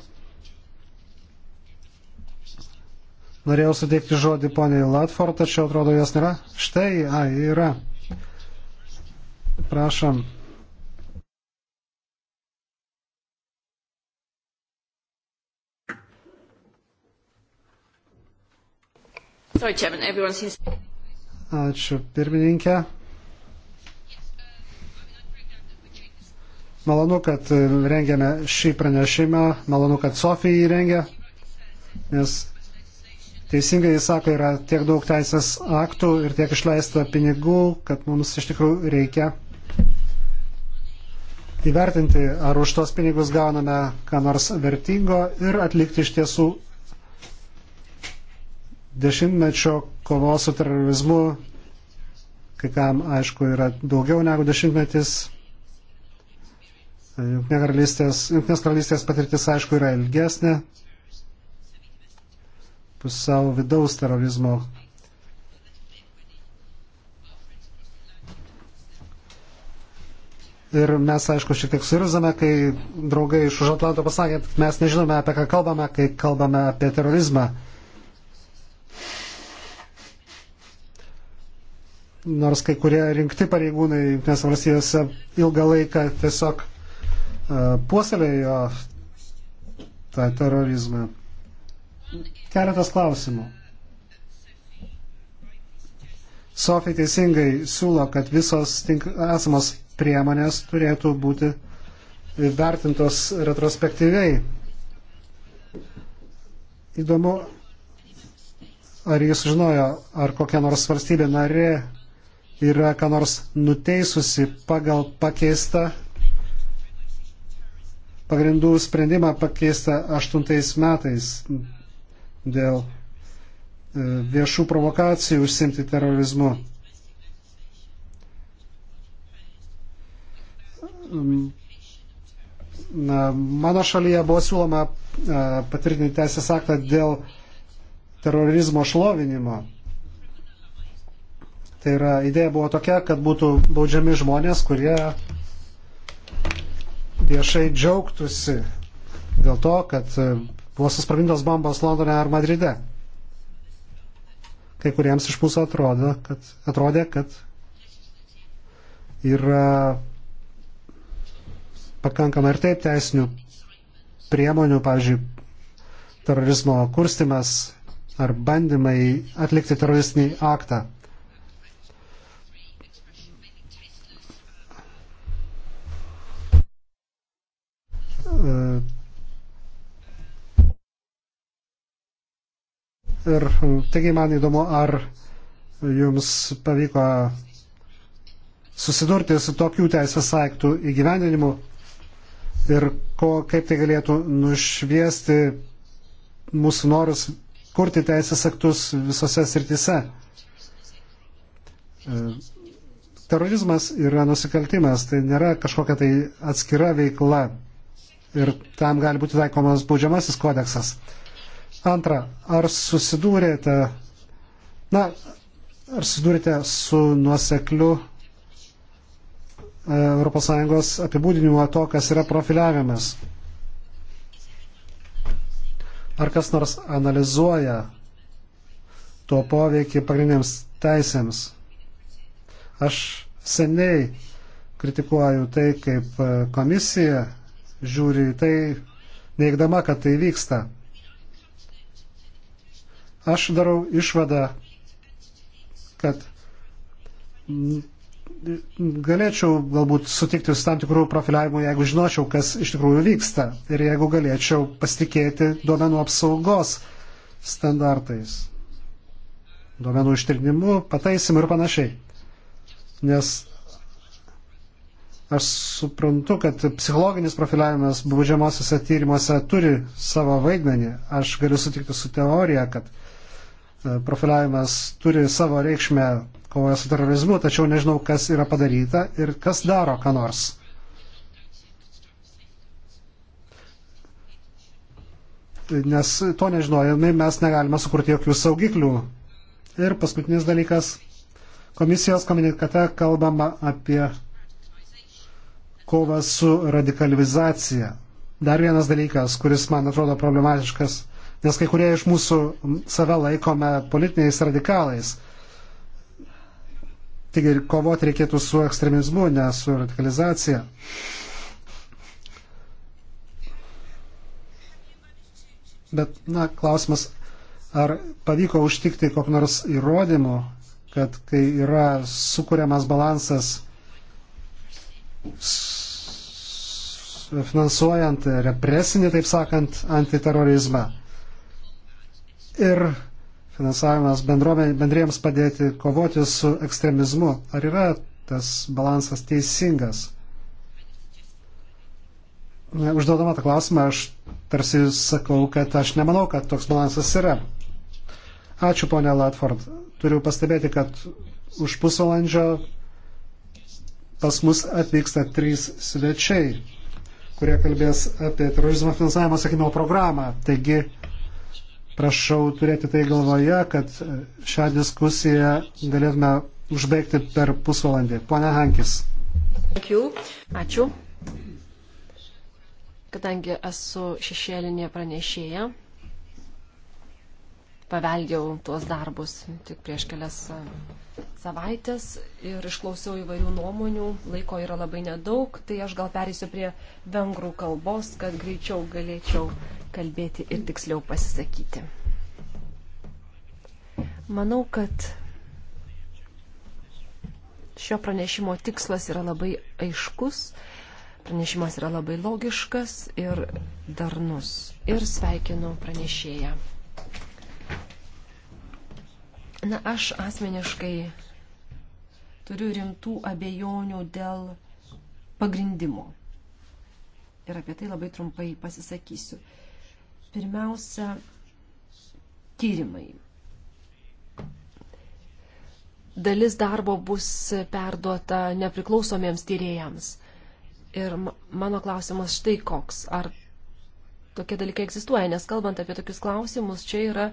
Norėjau suteikti žodį poniai Latford, tačiau atrodo jos nėra. Štai, a, yra. Prašom. Ačiū pirmininkė. Malonu, kad e, rengiame šį pranešimą, malonu, kad Sofija jį rengia, nes teisingai jis sako, yra tiek daug teisės aktų ir tiek išleista pinigų, kad mums iš tikrųjų reikia įvertinti, ar už tos pinigus gauname ką nors vertingo ir atlikti iš tiesų dešimtmečio kovos su terorizmu, kai kam aišku yra daugiau negu dešimtmetis. Junktinės karalystės, Junknės karalystės patirtis aišku yra ilgesnė, pusiau vidaus terorizmo. Ir mes, aišku, šiek tiek suirzame, kai draugai iš už Atlanto pasakė, kad mes nežinome, apie ką kalbame, kai kalbame apie terorizmą. Nors kai kurie rinkti pareigūnai Junktinės valstijose ilgą laiką tiesiog uh, puoselėjo tą terorizmą. Keletas klausimų. Sofija teisingai siūlo, kad visos tink, esamos priemonės turėtų būti vertintos retrospektyviai. Įdomu, ar jis žinojo, ar kokia nors valstybė narė yra ką nors nuteisusi pagal pakeistą pagrindų sprendimą pakeistą aštuntais metais dėl e, viešų provokacijų užsimti terorizmu. Na, mano šalyje buvo siūloma e, patvirtinti teisės aktą dėl terorizmo šlovinimo. Tai yra, idėja buvo tokia, kad būtų baudžiami žmonės, kurie viešai džiaugtųsi dėl to, kad e, buvo susprogdintos bombos Londone ar Madride. Kai kuriems iš mūsų atrodo, kad, atrodė, kad yra pakankamai ir taip teisinių priemonių, pavyzdžiui, terorizmo kurstimas ar bandymai atlikti teroristinį aktą. Uh, Ir taigi man įdomu, ar jums pavyko susidurti su tokių teisės aktų įgyvendinimu ir ko, kaip tai galėtų nušviesti mūsų norus kurti teisės aktus visose srityse. E, terorizmas yra nusikaltimas, tai nėra kažkokia tai atskira veikla ir tam gali būti taikomas baudžiamasis kodeksas. Antra, ar susidūrėte, na, ar susidūrėte su nuosekliu e, ES apibūdinimu to, kas yra profiliavimas? Ar kas nors analizuoja to poveikį pagrindiniams teisėms? Aš seniai kritikuoju tai, kaip komisija žiūri į tai, neigdama, kad tai vyksta. Aš darau išvadą, kad galėčiau galbūt sutikti su tam tikrų profiliavimu, jeigu žinočiau, kas iš tikrųjų vyksta ir jeigu galėčiau pasitikėti duomenų apsaugos standartais, duomenų ištrinimu, pataisimu ir panašiai. Nes Aš suprantu, kad psichologinis profiliavimas baudžiamosiuose tyrimuose turi savo vaidmenį. Aš galiu sutikti su teorija, kad e, profiliavimas turi savo reikšmę kovoje su terorizmu, tačiau nežinau, kas yra padaryta ir kas daro ką nors. Nes to nežinojami mes negalime sukurti jokių saugiklių. Ir paskutinis dalykas. Komisijos komunikate kalbama apie kovą su radikalizacija. Dar vienas dalykas, kuris man atrodo problematiškas, nes kai kurie iš mūsų save laikome politiniais radikalais. Taigi kovoti reikėtų su ekstremizmu, ne su radikalizacija. Bet, na, klausimas, ar pavyko užtikti kokį nors įrodymų, kad kai yra sukūriamas balansas finansuojant represinį, taip sakant, antiterorizmą. Ir finansavimas bendrėjams padėti kovoti su ekstremizmu. Ar yra tas balansas teisingas? Užduodama tą klausimą, aš tarsi sakau, kad aš nemanau, kad toks balansas yra. Ačiū, ponė Latford. Turiu pastebėti, kad už pusvalandžio pas mus atvyksta trys svečiai, kurie kalbės apie terorizmo finansavimo sakymo programą. Taigi, prašau turėti tai galvoje, kad šią diskusiją galėtume užbaigti per pusvalandį. Pone Hankis. Ačiū. Ačiū. Kadangi esu šešėlinė pranešėja paveldėjau tuos darbus tik prieš kelias savaitės ir išklausiau įvairių nuomonių, laiko yra labai nedaug, tai aš gal perėsiu prie vengrų kalbos, kad greičiau galėčiau kalbėti ir tiksliau pasisakyti. Manau, kad šio pranešimo tikslas yra labai aiškus, pranešimas yra labai logiškas ir darnus. Ir sveikinu pranešėją Na, aš asmeniškai turiu rimtų abejonių dėl pagrindimo. Ir apie tai labai trumpai pasisakysiu. Pirmiausia, tyrimai. Dalis darbo bus perduota nepriklausomiems tyrėjams. Ir mano klausimas štai koks. Ar tokie dalykai egzistuoja, nes kalbant apie tokius klausimus, čia yra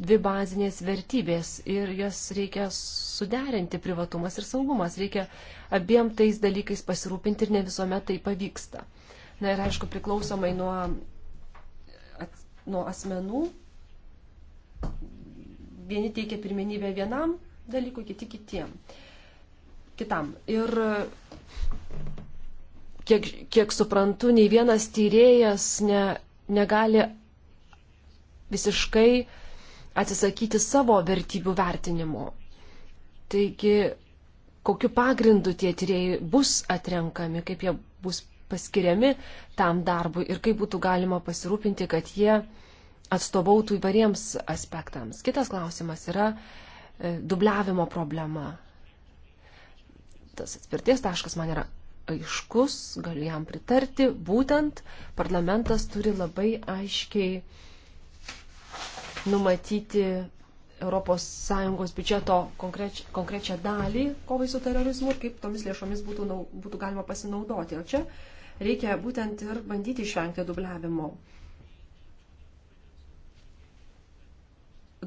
dvi bazinės vertybės ir jas reikia suderinti privatumas ir saugumas. Reikia abiem tais dalykais pasirūpinti ir ne visuomet tai pavyksta. Na ir aišku, priklausomai nuo, at, nuo asmenų, vieni teikia pirmenybę vienam dalykui, kiti kitiem. Kitam. Ir kiek, kiek suprantu, nei vienas tyrėjas ne, negali visiškai atsisakyti savo vertybių vertinimo. Taigi, kokiu pagrindu tie tyrėjai bus atrenkami, kaip jie bus paskiriami tam darbui ir kaip būtų galima pasirūpinti, kad jie atstovautų įvariems aspektams. Kitas klausimas yra e, dubliavimo problema. Tas atspirties taškas man yra aiškus, gali jam pritarti, būtent parlamentas turi labai aiškiai numatyti ES biudžeto konkrečią, konkrečią dalį kovai su terorizmu ir kaip tomis lėšomis būtų, būtų galima pasinaudoti. O čia reikia būtent ir bandyti išvengti dubliavimo.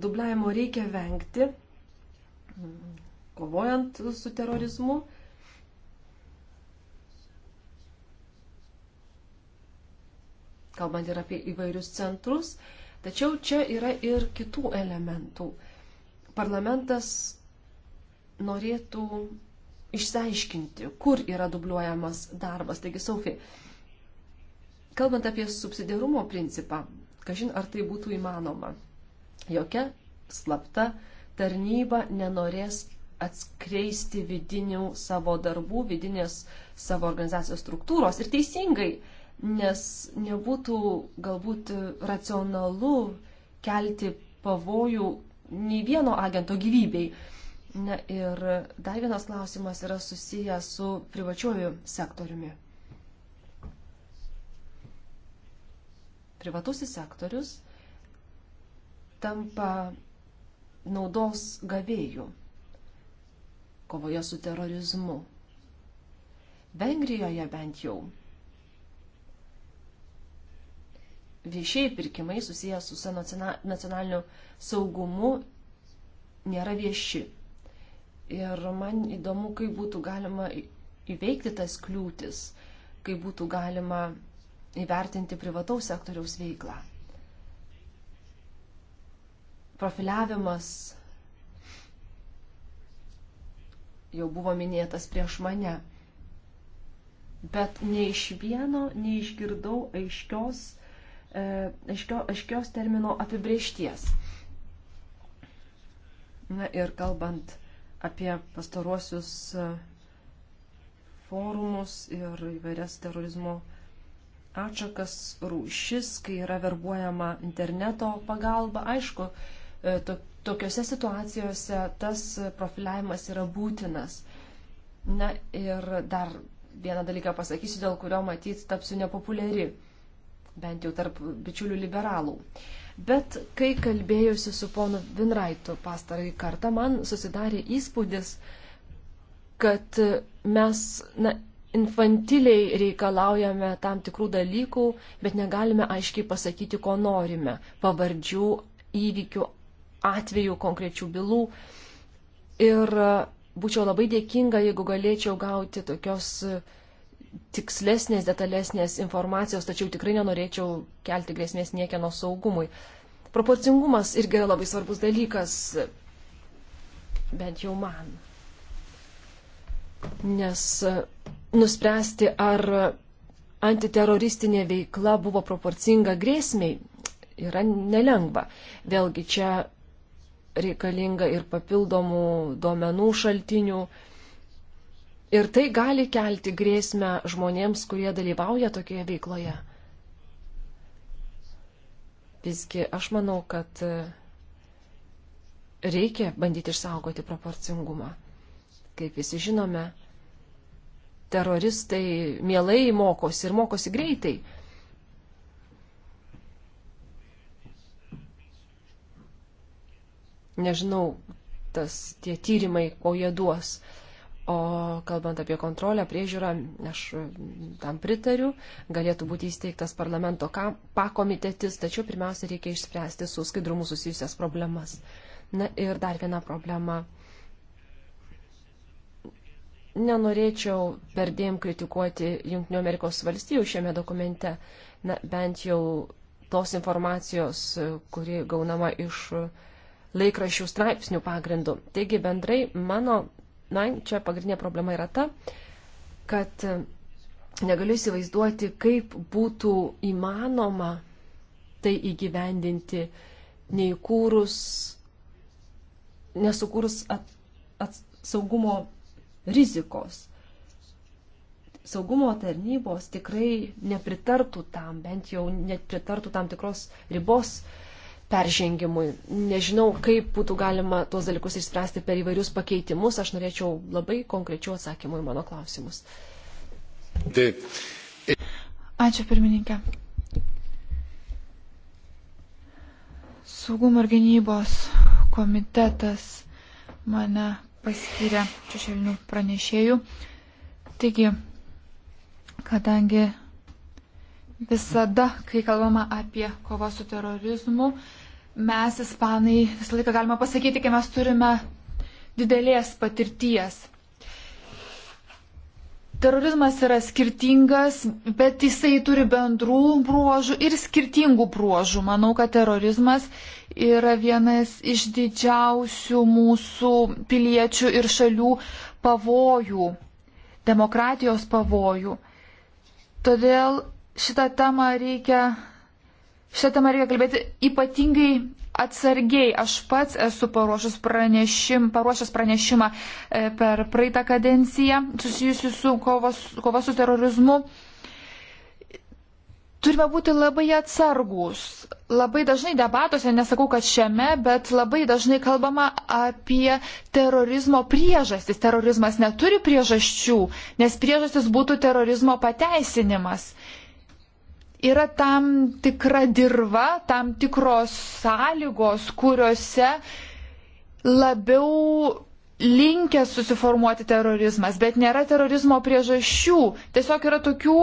Dubliavimo reikia vengti, kovojant su terorizmu. Mm kalbant ir apie įvairius centrus. Tačiau čia yra ir kitų elementų. Parlamentas norėtų išsiaiškinti, kur yra dubliuojamas darbas. Taigi, Sofija, kalbant apie subsidiarumo principą, kažin ar tai būtų įmanoma. Jokia slapta tarnyba nenorės atskleisti vidinių savo darbų, vidinės savo organizacijos struktūros. Ir teisingai, uh, nes nebūtų galbūt racionalu kelti pavojų nei vieno agento gyvybei. Na ir dar vienas klausimas yra susijęs su privačiuoju sektoriumi. Privatusis sektorius tampa naudos gavėjų kovoje su terorizmu. Vengrijoje bent jau viešiai pirkimai susijęs su nacionaliniu saugumu nėra vieši. Ir man įdomu, kaip būtų galima įveikti tas kliūtis, kaip būtų galima įvertinti privataus sektoriaus veiklą. Profiliavimas jau buvo minėtas prieš mane. Bet nei iš vieno neišgirdau aiškios E, aiškio, aiškios termino apibriešties. Na ir kalbant apie pastaruosius e, forumus ir įvairias terorizmo atšakas, rūšis, kai yra verbuojama interneto pagalba. Aišku, e, to, tokiuose situacijose tas profiliavimas yra būtinas. Na ir dar vieną dalyką pasakysiu, dėl kurio matyt tapsiu nepopuliari bent jau tarp bičiulių liberalų. Bet kai kalbėjusi su ponu Vinraitu pastarąjį kartą, man susidarė įspūdis, kad mes na, infantiliai reikalaujame tam tikrų dalykų, bet negalime aiškiai pasakyti, ko norime - pavardžių, įvykių, atvejų, konkrečių bylų. Ir būčiau labai dėkinga, jeigu galėčiau gauti tokios uh, tikslesnės, detalesnės informacijos, tačiau tikrai nenorėčiau kelti grėsmės niekieno saugumui. Proporcingumas irgi yra labai svarbus dalykas, bent jau man. Nes e, nuspręsti, ar antiteroristinė veikla buvo proporcinga grėsmiai, yra nelengva. Vėlgi čia reikalinga ir papildomų duomenų šaltinių, uh, Ir tai gali kelti grėsmę žmonėms, kurie dalyvauja tokioje veikloje. Visgi aš manau, kad e, reikia bandyti išsaugoti proporcingumą. Kaip visi žinome, teroristai mielai mokosi ir mokosi greitai. Nežinau, tas tie tyrimai, ko jie duos. Uh, O kalbant apie kontrolę, priežiūrą, aš tam pritariu, galėtų būti įsteigtas parlamento pakomitetis, tačiau pirmiausia reikia išspręsti su skaidrumu susijusias problemas. Na ir dar viena problema. Nenorėčiau perdėm kritikuoti Junktinių Amerikos valstijų šiame dokumente, na, bent jau tos informacijos, kuri gaunama iš laikrašių straipsnių pagrindų. Taigi bendrai mano na, čia pagrindinė problema yra ta, kad e, negaliu įsivaizduoti, kaip būtų įmanoma tai įgyvendinti, neįkūrus, nesukūrus at, at, saugumo rizikos. Saugumo tarnybos tikrai nepritartų tam, bent jau nepritartų tam tikros ribos uh, peržengimui. Nežinau, kaip būtų galima tuos dalykus išspręsti per įvairius pakeitimus. Aš norėčiau labai konkrečių atsakymų į mano klausimus. Ačiū pirmininkė. Saugumo ir gynybos komitetas mane paskyrė šešėlinių pranešėjų. Taigi, kadangi Visada, kai kalbama apie kovą su terorizmu, mes, ispanai, visą laiką galima pasakyti, kai mes turime didelės patirties. Terorizmas yra skirtingas, bet jisai turi bendrų bruožų ir skirtingų bruožų. Manau, kad terorizmas yra vienas iš didžiausių mūsų piliečių ir šalių pavojų, demokratijos pavojų. Todėl šitą temą reikia, šitą temą reikia kalbėti ypatingai atsargiai. Aš pats esu paruošęs, pranešim, paruošęs pranešimą e, per praeitą kadenciją susijusiu su kovos, kovos su terorizmu. Turime būti labai atsargus. Labai dažnai debatuose, nesakau, kad šiame, bet labai dažnai kalbama apie terorizmo priežastis. Terorizmas neturi priežasčių, nes priežastis būtų terorizmo pateisinimas yra tam tikra dirba, tam tikros sąlygos, kuriuose labiau linkęs susiformuoti terorizmas, bet nėra terorizmo priežasčių. Tiesiog yra tokių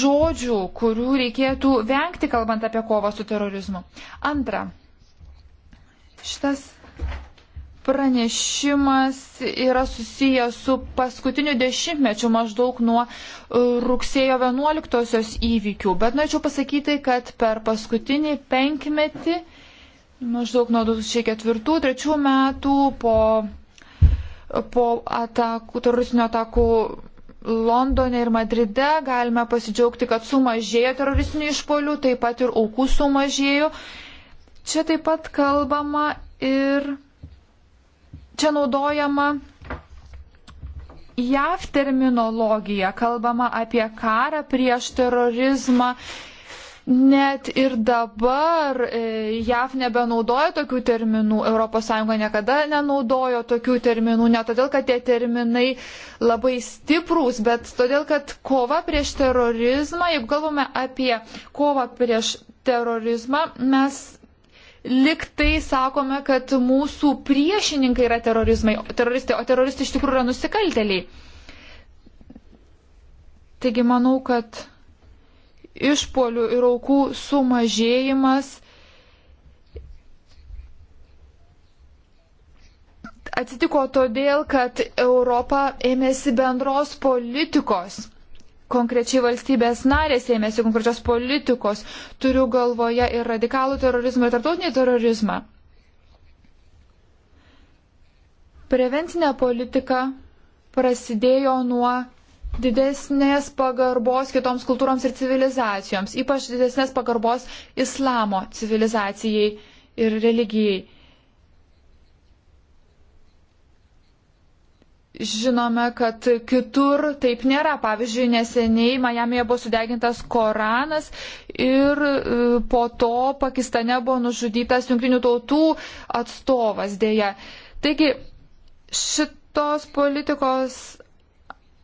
žodžių, kurių reikėtų vengti, kalbant apie kovą su terorizmu. Antra, šitas pranešimas yra susijęs su paskutiniu dešimtmečiu maždaug nuo e, rugsėjo 11-osios įvykių. Bet norėčiau pasakyti, kad per paskutinį penkmetį, maždaug nuo 2004-2003 metų po, po atakų, teroristinių atakų Londone ir Madride galime pasidžiaugti, kad sumažėjo teroristinių išpolių, taip pat ir aukų sumažėjo. Čia taip pat kalbama ir čia naudojama JAV terminologija, kalbama apie karą prieš terorizmą. Net ir dabar e, JAV nebenaudoja tokių terminų, ES niekada nenaudojo tokių terminų, ne todėl, kad tie terminai labai stiprūs, bet todėl, kad kova prieš terorizmą, jeigu kalbame apie kovą prieš terorizmą, mes liktai sakome, kad mūsų priešininkai yra teroristai, o teroristai iš tikrųjų yra nusikalteliai. Taigi manau, kad išpolių ir aukų sumažėjimas atsitiko todėl, kad Europa ėmėsi bendros politikos konkrečiai valstybės narės ėmėsi konkrečios politikos, turiu galvoje ir radikalų terorizmą, ir tarptautinį terorizmą. Prevencinė politika prasidėjo nuo didesnės pagarbos kitoms kultūroms ir civilizacijoms, ypač didesnės pagarbos islamo civilizacijai ir religijai. Žinome, kad kitur taip nėra. Pavyzdžiui, neseniai Majamėje buvo sudegintas Koranas ir e, po to Pakistane buvo nužudytas jungtinių tautų atstovas dėja. Taigi, šitos politikos.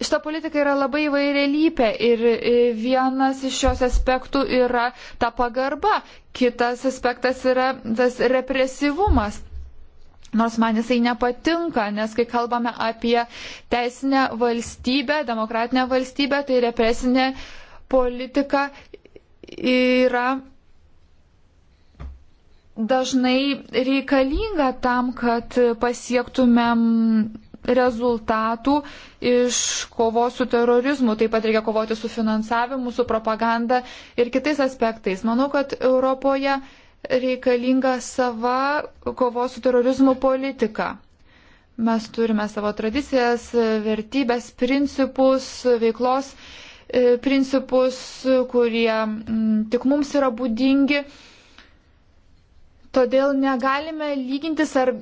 Šita politika yra labai įvairialypė ir e, vienas iš jos aspektų yra ta pagarba, kitas aspektas yra tas represyvumas. Nors man jisai nepatinka, nes kai kalbame apie teisinę valstybę, demokratinę valstybę, tai represinė politika yra dažnai reikalinga tam, kad pasiektumėm rezultatų iš kovos su terorizmu. Taip pat reikia kovoti su finansavimu, su propaganda ir kitais aspektais. Manau, kad Europoje reikalinga sava kovos su terorizmu politika. Mes turime savo tradicijas, vertybės, principus, veiklos e, principus, kurie tik mums yra būdingi. Todėl negalime lygintis ar,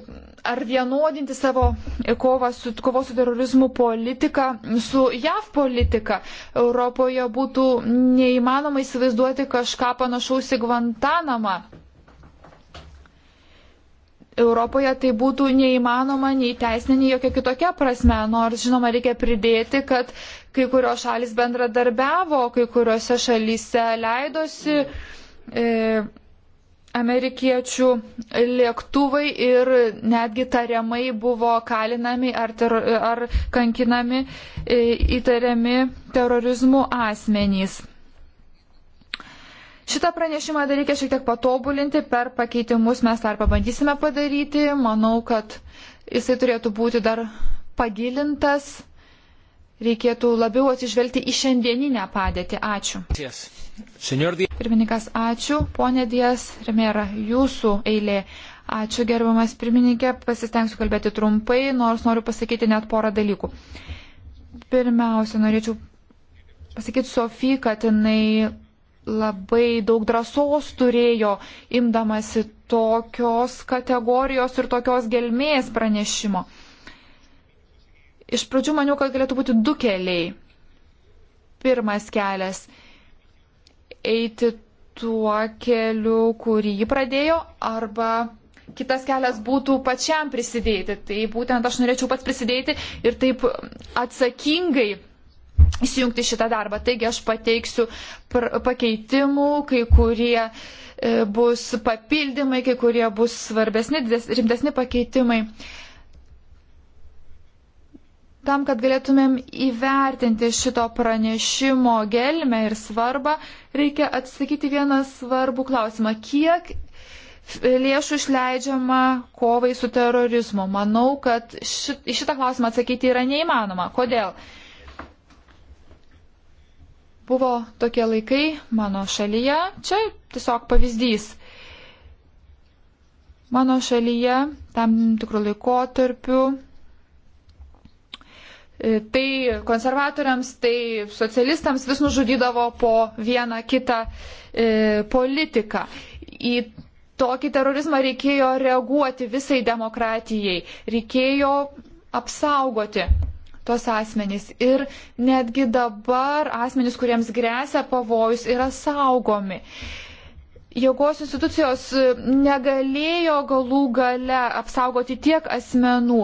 ar vienodinti savo e, kovą su, kovos su terorizmu politiką su JAV politika. Europoje būtų neįmanoma įsivaizduoti kažką panašaus į Guantanamą. Europoje tai būtų neįmanoma nei teisinė, nei jokia kitokia prasme. Nors, žinoma, reikia pridėti, kad kai kurios šalis bendradarbiavo, kai kuriuose šalyse leidosi e, amerikiečių lėktuvai ir netgi tariamai buvo kalinami ar, ter, ar kankinami e, įtariami terorizmu asmenys. Šitą pranešimą dar reikia šiek tiek patobulinti, per pakeitimus mes dar pabandysime padaryti. Manau, kad jisai turėtų būti dar pagilintas. Reikėtų labiau atsižvelgti į šiandieninę padėtį. Ačiū. Pirmininkas, ačiū. Pone Dijas, Remėra, jūsų eilė. Ačiū gerbiamas pirmininkė, pasistengsiu kalbėti trumpai, nors noriu pasakyti net porą dalykų. Pirmiausia, norėčiau pasakyti Sofijai, kad jinai labai daug drąsos turėjo imdamasi tokios kategorijos ir tokios gelmės pranešimo. Iš pradžių maniau, kad galėtų būti du keliai. Pirmas kelias - eiti tuo keliu, kurį jį pradėjo, arba kitas kelias būtų pačiam prisidėti. Tai būtent aš norėčiau pats prisidėti ir taip atsakingai įsijungti šitą darbą. Taigi aš pateiksiu pakeitimų, kai kurie e, bus papildymai, kai kurie bus svarbesni, rimtesni pakeitimai. Tam, kad galėtumėm įvertinti šito pranešimo gelmę ir svarbą, reikia atsakyti vieną svarbų klausimą. Kiek lėšų išleidžiama kovai su terorizmu? Manau, kad šit, šitą klausimą atsakyti yra neįmanoma. Kodėl? Buvo tokie laikai mano šalyje, čia tiesiog pavyzdys. Mano šalyje tam tikrų laikotarpių e, tai konservatoriams, tai socialistams vis nužudydavo po vieną kitą e, politiką. Į tokį terorizmą reikėjo reaguoti visai demokratijai, reikėjo apsaugoti tuos asmenys. Ir netgi dabar asmenys, kuriems grėsia pavojus, yra saugomi. Uh, jėgos institucijos e, negalėjo galų gale apsaugoti tiek asmenų.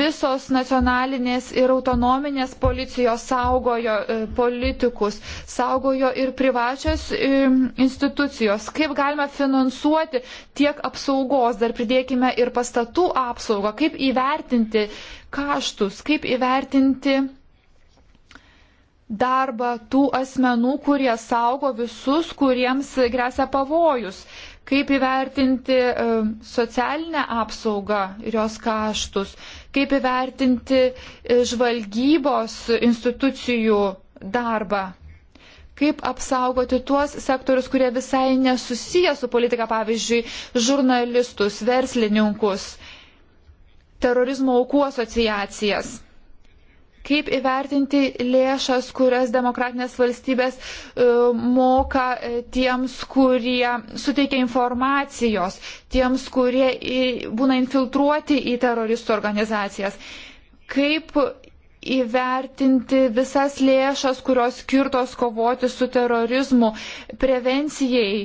Visos nacionalinės ir autonominės policijos saugojo e, politikus, saugojo ir privačios e, institucijos. Kaip galime finansuoti tiek apsaugos, dar pridėkime ir pastatų apsaugą, kaip įvertinti kaštus, kaip įvertinti darbą tų asmenų, kurie saugo visus, kuriems grėsia pavojus, kaip įvertinti e, socialinę apsaugą ir jos kaštus, kaip įvertinti e, žvalgybos institucijų darbą, kaip apsaugoti tuos sektorius, kurie visai nesusiję su politika, pavyzdžiui, žurnalistus, verslininkus, terorizmo aukų asociacijas kaip įvertinti lėšas, kurias demokratinės valstybės e, moka e, tiems, kurie suteikia informacijos, tiems, kurie būna infiltruoti į teroristų organizacijas. Kaip įvertinti visas lėšas, kurios skirtos kovoti su terorizmu, prevencijai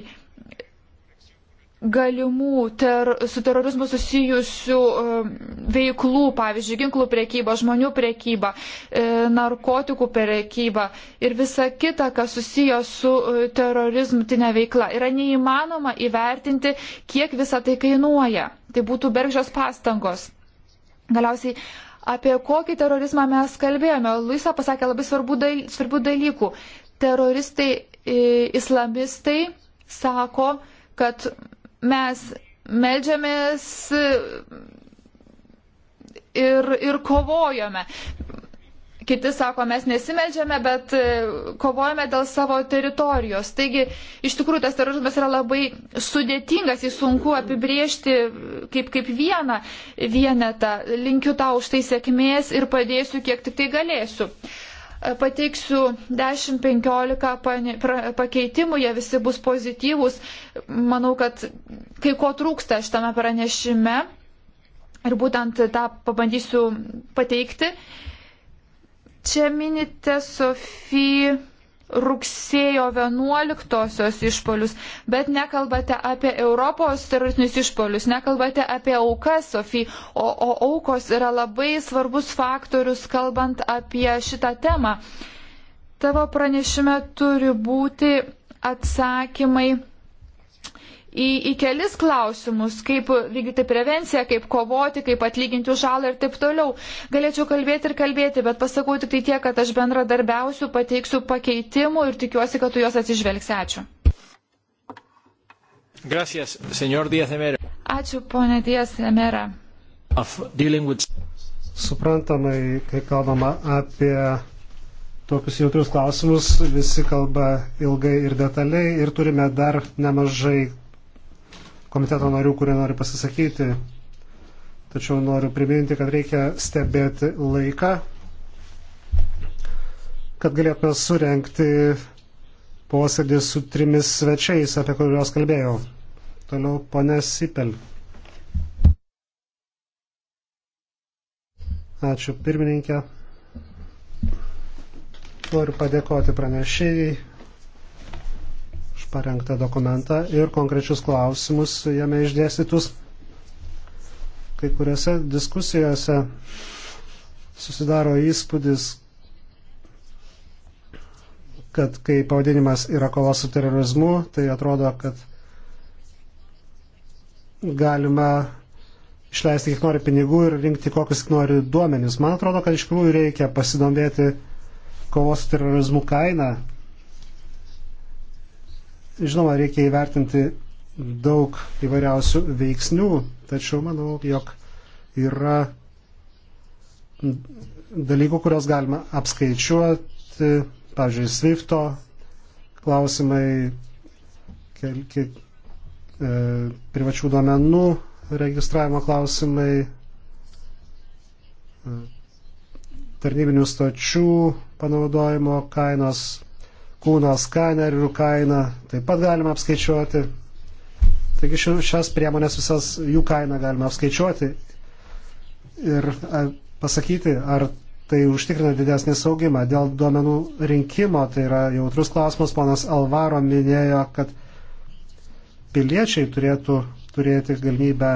galimų ter, su terorizmu susijusių um, veiklų, pavyzdžiui, ginklų priekyba, žmonių priekyba, e, narkotikų priekyba ir visa kita, kas susiję su e, terorizmutinė veikla. Yra neįmanoma įvertinti, kiek visa tai kainuoja. Tai būtų bergžios pastangos. Galiausiai apie kokį terorizmą mes kalbėjome. Luisa pasakė labai svarbių, daly, svarbių dalykų. Teroristai, islamistai sako, kad Mes medžiamės ir, ir kovojame. Kiti sako, mes nesimeldžiame, bet kovojame dėl savo teritorijos. Taigi, iš tikrųjų, tas terorizmas yra labai sudėtingas, jį sunku apibriežti kaip, kaip vieną vienetą. Linkiu tau už tai sėkmės ir padėsiu, kiek tik tai galėsiu. Uh, pateiksiu 10-15 pakeitimų, jie visi bus pozityvūs. Manau, kad kai ko trūksta šitame pranešime ir būtent tą pabandysiu pateikti. Čia minite, Sofija rugsėjo 11-osios išpolius, bet nekalbate apie Europos teroristinius išpolius, nekalbate apie aukas, Sofija, o, o aukos yra labai svarbus faktorius, kalbant apie šitą temą. Tavo pranešime turi būti atsakymai į, į kelis klausimus, kaip vykdyti prevenciją, kaip kovoti, kaip atlyginti už žalą ir taip toliau. Galėčiau kalbėti ir kalbėti, bet pasakau tik tai tiek, kad aš bendradarbiausiu, pateiksiu pakeitimų ir tikiuosi, kad tu juos atsižvelgsi. Ačiū. Gracias, señor Díaz Emera. Ačiū, ponė Díaz Emera. With... Suprantamai, kai kalbama apie tokius jautrius klausimus, visi kalba ilgai ir detaliai ir turime dar nemažai komiteto narių, kurie nori pasisakyti. Tačiau noriu priminti, kad reikia stebėti laiką, kad galėtume surenkti posėdį su trimis svečiais, apie kuriuos kalbėjau. Toliau ponė Sipel. Ačiū pirmininkė. Noriu padėkoti pranešėjai parengtą dokumentą ir konkrečius klausimus jame išdėstytus. Kai kuriuose diskusijose susidaro įspūdis, kad kai pavadinimas yra kova su terorizmu, tai atrodo, kad galima išleisti kiek nori pinigų ir rinkti kokius nori duomenys. Man atrodo, kad iš tikrųjų reikia pasidomėti kovos su terorizmu kainą Žinoma, reikia įvertinti daug įvairiausių veiksnių, tačiau manau, jog yra dalykų, kurios galima apskaičiuoti, pavyzdžiui, Swifto klausimai, kel, kel, e, privačių duomenų registravimo klausimai, e, tarnybinių stočių panaudojimo kainos kūno skanerių kainą taip pat galima apskaičiuoti. Taigi šias priemonės visas jų kainą galima apskaičiuoti ir pasakyti, ar tai užtikrina didesnį saugimą. Dėl duomenų rinkimo tai yra jautrus klausimas. Ponas Alvaro minėjo, kad piliečiai turėtų turėti galimybę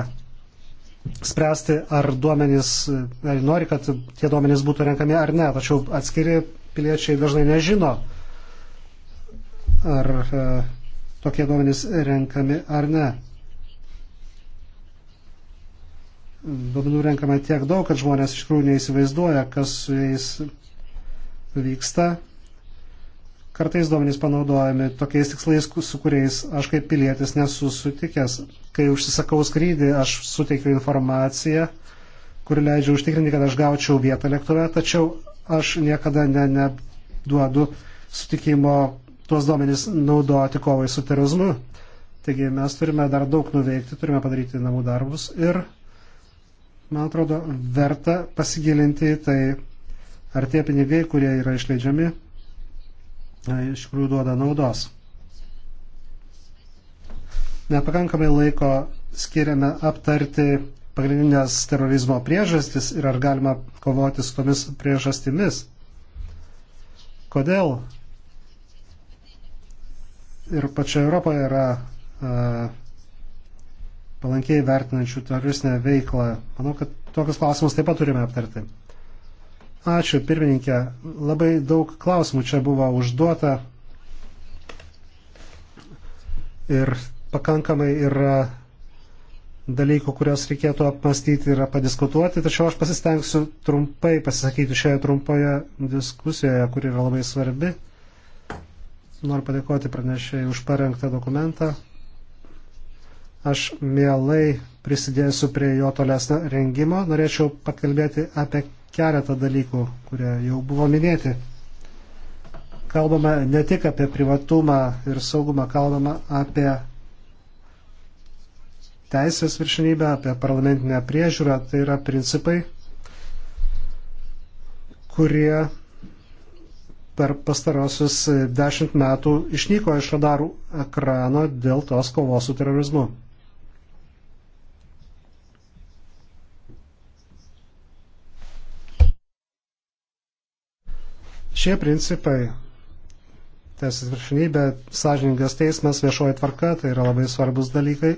spręsti, ar duomenys, ar nori, kad tie duomenys būtų renkami ar ne. Tačiau atskiri piliečiai dažnai nežino, ar e, tokie duomenys renkami ar ne. Duomenų renkama tiek daug, kad žmonės iš tikrųjų neįsivaizduoja, kas su jais vyksta. Kartais duomenys panaudojami tokiais tikslais, su kuriais aš kaip pilietis nesu sutikęs. Kai užsisakau skrydį, aš suteikiu informaciją, kuri leidžia užtikrinti, kad aš gaučiau vietą lėktuve, tačiau aš niekada ne, neduodu sutikimo tuos duomenys naudoti kovai su terorizmu. Taigi mes turime dar daug nuveikti, turime padaryti namų darbus ir, man atrodo, verta pasigilinti tai, ar tie pinigai, kurie yra išleidžiami, iš tikrųjų duoda naudos. Nepakankamai laiko skiriame aptarti pagrindinės terorizmo priežastis ir ar galima kovoti su tomis priežastimis. Kodėl ir pačioje Europoje yra uh, palankiai vertinančių teroristinę veiklą. Manau, kad tokius klausimus taip pat turime aptarti. Ačiū, pirmininkė. Labai daug klausimų čia buvo užduota ir pakankamai yra dalykų, kurios reikėtų apmastyti ir padiskutuoti, tačiau aš pasistengsiu trumpai pasisakyti šioje trumpoje diskusijoje, kuri yra labai svarbi. Noriu padėkoti pranešėjai už parengtą dokumentą. Aš mielai prisidėsiu prie jo tolesnio rengimo. Norėčiau pakalbėti apie keletą dalykų, kurie jau buvo minėti. Kalbame ne tik apie privatumą ir saugumą, kalbame apie teisės viršinybę, apie parlamentinę priežiūrą. Tai yra principai, kurie per pastarosius e, dešimt metų išnyko iš radarų ekrano dėl tos kovos su terorizmu. Šie principai - teisės viršinybė, sąžiningas teismas, viešoji tvarka - tai yra labai svarbus dalykai,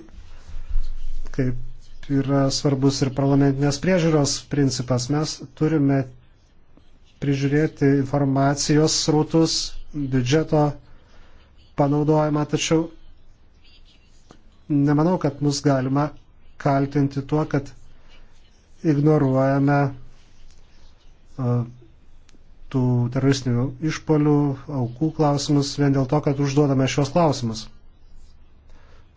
kaip yra svarbus ir parlamentinės priežiūros principas. Mes turime prižiūrėti informacijos srautus, biudžeto panaudojimą, tačiau nemanau, kad mus galima kaltinti tuo, kad ignoruojame tų teroristinių išpolių, aukų klausimus vien dėl to, kad užduodame šios klausimus.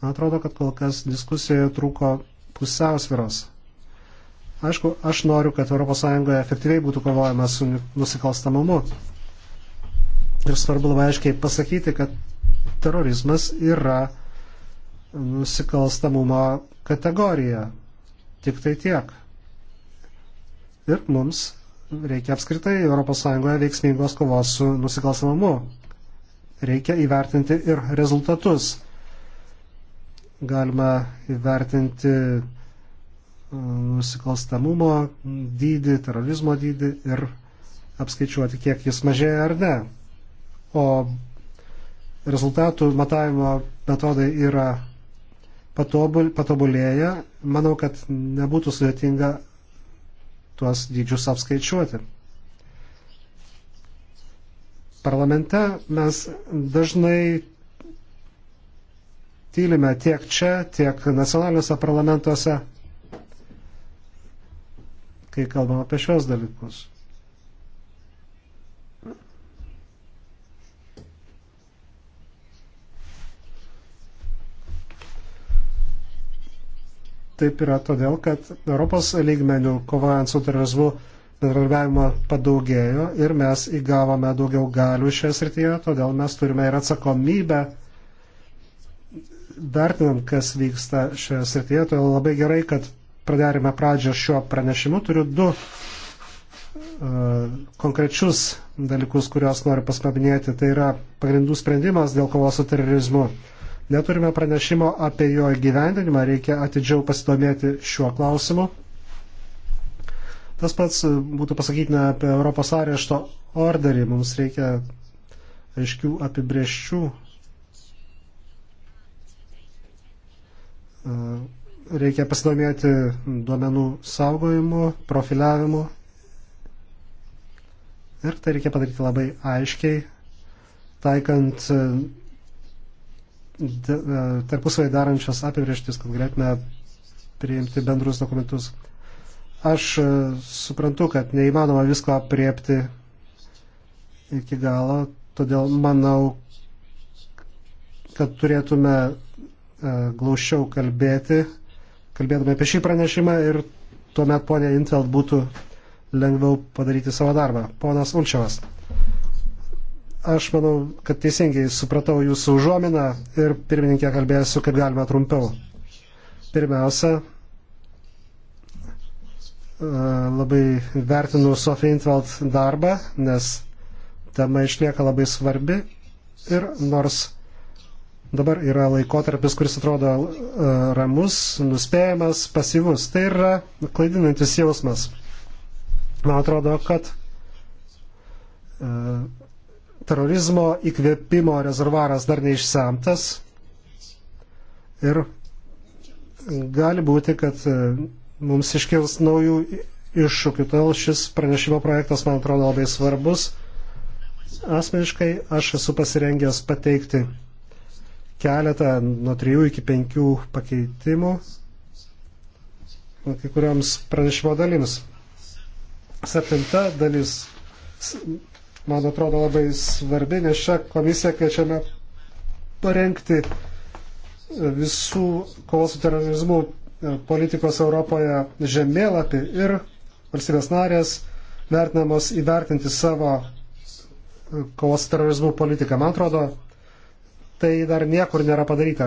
Man atrodo, kad kol kas diskusijoje trūko pusiausviros. Aišku, aš noriu, kad ES efektyviai būtų kovojama su nusikalstamumu. Ir svarbu labai aiškiai pasakyti, kad terorizmas yra nusikalstamumo kategorija. Tik tai tiek. Ir mums reikia apskritai ES veiksmingos kovos su nusikalstamumu. Reikia įvertinti ir rezultatus. Galima įvertinti nusikalstamumo dydį, terorizmo dydį ir apskaičiuoti, kiek jis mažėja ar ne. O rezultatų matavimo metodai yra patobulėję. Manau, kad nebūtų sudėtinga tuos dydžius apskaičiuoti. Parlamente mes dažnai tylime tiek čia, tiek nacionaliniuose parlamentuose kai kalbam apie šios dalykus. Taip yra todėl, kad Europos lygmenių kovojant su terorizmu bendradarbiavimo padaugėjo ir mes įgavome daugiau galių šioje srityje, todėl mes turime ir atsakomybę vertinant, kas vyksta šioje srityje, todėl labai gerai, kad pradarėme pradžią šiuo pranešimu, turiu du uh, konkrečius dalykus, kuriuos noriu paskambinėti. Tai yra pagrindų sprendimas dėl kovos su terorizmu. Neturime pranešimo apie jo gyvendinimą, reikia atidžiau pasidomėti šiuo klausimu. Tas pats būtų pasakytina apie Europos arešto orderį. Mums reikia aiškių apibrieščių. Uh, reikia pasidomėti duomenų saugojimu, profiliavimu. Ir tai reikia padaryti labai aiškiai, taikant e, e, tarpusavai darančias apibrieštis, kad galėtume priimti bendrus dokumentus. Aš e, suprantu, kad neįmanoma visko apriepti iki galo, todėl manau, kad turėtume glaušiau kalbėti kalbėdami apie šį pranešimą ir tuomet ponė Intelt būtų lengviau padaryti savo darbą. Ponas Ulčiavas, aš manau, kad teisingai supratau jūsų užuominą ir pirmininkė kalbėsiu kaip galima trumpiau. Pirmiausia, e, labai vertinu Sofiją Intveld darbą, nes tema išlieka labai svarbi ir nors Dabar yra laikotarpis, kuris atrodo e, ramus, nuspėjamas, pasyvus. Tai yra klaidinantis jausmas. Man atrodo, kad e, terorizmo įkvėpimo rezervaras dar neišsemtas ir gali būti, kad e, mums iškils naujų iššūkių. Todėl šis pranešimo projektas man atrodo labai svarbus. Asmeniškai aš esu pasirengęs pateikti keletą nuo 3 iki 5 pakeitimų kai kurioms pranešimo dalims. Septinta dalis, man atrodo, labai svarbi, nes šią komisiją kviečiame parengti visų kovos su terorizmu politikos Europoje žemėlapį ir valstybės narės vertinamos įvertinti savo kovos su terorizmu politiką. Man atrodo, tai dar niekur nėra padaryta.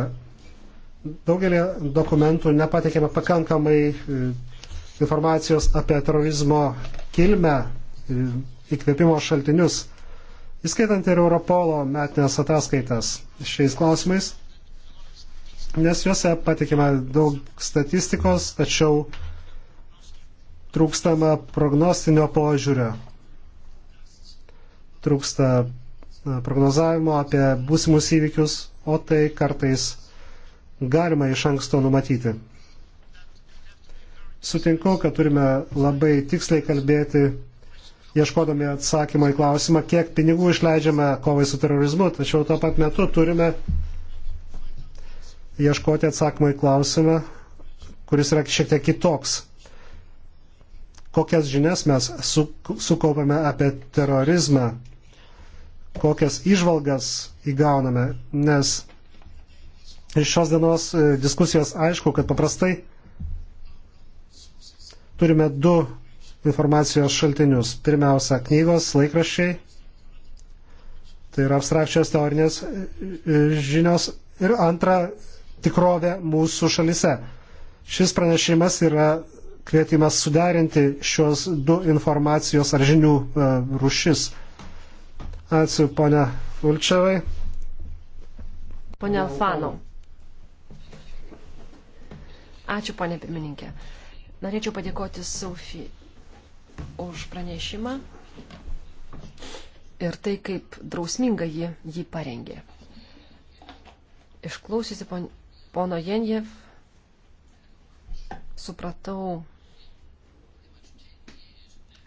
Daugelį dokumentų nepateikėme pakankamai e, informacijos apie terorizmo kilmę, e, įkvėpimo šaltinius, įskaitant ir Europolo metinės ataskaitas šiais klausimais, nes juose patikima daug statistikos, tačiau trūkstama prognostinio požiūrio, trūksta prognozavimo, apie būsimus įvykius, o tai kartais galima iš anksto numatyti. Sutinku, kad turime labai tiksliai kalbėti, ieškodami atsakymą į klausimą, kiek pinigų išleidžiame kovai su terorizmu, tačiau tuo pat metu turime ieškoti atsakymą į klausimą, kuris yra šiek tiek kitoks kokias žinias mes sukaupame apie terorizmą kokias išvalgas įgauname, nes iš šios dienos e, diskusijos aišku, kad paprastai turime du informacijos šaltinius. Pirmiausia, knygos, laikraščiai, tai yra abstrakčios teorinės e, e, žinios ir antra, tikrovė mūsų šalise. Šis pranešimas yra kvietimas suderinti šios du informacijos ar žinių rūšis. Uh, Ačiū, ponia Ulčiavai. Pone Alfano. Ačiū, ponė pirmininkė. Norėčiau padėkoti Sofi už pranešimą ir tai, kaip drausminga ji jį parengė. Išklausiusi pon, pono Jenjev, supratau,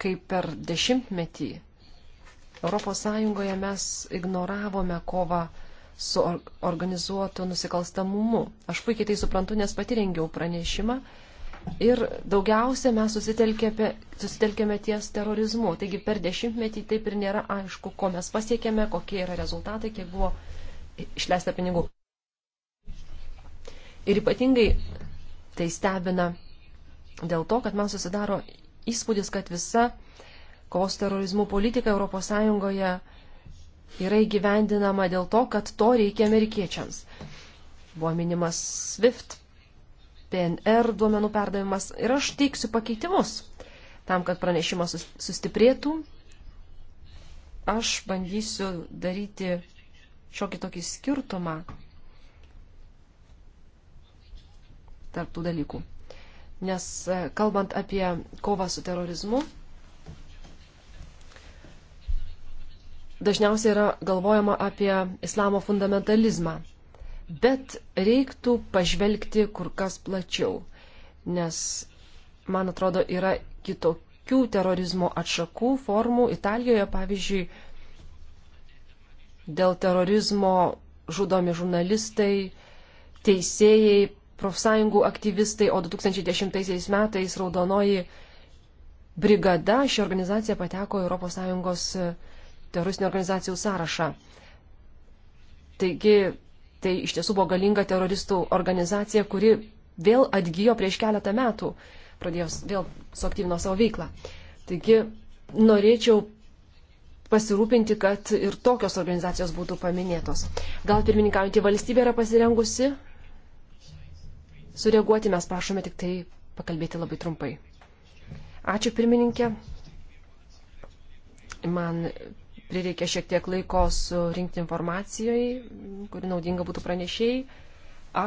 kaip per dešimtmetį Europos Sąjungoje mes ignoravome kovą su organizuotu nusikalstamumu. Aš puikiai tai suprantu, nes pati rengiau pranešimą. Ir daugiausia mes susitelkėme, susitelkėme ties terorizmu. Taigi per dešimtmetį taip ir nėra aišku, ko mes pasiekėme, kokie yra rezultatai, kiek buvo išleista pinigų. Ir ypatingai tai stebina dėl to, kad man susidaro įspūdis, kad visa kovos terorizmų politika ES yra įgyvendinama dėl to, kad to reikia amerikiečiams. Buvo minimas SWIFT, PNR duomenų perdavimas ir aš teiksiu pakeitimus tam, kad pranešimas sustiprėtų. Aš bandysiu daryti šiokį tokį skirtumą tarptų dalykų. Nes e, kalbant apie kovą su terorizmu, dažniausiai yra galvojama apie islamo fundamentalizmą. Bet reiktų pažvelgti kur kas plačiau, nes, man atrodo, yra kitokių terorizmo atšakų formų. Italijoje, pavyzdžiui, dėl terorizmo žudomi žurnalistai, teisėjai, profsąjungų aktyvistai, o 2010 metais Raudonoji brigada ši organizacija pateko ES teroristinių organizacijų sąrašą. Taigi tai iš tiesų buvo galinga teroristų organizacija, kuri vėl atgyjo prieš keletą metų, pradėjo vėl suaktyvino savo veiklą. Taigi norėčiau pasirūpinti, kad ir tokios organizacijos būtų paminėtos. Gal pirmininkaujantį valstybę yra pasirengusi sureaguoti, mes prašome tik tai pakalbėti labai trumpai. Ačiū pirmininkė. Man prireikė šiek tiek laiko surinkti informacijai, kuri naudinga būtų pranešėjai.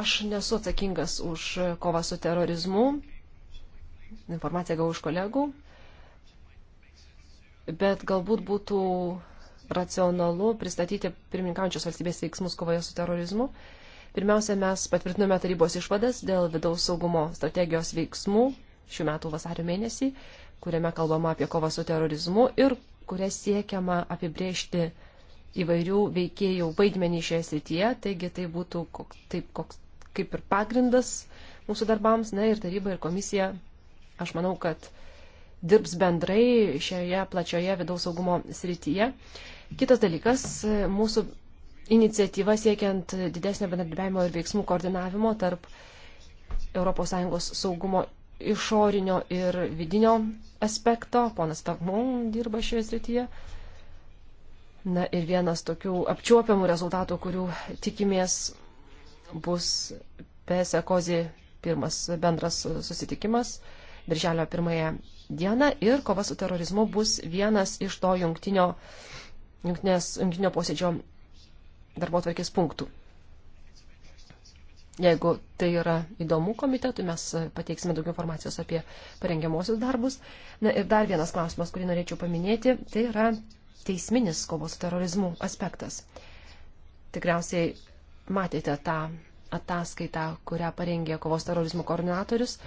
Aš nesu atsakingas už kovą su terorizmu. Informaciją gavau iš kolegų. Bet galbūt būtų racionalu pristatyti pirmininkaujančios valstybės veiksmus kovoje su terorizmu. Pirmiausia, mes patvirtinome tarybos išvadas dėl vidaus saugumo strategijos veiksmų šių metų vasario mėnesį, kuriame kalbama apie kovą su terorizmu ir kuria siekiama apibriežti įvairių veikėjų vaidmenį šioje srityje, taigi tai būtų koks, taip, koks, kaip ir pagrindas mūsų darbams, na ir taryba ir komisija, aš manau, kad dirbs bendrai šioje plačioje vidaus saugumo srityje. Kitas dalykas, mūsų iniciatyva siekiant didesnio bendradarbiavimo ir veiksmų koordinavimo tarp ES saugumo išorinio ir vidinio aspekto. Ponas Pagmon dirba šioje srityje. Na ir vienas tokių apčiuopiamų rezultatų, kurių tikimės, bus PSE Kozi pirmas bendras susitikimas birželio pirmąją dieną ir kova su terorizmu bus vienas iš to jungtinio, jungtinės, jungtinio posėdžio darbo tvarkės punktų. Jeigu tai yra įdomu komitetui, mes pateiksime daugiau informacijos apie parengiamosius darbus. Na ir dar vienas klausimas, kurį norėčiau paminėti, tai yra teisminis kovos su terorizmu aspektas. Tikriausiai matėte tą ataskaitą, kurią parengė kovos terorizmo koordinatorius.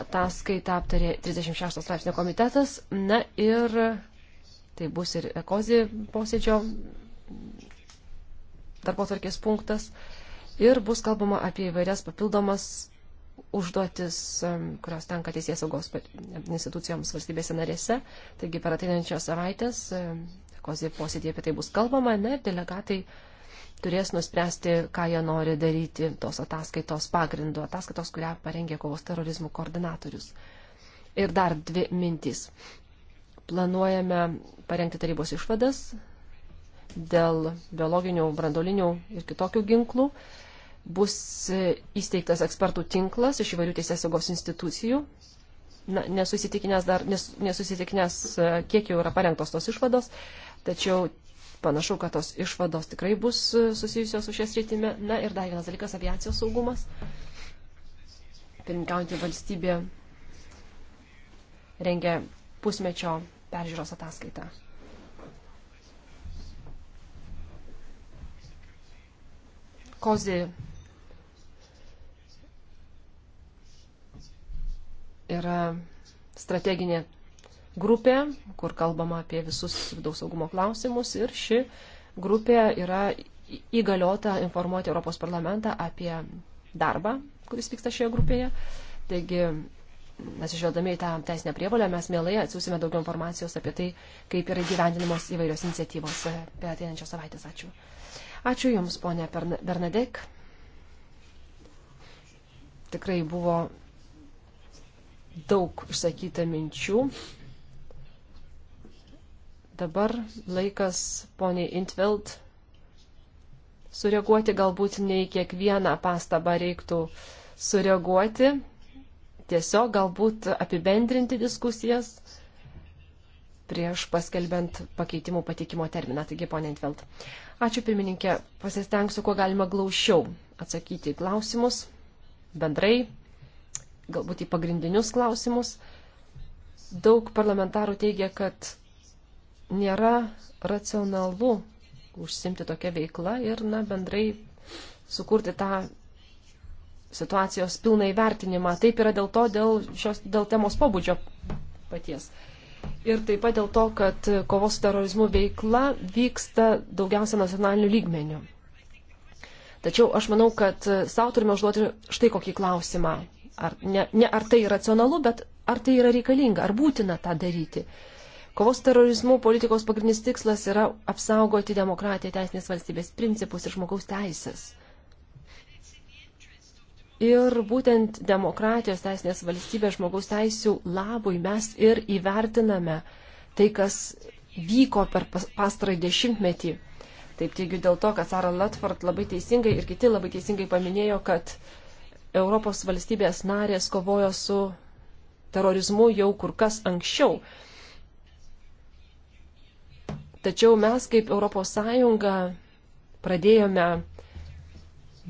Ataskaitą aptarė 36 straipsnio komitetas. Na ir tai bus ir ekozi posėdžio darbo tvarkės punktas ir bus kalbama apie įvairias papildomas užduotis, kurios tenka teisės saugos institucijoms valstybėse narėse. Taigi per ateinančios savaitės kozė posėdėje apie tai bus kalbama, ne, delegatai turės nuspręsti, ką jie nori daryti tos ataskaitos pagrindu, ataskaitos, kurią parengė kovos terorizmų koordinatorius. Ir dar dvi mintys. Planuojame parengti tarybos išvadas dėl biologinių, brandolinių ir kitokių ginklų bus įsteigtas ekspertų tinklas iš įvairių teisės saugos institucijų. Na, nesusitikinęs dar, nes, nesusitikinęs, e, kiek jau yra parengtos tos išvados, tačiau panašu, kad tos išvados tikrai bus e, susijusios su šias rytime. Na ir dar vienas dalykas - aviacijos saugumas. Pirminkiaujantį valstybė rengia pusmečio peržiūros ataskaitą. Kozi yra strateginė grupė, kur kalbama apie visus vidaus saugumo klausimus ir ši grupė yra įgaliota informuoti Europos parlamentą apie darbą, kuris vyksta šioje grupėje. Taigi, mes išvedami į tą teisinę prievalę, mes mielai atsiūsime daugiau informacijos apie tai, kaip yra gyvendinamos įvairios iniciatyvos e, per ateinančią savaitę. Ačiū. Ačiū Jums, ponė Bernadek. Tikrai buvo daug išsakyta minčių. Dabar laikas poniai Intveld sureaguoti, galbūt ne į kiekvieną pastabą reiktų sureaguoti, tiesiog galbūt apibendrinti diskusijas prieš paskelbent pakeitimų pateikimo terminą. Taigi, ponė Intveld. Ačiū pirmininkė, pasistengsiu, kuo galima glaušiau atsakyti į klausimus bendrai galbūt į pagrindinius klausimus. Daug parlamentarų teigia, kad nėra racionalu užsimti tokią veiklą ir, na, bendrai sukurti tą situacijos pilną įvertinimą. Taip yra dėl to, dėl, šios, dėl temos pobūdžio paties. Ir taip pat dėl to, kad kovos su terorizmu veikla vyksta daugiausia nacionaliniu lygmeniu. Tačiau aš manau, kad savo turime užduoti štai kokį klausimą. Ar, ne, ne ar tai racionalu, bet ar tai yra reikalinga, ar būtina tą daryti. Kovos terorizmų politikos pagrindinis tikslas yra apsaugoti demokratiją, teisinės valstybės principus ir žmogaus teisės. Ir būtent demokratijos teisinės valstybės žmogaus teisų labui mes ir įvertiname tai, kas vyko per pastarąjį dešimtmetį. Taip teigiu dėl to, kad Sara Latford labai teisingai ir kiti labai teisingai paminėjo, kad uh, Europos valstybės narės kovojo su terorizmu jau kur kas anksčiau. Tačiau mes kaip ES pradėjome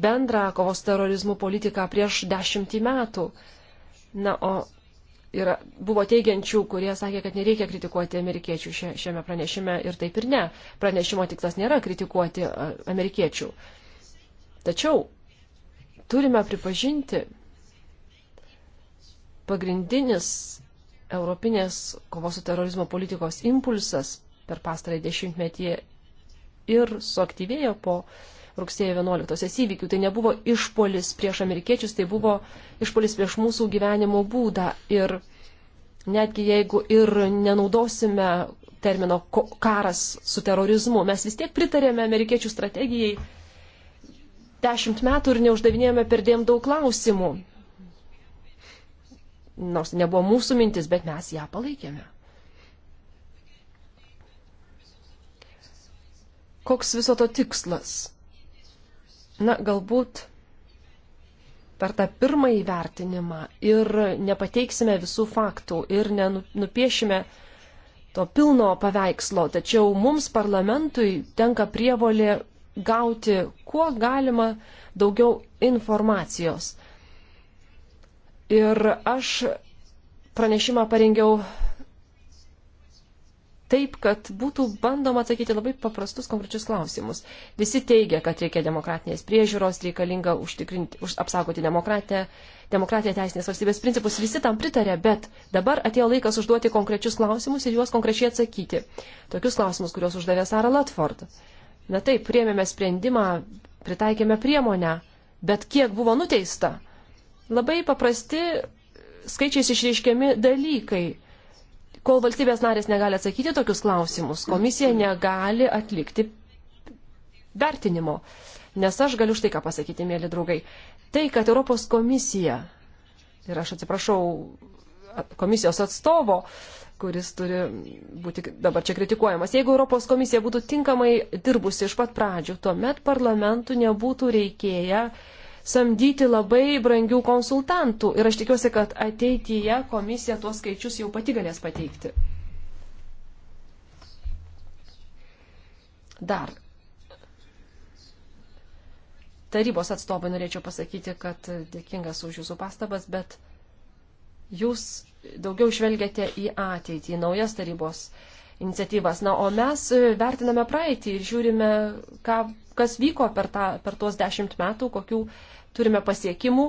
bendrą kovos terorizmų politiką prieš dešimtį metų. Na, o yra, buvo teigiančių, kurie sakė, kad nereikia kritikuoti amerikiečių šiame pranešime ir taip ir ne. Pranešimo tikslas nėra kritikuoti amerikiečių. Tačiau turime pripažinti pagrindinis Europinės kovos su terorizmo politikos impulsas per pastarąjį dešimtmetį ir suaktyvėjo po rugsėjo 11-osios įvykių. Tai nebuvo išpolis prieš amerikiečius, tai buvo išpolis prieš mūsų gyvenimo būdą. Ir netgi jeigu ir nenaudosime termino karas su terorizmu, mes vis tiek pritarėme amerikiečių strategijai dešimt metų ir neuždavinėjome per dėm daug klausimų. Nors nebuvo mūsų mintis, bet mes ją palaikėme. Koks viso to tikslas? Na, galbūt per tą pirmąjį vertinimą ir nepateiksime visų faktų ir nenupiešime to pilno paveikslo, tačiau mums parlamentui tenka prievolė gauti kuo galima daugiau informacijos. Ir aš pranešimą parengiau taip, kad būtų bandoma atsakyti labai paprastus konkrečius klausimus. Visi teigia, kad reikia demokratinės priežiūros, reikalinga užtikrinti, už, apsaugoti demokratiją, demokratiją teisinės valstybės principus. Visi tam pritarė, bet dabar atėjo laikas užduoti konkrečius klausimus ir juos konkrečiai atsakyti. Tokius klausimus, kuriuos uždavė Sara Latford. Uh, Na taip, priemėme sprendimą, pritaikėme priemonę, bet kiek buvo nuteista? Labai paprasti skaičiais išreiškiami dalykai. Kol valstybės narės negali atsakyti tokius klausimus, komisija negali atlikti vertinimo. Nes aš galiu štai ką pasakyti, mėly draugai. Tai, kad Europos komisija, ir aš atsiprašau komisijos atstovo, uh, kuris turi būti dabar čia kritikuojamas. Jeigu Europos komisija būtų tinkamai dirbusi iš pat pradžių, tuomet parlamentų nebūtų reikėję samdyti labai brangių konsultantų. Ir aš tikiuosi, kad ateityje komisija tuos skaičius jau pati galės pateikti. Dar. Tarybos atstovai norėčiau pasakyti, kad dėkingas už jūsų pastabas, bet jūs daugiau žvelgiate į ateitį, į naujas tarybos iniciatyvas. Na, o mes e, vertiname praeitį ir žiūrime, ką, kas vyko per, tą, per tuos dešimt metų, kokių turime pasiekimų,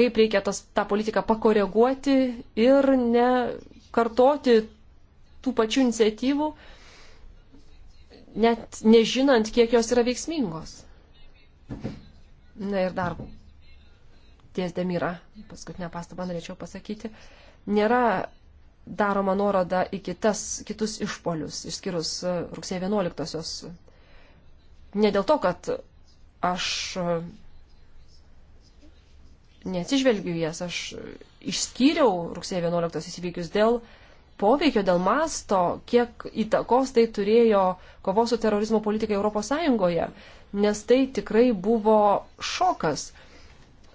kaip reikia tas, tą politiką pakoreguoti ir nekartoti tų pačių iniciatyvų, net nežinant, kiek jos yra veiksmingos. Na ir dar ties Demyra, paskutinę pastabą norėčiau pasakyti, nėra daroma nuoroda į kitas, kitus išpolius, išskyrus e, rugsėjo 11-osios. Ne dėl to, kad aš e, neatsižvelgiu jas, aš išskyriau rugsėjo 11-osios įvykius dėl poveikio, dėl masto, kiek įtakos tai turėjo kovos su terorizmo politikai ES, nes tai tikrai buvo šokas.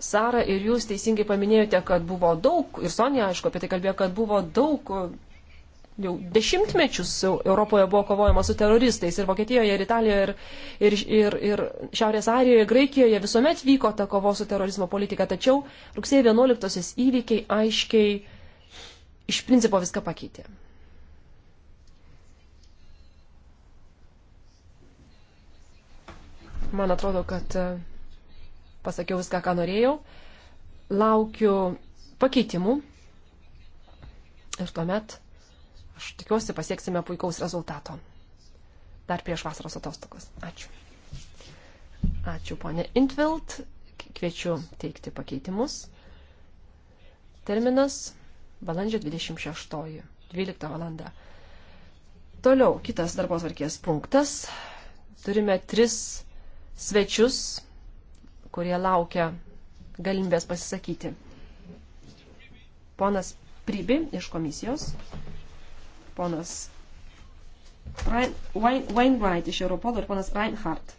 Sara, ir jūs teisingai paminėjote, kad buvo daug, ir Sonija, aišku, apie tai kalbėjo, kad buvo daug, jau dešimtmečius Europoje buvo kovojama su teroristais, ir Vokietijoje, ir Italijoje, ir, ir, ir, ir Šiaurės Arijoje, Graikijoje visuomet vyko ta kovo su terorizmo politika, tačiau rugsėjo 11 įvykiai aiškiai iš principo viską pakeitė. Man atrodo, kad pasakiau viską, ką norėjau. Laukiu pakeitimų ir tuomet aš tikiuosi pasieksime puikaus rezultato. Dar prieš vasaros atostogas. Ačiū. Ačiū, ponė Intveld. Kviečiu teikti pakeitimus. Terminas balandžio 26. 12 valanda. Toliau kitas darbos varkės punktas. Turime tris svečius kurie laukia galimybės pasisakyti. Ponas Pribi iš komisijos, ponas Wainwright iš Europolo ir ponas Reinhardt.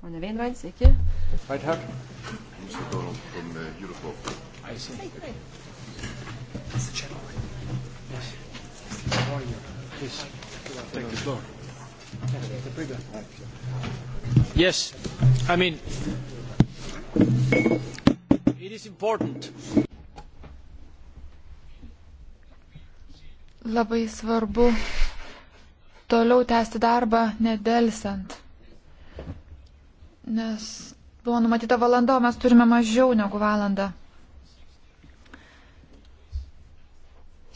Pane Wainwright, sveiki. Reinhardt. Thank you. Yes, I mean, it is important. Labai svarbu toliau tęsti darbą nedelsant, nes buvo numatyta valanda, o mes turime mažiau negu valandą.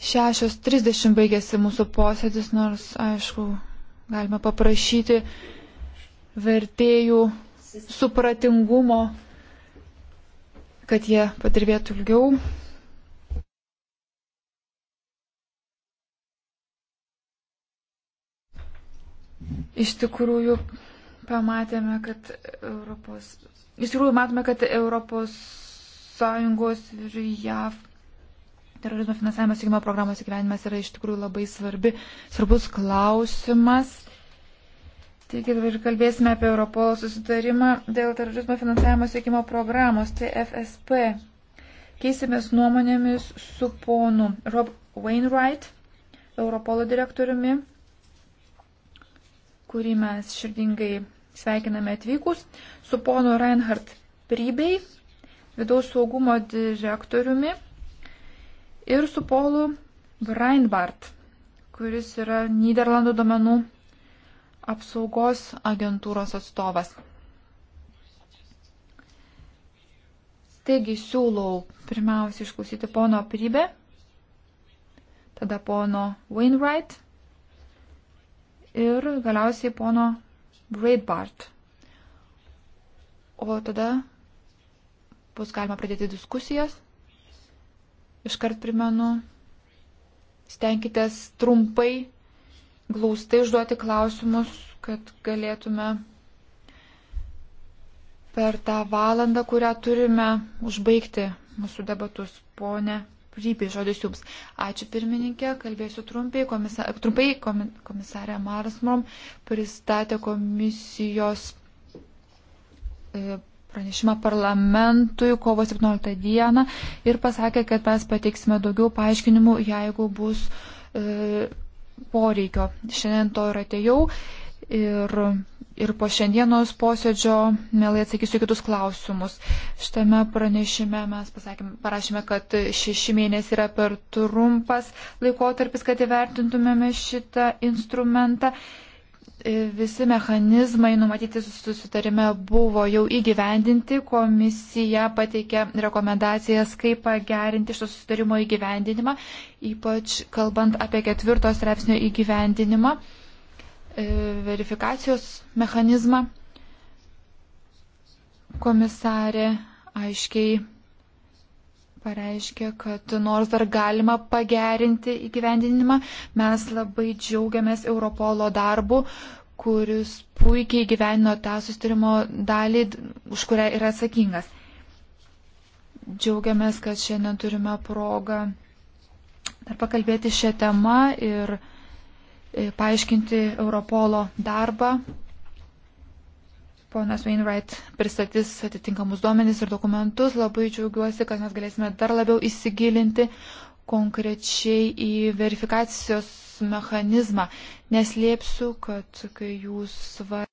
6.30 baigėsi mūsų posėdis, nors, aišku, galime paprašyti vertėjų supratingumo, kad jie padirbėtų ilgiau. Iš tikrųjų, pamatėme, kad Europos. Iš tikrųjų, matome, kad Europos Sąjungos ir JAV Terorizmo finansavimo sėkimo programos įgyvenimas yra iš tikrųjų labai svarbi, svarbus klausimas. Taigi dabar kalbėsime apie Europolo susitarimą dėl terorizmo finansavimo sėkimo programos TFSP. Tai Keisimės nuomonėmis su ponu Rob Wainwright, Europolo direktoriumi, kurį mes širdingai sveikiname atvykus, su ponu Reinhard Prybei, vidaus saugumo direktoriumi ir su Polu Breinbart, kuris yra Niderlandų domenų apsaugos agentūros atstovas. Taigi siūlau pirmiausia išklausyti pono Prybę, tada pono Wainwright ir galiausiai pono Breitbart. O tada bus galima pradėti diskusijas. Iškart primenu, stenkitės trumpai, glaustai užduoti klausimus, kad galėtume per tą valandą, kurią turime, užbaigti mūsų debatus. Pone Rybiai, žodis jums. Ačiū pirmininkė, kalbėsiu trumpai. Komisa, trumpai komisarė Marsmrom pristatė komisijos e, pranešimą parlamentui kovo 17 dieną ir pasakė, kad mes pateiksime daugiau paaiškinimų, jeigu bus e, poreikio. Šiandien to ir atėjau ir, ir po šiandienos posėdžio mielai atsakysiu kitus klausimus. Šitame pranešime mes pasakėme, parašėme, kad šeši mėnesiai yra per trumpas laikotarpis, kad įvertintumėme šitą instrumentą. E, visi mechanizmai numatyti susitarime buvo jau įgyvendinti, komisija pateikė rekomendacijas, kaip pagerinti šio susitarimo įgyvendinimą, ypač kalbant apie ketvirto straipsnio įgyvendinimą, e, verifikacijos mechanizmą. Komisarė aiškiai pareiškė, kad nors dar galima pagerinti įgyvendinimą, mes labai džiaugiamės Europolo darbu, kuris puikiai gyvenino tą sustarimo dalį, už kurią yra atsakingas. Džiaugiamės, kad šiandien turime progą dar pakalbėti šią temą ir e, paaiškinti Europolo darbą, Ponas Wainwright pristatys atitinkamus duomenys ir dokumentus. Labai džiaugiuosi, kad mes galėsime dar labiau įsigilinti konkrečiai į verifikacijos mechanizmą. Neslėpsiu, kad kai jūs svarstėte.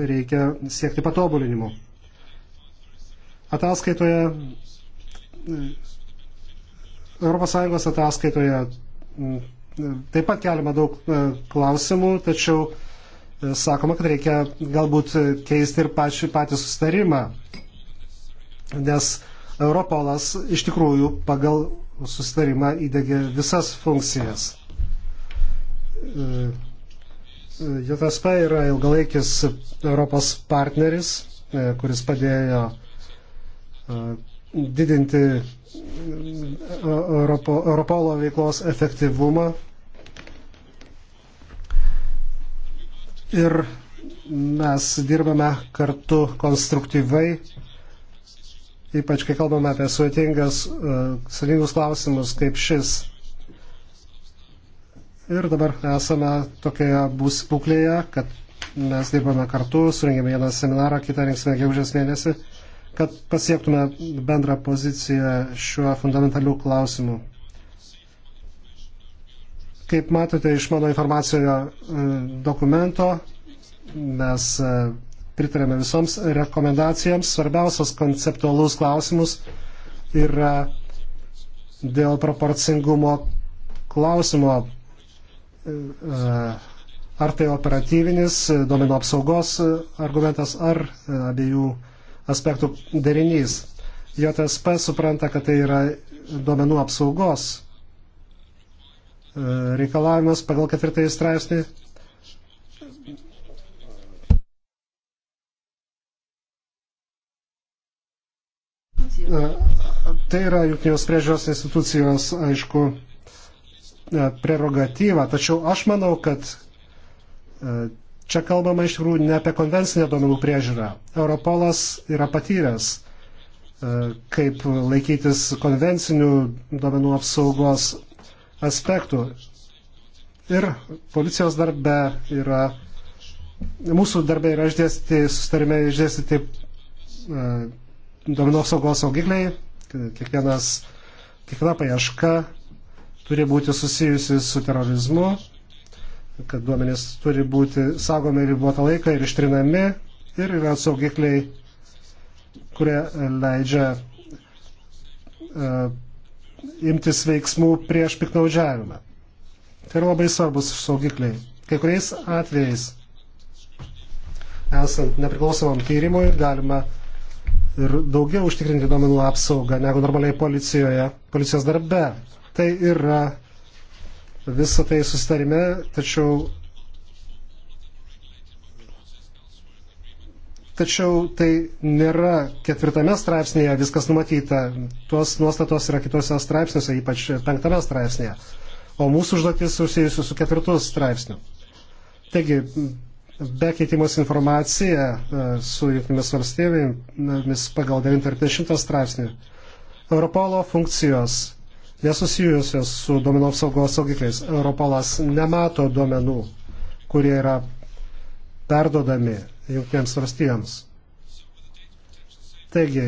reikia siekti patobulinimų. Ataskaitoje, ES ataskaitoje taip pat keliama daug e, klausimų, tačiau e, sakoma, kad reikia galbūt keisti ir pači, patį sustarimą, nes Europolas iš tikrųjų pagal sustarimą įdėgė visas funkcijas. E, JFSP yra ilgalaikis Europos partneris, e, kuris padėjo e, didinti e, Europo, Europolo veiklos efektyvumą. Ir mes dirbame kartu konstruktyvai, ypač kai kalbame apie suėtingas, savingus klausimus kaip šis. Ir dabar esame tokioje bus būklėje, kad mes dirbame kartu, surengėme vieną seminarą, kitą rengsime gegužės mėnesį, kad pasiektume bendrą poziciją šiuo fundamentaliu klausimu. Kaip matote iš mano informacijoje e, dokumento, mes e, pritarėme visoms rekomendacijams. Svarbiausias konceptualus klausimus yra dėl proporcingumo klausimo ar tai operatyvinis e, domino apsaugos e, argumentas ar e, abiejų aspektų derinys. JSP supranta, kad tai yra duomenų apsaugos reikalavimas pagal ketvirtąjį straipsnį. Tai yra jungtinės priežiūros institucijos, aišku, E, prerogatyva, tačiau aš manau, kad e, čia kalbama iš tikrųjų ne apie konvencinę duomenų priežiūrą. Europolas yra patyręs, e, kaip laikytis konvencinių duomenų apsaugos aspektų. Ir policijos darbe yra, mūsų darbe yra išdėstyti, sustarime išdėstyti duomenų apsaugos saugikliai, kiekvienas, kiekviena paieška turi būti susijusi su terorizmu, kad duomenys turi būti saugomi ribotą laiką ir ištrinami ir yra saugikliai, kurie leidžia uh, imtis veiksmų prieš piknaudžiavimą. Tai yra labai svarbus saugikliai. Kai kuriais atvejais, esant nepriklausomam tyrimui, galima ir daugiau užtikrinti duomenų apsaugą negu normaliai policijoje, policijos darbe. Tai yra visą tai sustarime, tačiau, tačiau tai nėra ketvirtame straipsnėje viskas numatyta. Tuos nuostatos yra kitose straipsniuose, ypač penktame straipsnėje. O mūsų užduotis susijusi su ketvirtu straipsniu. Taigi, be keitimos informacija e, su jungtinėmis valstybėmis pagal 90 straipsnį. Europolo funkcijos nesusijusios su duomenų apsaugos saugikliais. Europolas nemato duomenų, kurie yra perdodami jungtinėms valstijams. Taigi,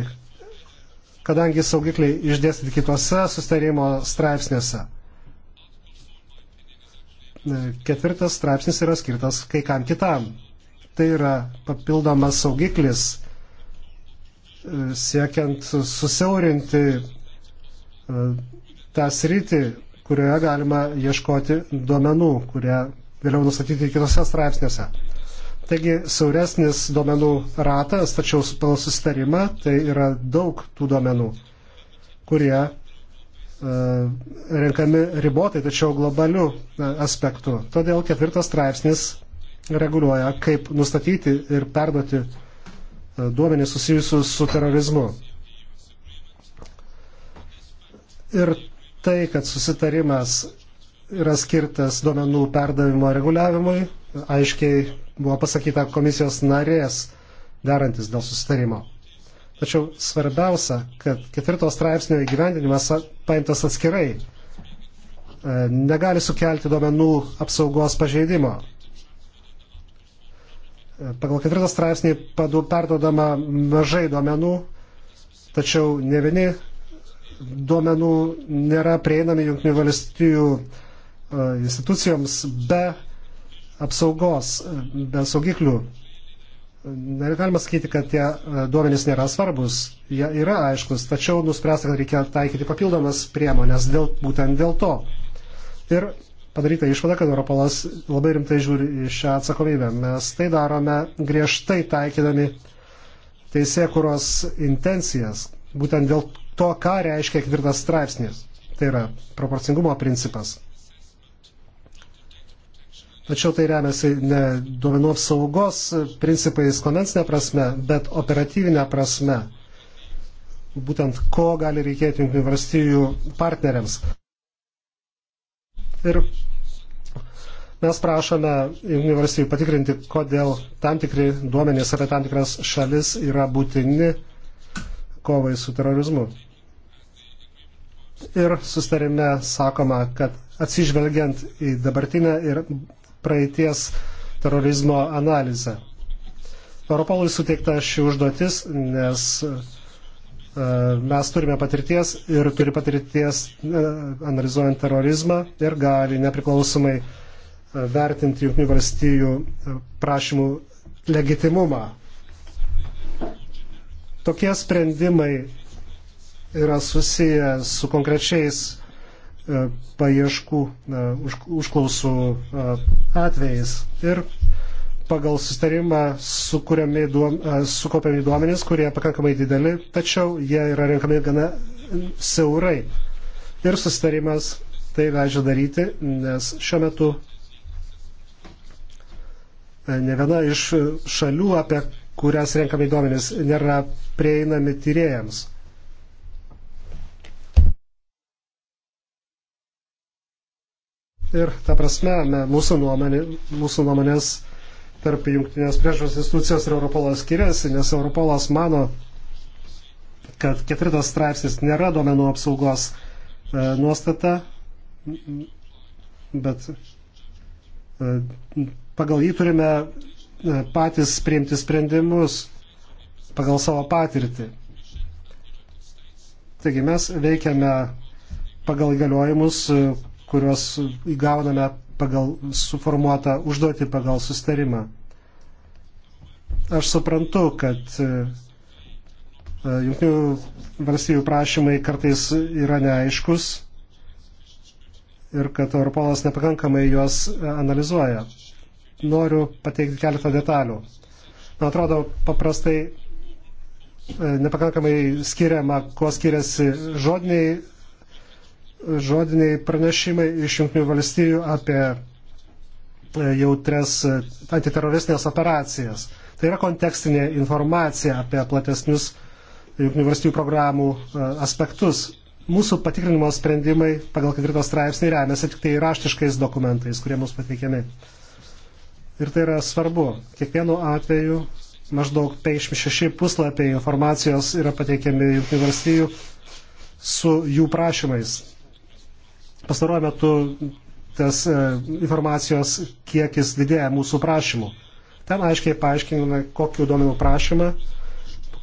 kadangi saugikliai išdėstyti kitose sustarimo straipsniuose, ketvirtas straipsnis yra skirtas kai kam kitam. Tai yra papildomas saugiklis e, siekiant susiaurinti e, tą sritį, kurioje galima ieškoti duomenų, kurie vėliau nustatyti kitose straipsniuose. Taigi sauresnis duomenų ratas, tačiau pagal susitarimą tai yra daug tų duomenų, kurie uh, renkami ribotai, tačiau globaliu e, aspektu. Todėl ketvirtas straipsnis reguliuoja, kaip nustatyti ir perduoti e, duomenys susijusius su terorizmu. Ir tai, kad susitarimas yra skirtas duomenų perdavimo reguliavimui, aiškiai buvo pasakyta komisijos narės darantis dėl susitarimo. Tačiau svarbiausia, kad ketvirto straipsnio įgyvendinimas paimtas atskirai e, negali sukelti duomenų apsaugos pažeidimo. E, pagal ketvirtą straipsnį perduodama mažai duomenų, tačiau ne vieni duomenų nėra prieinami jungtinių valstijų e, institucijoms be apsaugos, be saugiklių. Negalima sakyti, kad tie e, duomenys nėra svarbus, jie yra aiškus, tačiau nuspręsta, kad reikia taikyti papildomas priemonės dėl, būtent dėl to. Ir padaryta išvada, kad Europolas labai rimtai žiūri į šią atsakomybę. Mes tai darome griežtai taikydami teisėkuros intencijas, būtent dėl to, ką reiškia ketvirtas straipsnis. Tai yra proporcingumo principas. Tačiau tai remiasi ne duomenų apsaugos principais konvencinė prasme, bet operatyvinė prasme. Būtent ko gali reikėti jungtinių valstybių partneriams. Ir mes prašome jungtinių valstybių patikrinti, kodėl tam tikri duomenys apie tam tikras šalis yra būtini kovai su terorizmu. Ir sustarime sakoma, kad atsižvelgiant į dabartinę ir praeities terorizmo analizę. Europolui suteikta ši užduotis, nes e, mes turime patirties ir turi patirties e, analizuojant terorizmą ir gali nepriklausomai e, vertinti Junktinių valstybių prašymų legitimumą. Tokie sprendimai yra susiję su konkrečiais e, paieškų e, užklausų e, atvejais. Ir pagal sustarimą sukopiami duomenys, kurie pakankamai dideli, tačiau jie yra renkami gana siaurai. Ir sustarimas tai leidžia daryti, nes šiuo metu ne viena iš šalių, apie kurias renkami duomenys, nėra prieinami tyrėjams. Ir ta prasme, mūsų, nuomonė, mūsų nuomonės tarp jungtinės priežos institucijos ir Europolas skiriasi, nes Europolas mano, kad ketvirtas straipsnis nėra duomenų apsaugos e, nuostata, bet e, pagal jį turime E, patys priimti sprendimus pagal savo patirtį. Taigi mes veikiame pagal įgaliojimus, e, kuriuos įgauname pagal suformuotą užduotį, pagal sustarimą. Aš suprantu, kad e, jungtinių valstybių prašymai kartais yra neaiškus ir kad Europolas nepakankamai juos analizuoja noriu pateikti keletą detalių. Man atrodo, paprastai e, nepakankamai skiriama, kuo skiriasi žodiniai, žodiniai pranešimai iš Junktinių valstybių apie e, jautres e, antiteroristinės operacijas. Tai yra kontekstinė informacija apie platesnius Junktinių valstybių programų aspektus. Mūsų patikrinimo sprendimai pagal ketvirtą straipsnį remiasi tik tai raštiškais dokumentais, kurie mums pateikiami. Ir tai yra svarbu. Kiekvienu atveju maždaug 56 puslapiai informacijos yra pateikiami Junktinių valstybių su jų prašymais. Pastaruoju metu tas e, informacijos kiekis didėja mūsų prašymų. Ten aiškiai paaiškiname, kokiu duomenų prašymą,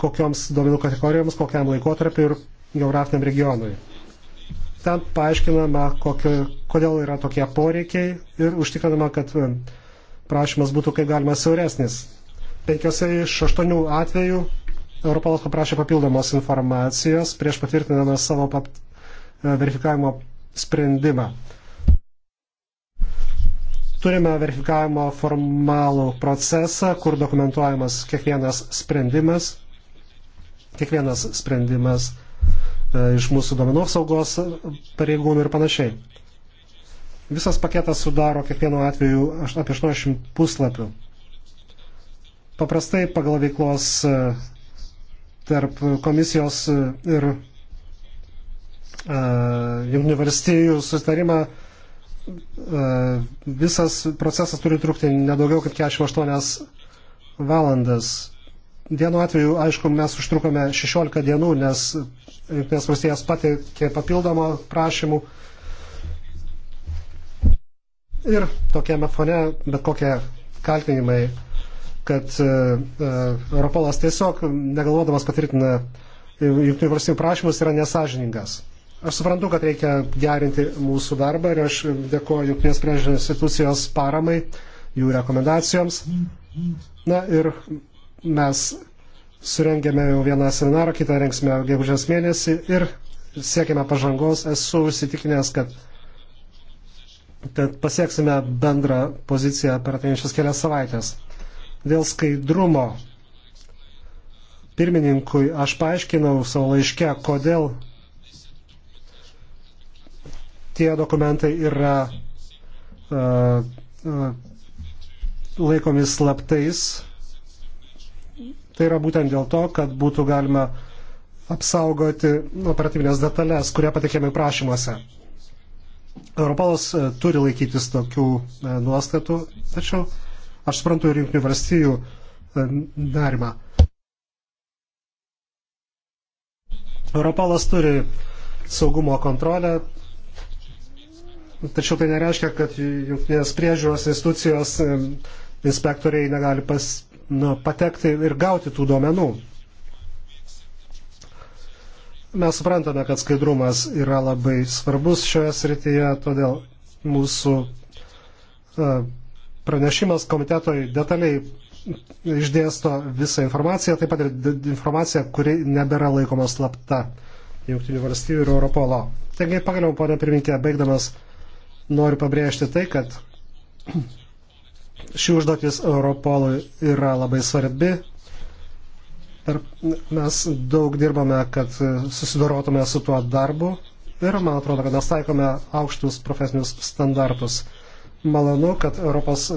kokioms duomenų kategorijoms, kokiam laikotarpiu ir geografiniam regionui. Ten paaiškinama, kokio, kodėl yra tokie poreikiai ir užtikrinama, kad e, prašymas būtų kaip galima siauresnis. Penkiose iš aštuonių atvejų Europolas paprašė papildomos informacijos prieš patvirtinamą savo pat, e, verifikavimo sprendimą. Turime verifikavimo formalų procesą, kur dokumentuojamas kiekvienas sprendimas, kiekvienas sprendimas e, iš mūsų domenų apsaugos pareigūnų ir panašiai. Visas paketas sudaro kiekvienu atveju apie 80 puslapių. Paprastai pagal veiklos e, tarp komisijos e, ir uh, jungtinių valstybių sustarimą uh, visas procesas turi trukti nedaugiau kaip 48 valandas. Dienų atveju, aišku, mes užtrukome 16 dienų, nes Junktinės valstijos pateikė papildomą prašymų uh, Ir tokiame fone bet kokie kaltinimai, kad e, e, Europolas tiesiog negalvodamas patvirtina e, jungtinių valstybių prašymus, yra nesažiningas. Aš suprantu, kad reikia gerinti mūsų darbą ir aš dėkoju jungtinės priežiūros institucijos paramai, jų rekomendacijoms. Na ir mes surengėme jau vieną seminarą, kitą rengsime gegužės mėnesį ir siekime pažangos. Esu įsitikinęs, kad kad pasieksime bendrą poziciją per ateinančias kelias savaitės. Dėl skaidrumo pirmininkui aš paaiškinau savo laiške, kodėl tie dokumentai yra uh, uh, laikomi slaptais. Tai yra būtent dėl to, kad būtų galima apsaugoti operatyvinės detalės, kurie patikėmi prašymuose. Europolas e, turi laikytis tokių e, nuostatų, tačiau aš suprantu ir jungtinių valstijų e, nerimą. Europolas turi saugumo kontrolę, tačiau tai nereiškia, kad jungtinės priežiūros institucijos inspektoriai negali pas, nu, patekti ir gauti tų duomenų. Mes suprantame, kad skaidrumas yra labai svarbus šioje srityje, todėl mūsų e, pranešimas komitetoj detaliai išdėsto visą informaciją, taip pat ir informaciją, kuri nebėra laikoma slapta Junktinių valstybių ir Europolo. Taigi, pagaliau, ponė pirminkė, baigdamas, noriu pabrėžti tai, kad [CLEARS THROAT] ši užduotis Europolui yra labai svarbi per, mes daug dirbame, kad susidorotume su tuo darbu ir man atrodo, kad mes taikome aukštus profesinius standartus. Malonu, kad Europos e,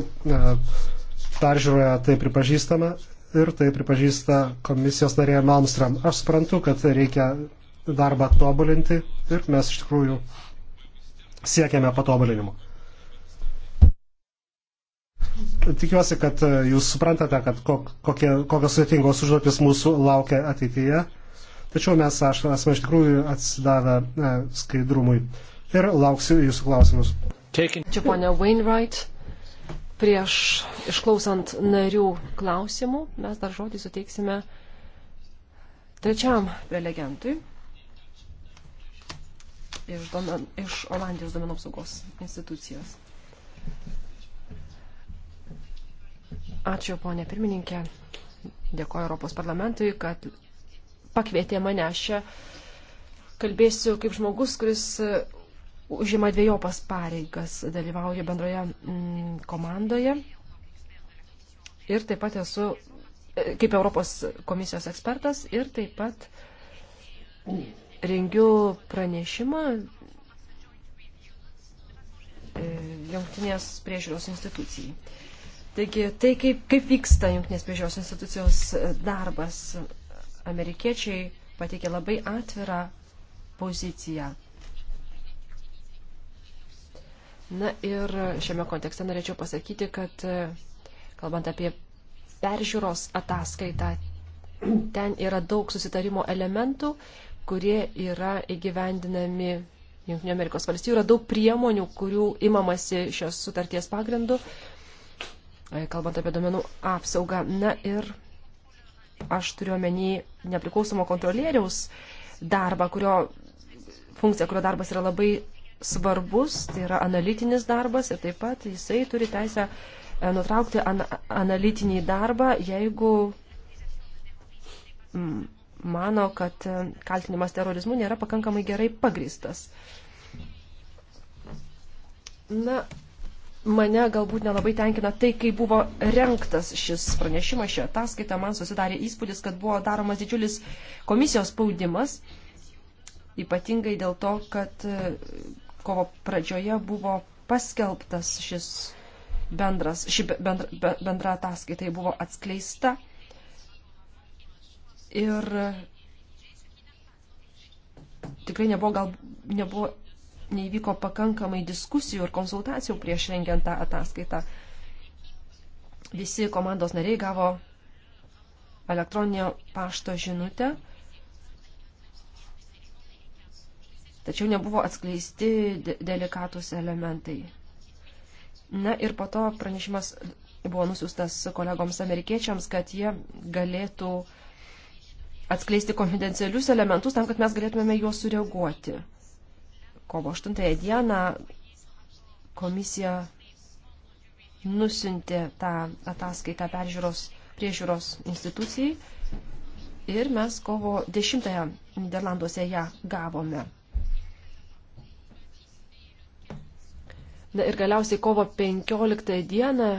peržiūroje tai pripažįstame ir tai pripažįsta komisijos narė Malmström. Aš suprantu, kad reikia darbą tobulinti ir mes iš tikrųjų siekiame patobulinimo tikiuosi, kad e, jūs suprantate, kad kokie, kokios sudėtingos užduotis mūsų laukia ateityje. Tačiau mes aš, esame iš tikrųjų atsidavę e, skaidrumui. Ir lauksiu jūsų klausimus. Ačiū ponia Wainwright. Prieš išklausant narių klausimų, mes dar žodį suteiksime trečiam prelegentui iš, domen, iš Olandijos domenų apsaugos institucijos. Ačiū, ponė pirmininkė. Dėkoju Europos parlamentui, kad pakvietė mane. Aš čia kalbėsiu kaip žmogus, kuris uh, užima dviejopas pareigas, dalyvauja bendroje mm, komandoje. Ir taip pat esu uh, kaip Europos komisijos ekspertas ir taip pat rengiu pranešimą uh, jungtinės priežiūros institucijai. Taigi, tai kaip, kaip vyksta Junktinės priežiūros institucijos e, darbas. Amerikiečiai pateikė labai atvirą poziciją. Na ir šiame kontekste norėčiau pasakyti, kad e, kalbant apie peržiūros ataskaitą, [CLEARS THROAT] ten yra daug susitarimo elementų, kurie yra įgyvendinami Junktinių Amerikos valstybių. Yra daug priemonių, kurių imamasi šios sutarties pagrindu, E, kalbant apie domenų apsaugą. Na ir aš turiu omeny nepriklausomo kontrolieriaus darbą, kurio funkcija, kurio darbas yra labai svarbus, tai yra analitinis darbas ir taip pat jisai turi teisę e, nutraukti an analitinį darbą, jeigu mano, kad e, kaltinimas terorizmu nėra pakankamai gerai pagristas. Na, mane galbūt nelabai tenkina tai, kaip buvo renktas šis pranešimas, ši ataskaita. Man susidarė įspūdis, kad buvo daromas didžiulis komisijos spaudimas, ypatingai dėl to, kad e, kovo pradžioje buvo paskelbtas šis bendras, ši bendra, bendra ataskaita buvo atskleista. Ir tikrai nebuvo, gal, nebuvo neįvyko pakankamai diskusijų ir konsultacijų prieš rengiant tą ataskaitą. Visi komandos nariai gavo elektroninio pašto žinutę, tačiau nebuvo atskleisti de delikatus elementai. Na ir po to pranešimas buvo nusiustas kolegoms amerikiečiams, kad jie galėtų atskleisti konfidencialius elementus tam, kad mes galėtumėme juos sureaguoti kovo 8 dieną komisija nusintė tą ataskaitą peržiūros priežiūros institucijai ir mes kovo 10 Niderlanduose ją gavome. Na ir galiausiai kovo 15 dieną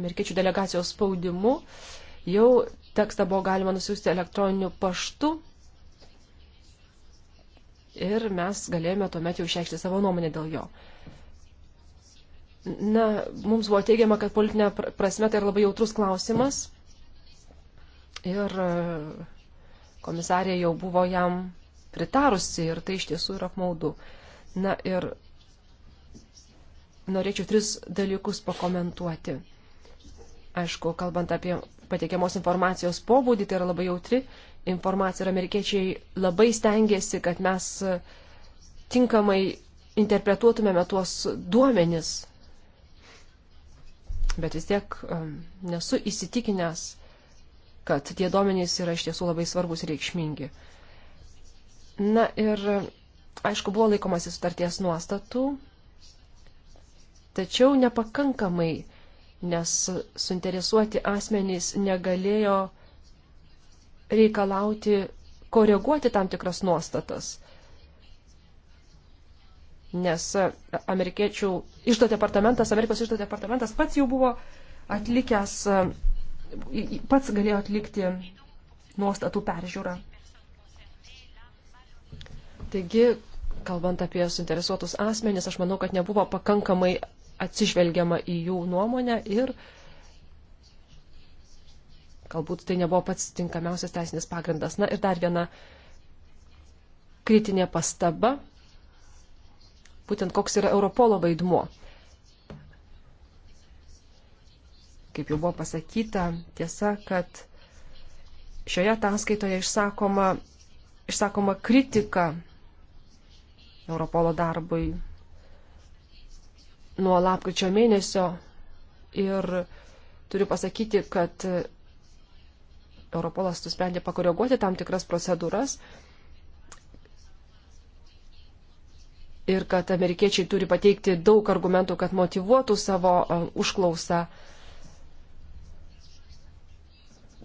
amerikiečių delegacijos spaudimu jau tekstą buvo galima nusiųsti elektroniniu paštu ir mes galėjome tuomet jau išreikšti savo nuomonę dėl jo. Na, mums buvo teigiama, kad politinė prasme tai yra labai jautrus klausimas ir e, komisarė jau buvo jam pritarusi ir tai iš tiesų yra apmaudu. Na ir norėčiau tris dalykus pakomentuoti. Aišku, kalbant apie pateikiamos informacijos pobūdį, tai yra labai jautri informaciją ir amerikiečiai labai stengiasi, kad mes e, tinkamai interpretuotumėme tuos duomenis. Bet vis tiek e, nesu įsitikinęs, kad tie duomenys yra iš tiesų labai svarbus ir reikšmingi. Na ir, e, aišku, buvo laikomasi sutarties nuostatų, tačiau nepakankamai, nes suinteresuoti asmenys negalėjo reikalauti koreguoti tam tikras nuostatas. Nes amerikiečių išdo departamentas, Amerikos išdo departamentas pats jau buvo atlikęs, pats galėjo atlikti nuostatų peržiūrą. Taigi, kalbant apie suinteresuotus asmenis, aš manau, kad nebuvo pakankamai atsižvelgiama į jų nuomonę ir uh, galbūt tai nebuvo pats tinkamiausias teisinis pagrindas. Na ir dar viena kritinė pastaba, būtent koks yra Europolo vaidmuo. Kaip jau buvo pasakyta, tiesa, kad šioje ataskaitoje išsakoma, išsakoma kritika Europolo darbui nuo lapkričio mėnesio ir turiu pasakyti, kad Europolas nusprendė pakoreguoti tam tikras procedūras ir kad amerikiečiai turi pateikti daug argumentų, kad motivuotų savo e, užklausą.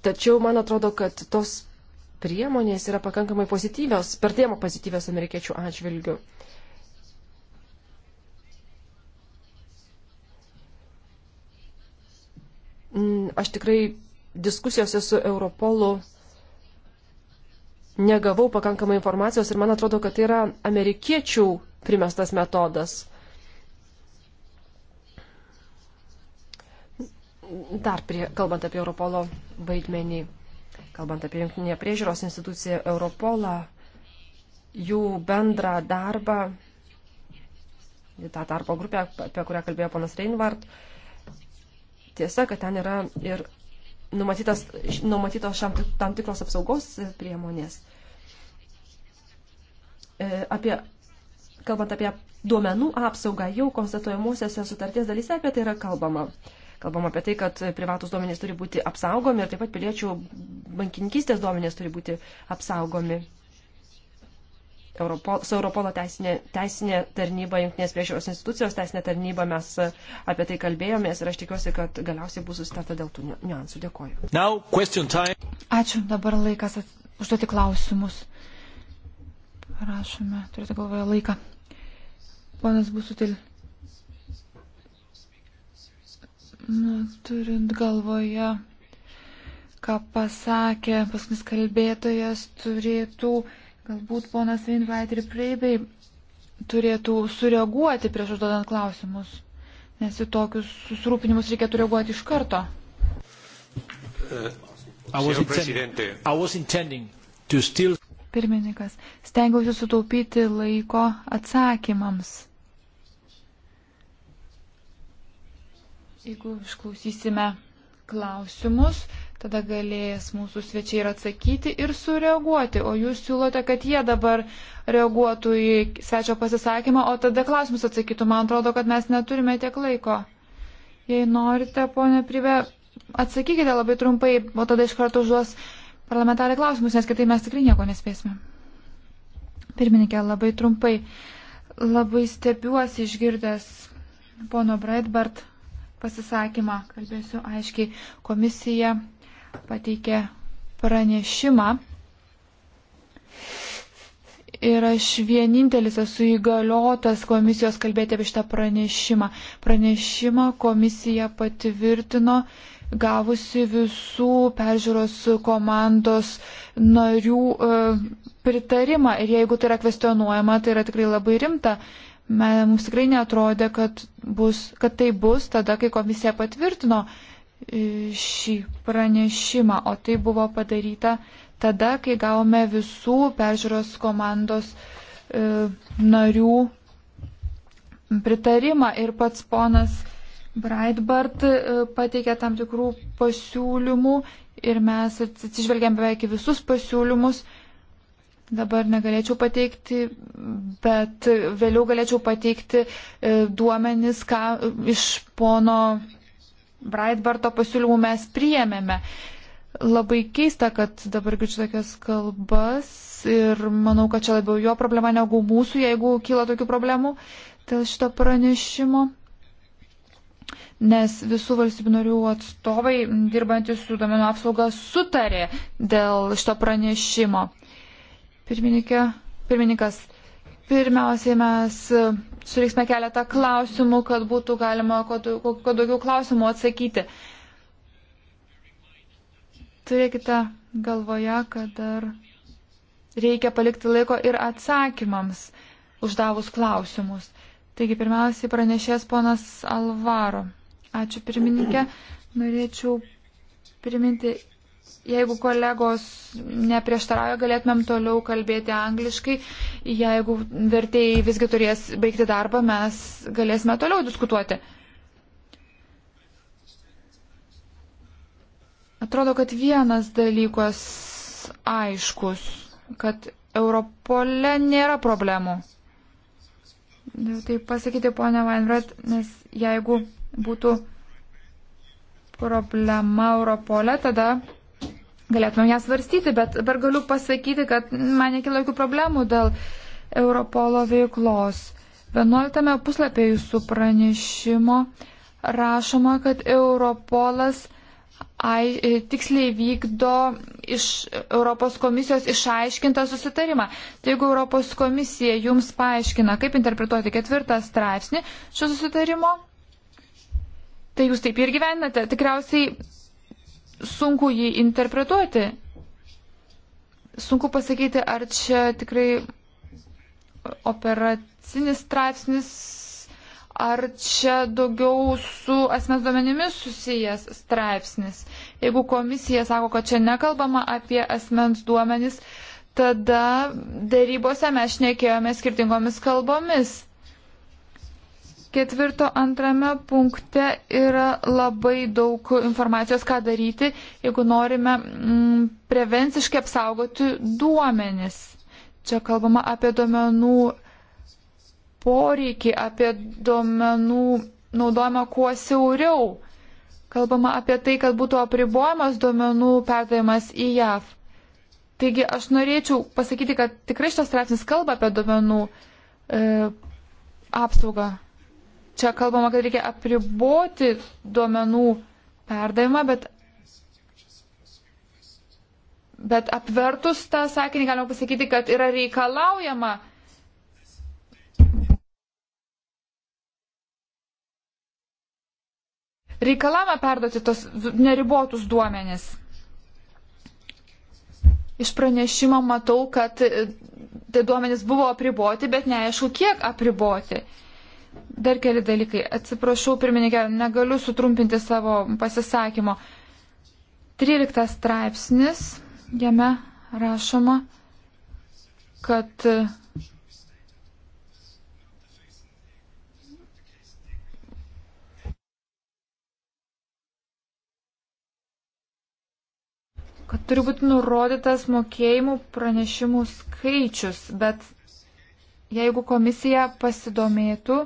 Tačiau man atrodo, kad tos priemonės yra pakankamai pozityvios, per dėmo pozityvios amerikiečių atžvilgių. Mm, aš tikrai diskusijose su Europolu negavau pakankamai informacijos ir man atrodo, kad tai yra amerikiečių primestas metodas. Dar prie, kalbant apie Europolo vaidmenį, kalbant apie jungtinę priežiūros instituciją Europolą, jų bendrą darbą, tą darbo grupę, apie kurią kalbėjo ponas Reinvart, tiesa, kad ten yra ir numatytas, numatytos šiam, tam tikros apsaugos priemonės. E, apie, kalbant apie duomenų apsaugą, jau konstatuojamosiose sutarties dalyse apie tai yra kalbama. Kalbama apie tai, kad privatus duomenys turi būti apsaugomi ir taip pat piliečių bankininkystės duomenys turi būti apsaugomi. Europol, su Europolo teisinė, teisinė tarnyba, jungtinės priežiūros institucijos teisinė tarnyba mes e, apie tai kalbėjomės ir aš tikiuosi, kad galiausiai bus sustarta dėl tų niuansų. Dėkoju. Now, Ačiū, dabar laikas at... užduoti klausimus. Prašome, turite galvoje laiką. Ponas Busutil. Na, turint galvoje, ką pasakė paskutinis kalbėtojas, turėtų. Tų Galbūt ponas Vinvait ir Preibei turėtų sureaguoti prieš užduodant klausimus, nes į tokius susirūpinimus reikėtų reaguoti iš karto. Still... Pirmininkas, stengiausi sutaupyti laiko atsakymams. Jeigu išklausysime klausimus, Tada galės mūsų svečiai ir atsakyti, ir sureaguoti. O jūs siūlote, kad jie dabar reaguotų į svečio pasisakymą, o tada klausimus atsakytų. Man atrodo, kad mes neturime tiek laiko. Jei norite, ponė Prive, atsakykite labai trumpai, o tada iš karto užduos parlamentarai klausimus, nes kitaip mes tikrai nieko nespėsime. Pirmininkė, labai trumpai. Labai stebiuosi išgirdęs pono Breitbart pasisakymą. Kalbėsiu aiškiai. Komisija pateikė pranešimą. Ir aš vienintelis esu įgaliotas komisijos kalbėti apie šitą pranešimą. Pranešimą komisija patvirtino gavusi visų peržiūros komandos narių e, pritarimą. Ir jeigu tai yra kvestionuojama, tai yra tikrai labai rimta. Mums tikrai netrodė, kad, bus, kad tai bus tada, kai komisija patvirtino E, šį pranešimą, o tai buvo padaryta tada, kai gavome visų peržiūros komandos e, narių pritarimą ir pats ponas Breitbart e, pateikė tam tikrų pasiūlymų ir mes atsižvelgėm beveik į visus pasiūlymus. Dabar negalėčiau pateikti, bet vėliau galėčiau pateikti e, duomenis ką, iš pono Breitbarto pasiūlymų mes priėmėme. Labai keista, kad dabar girdžiu tokias kalbas ir manau, kad čia labiau jo problema negu mūsų, jeigu kyla tokių problemų dėl šito pranešimo. Nes visų valstybių narių atstovai, dirbantys su domenų apsauga, sutarė dėl šito pranešimo. Pirmininkė, pirmininkas, Pirmiausiai mes e, suriksime keletą klausimų, kad būtų galima kuo daugiau klausimų atsakyti. Turėkite galvoje, kad dar reikia palikti laiko ir atsakymams uždavus klausimus. Taigi pirmiausiai pranešės ponas Alvaro. Ačiū pirmininkė. Norėčiau priminti Jeigu kolegos neprieštarauja, galėtumėm toliau kalbėti angliškai. Jeigu vertėjai visgi turės baigti darbą, mes galėsime toliau diskutuoti. Atrodo, kad vienas dalykas aiškus, kad Europole nėra problemų. Tai pasakyti, ponia Weinrad, nes jeigu būtų problema Europole, tada galėtumėm ją svarstyti, bet dabar galiu pasakyti, kad man nekilo jokių problemų dėl Europolo veiklos. 11 puslapė jūsų pranešimo rašoma, kad Europolas ai, e, tiksliai vykdo iš Europos komisijos išaiškintą susitarimą. Tai jeigu Europos komisija jums paaiškina, kaip interpretuoti ketvirtą straipsnį šio susitarimo, tai jūs taip ir gyvenate. Tikriausiai sunku jį interpretuoti. Sunku pasakyti, ar čia tikrai operacinis straipsnis, ar čia daugiau su asmens duomenimis susijęs straipsnis. Jeigu komisija sako, kad čia nekalbama apie asmens duomenis, tada darybose mes šnekėjome skirtingomis kalbomis. Ketvirto antrame punkte yra labai daug informacijos, ką daryti, jeigu norime mm, prevenciškai apsaugoti duomenis. Čia kalbama apie duomenų poreikį, apie duomenų naudojimą kuo siauriau. Kalbama apie tai, kad būtų apribojamas duomenų perdavimas į JAV. Taigi aš norėčiau pasakyti, kad tikrai šitas straipsnis kalba apie duomenų e, apsaugą čia kalbama, kad reikia apriboti duomenų perdavimą, bet, bet apvertus tą sakinį galima pasakyti, kad yra reikalaujama. Reikalama perduoti tos neribotus duomenis. Iš pranešimo matau, kad e, tie duomenys buvo apriboti, bet neaišku, kiek apriboti. Dar keli dalykai. Atsiprašau, pirmininkė, negaliu sutrumpinti savo pasisakymo. 13 straipsnis, jame rašoma, kad kad turi būti nurodytas mokėjimų pranešimų skaičius, bet jeigu komisija pasidomėtų,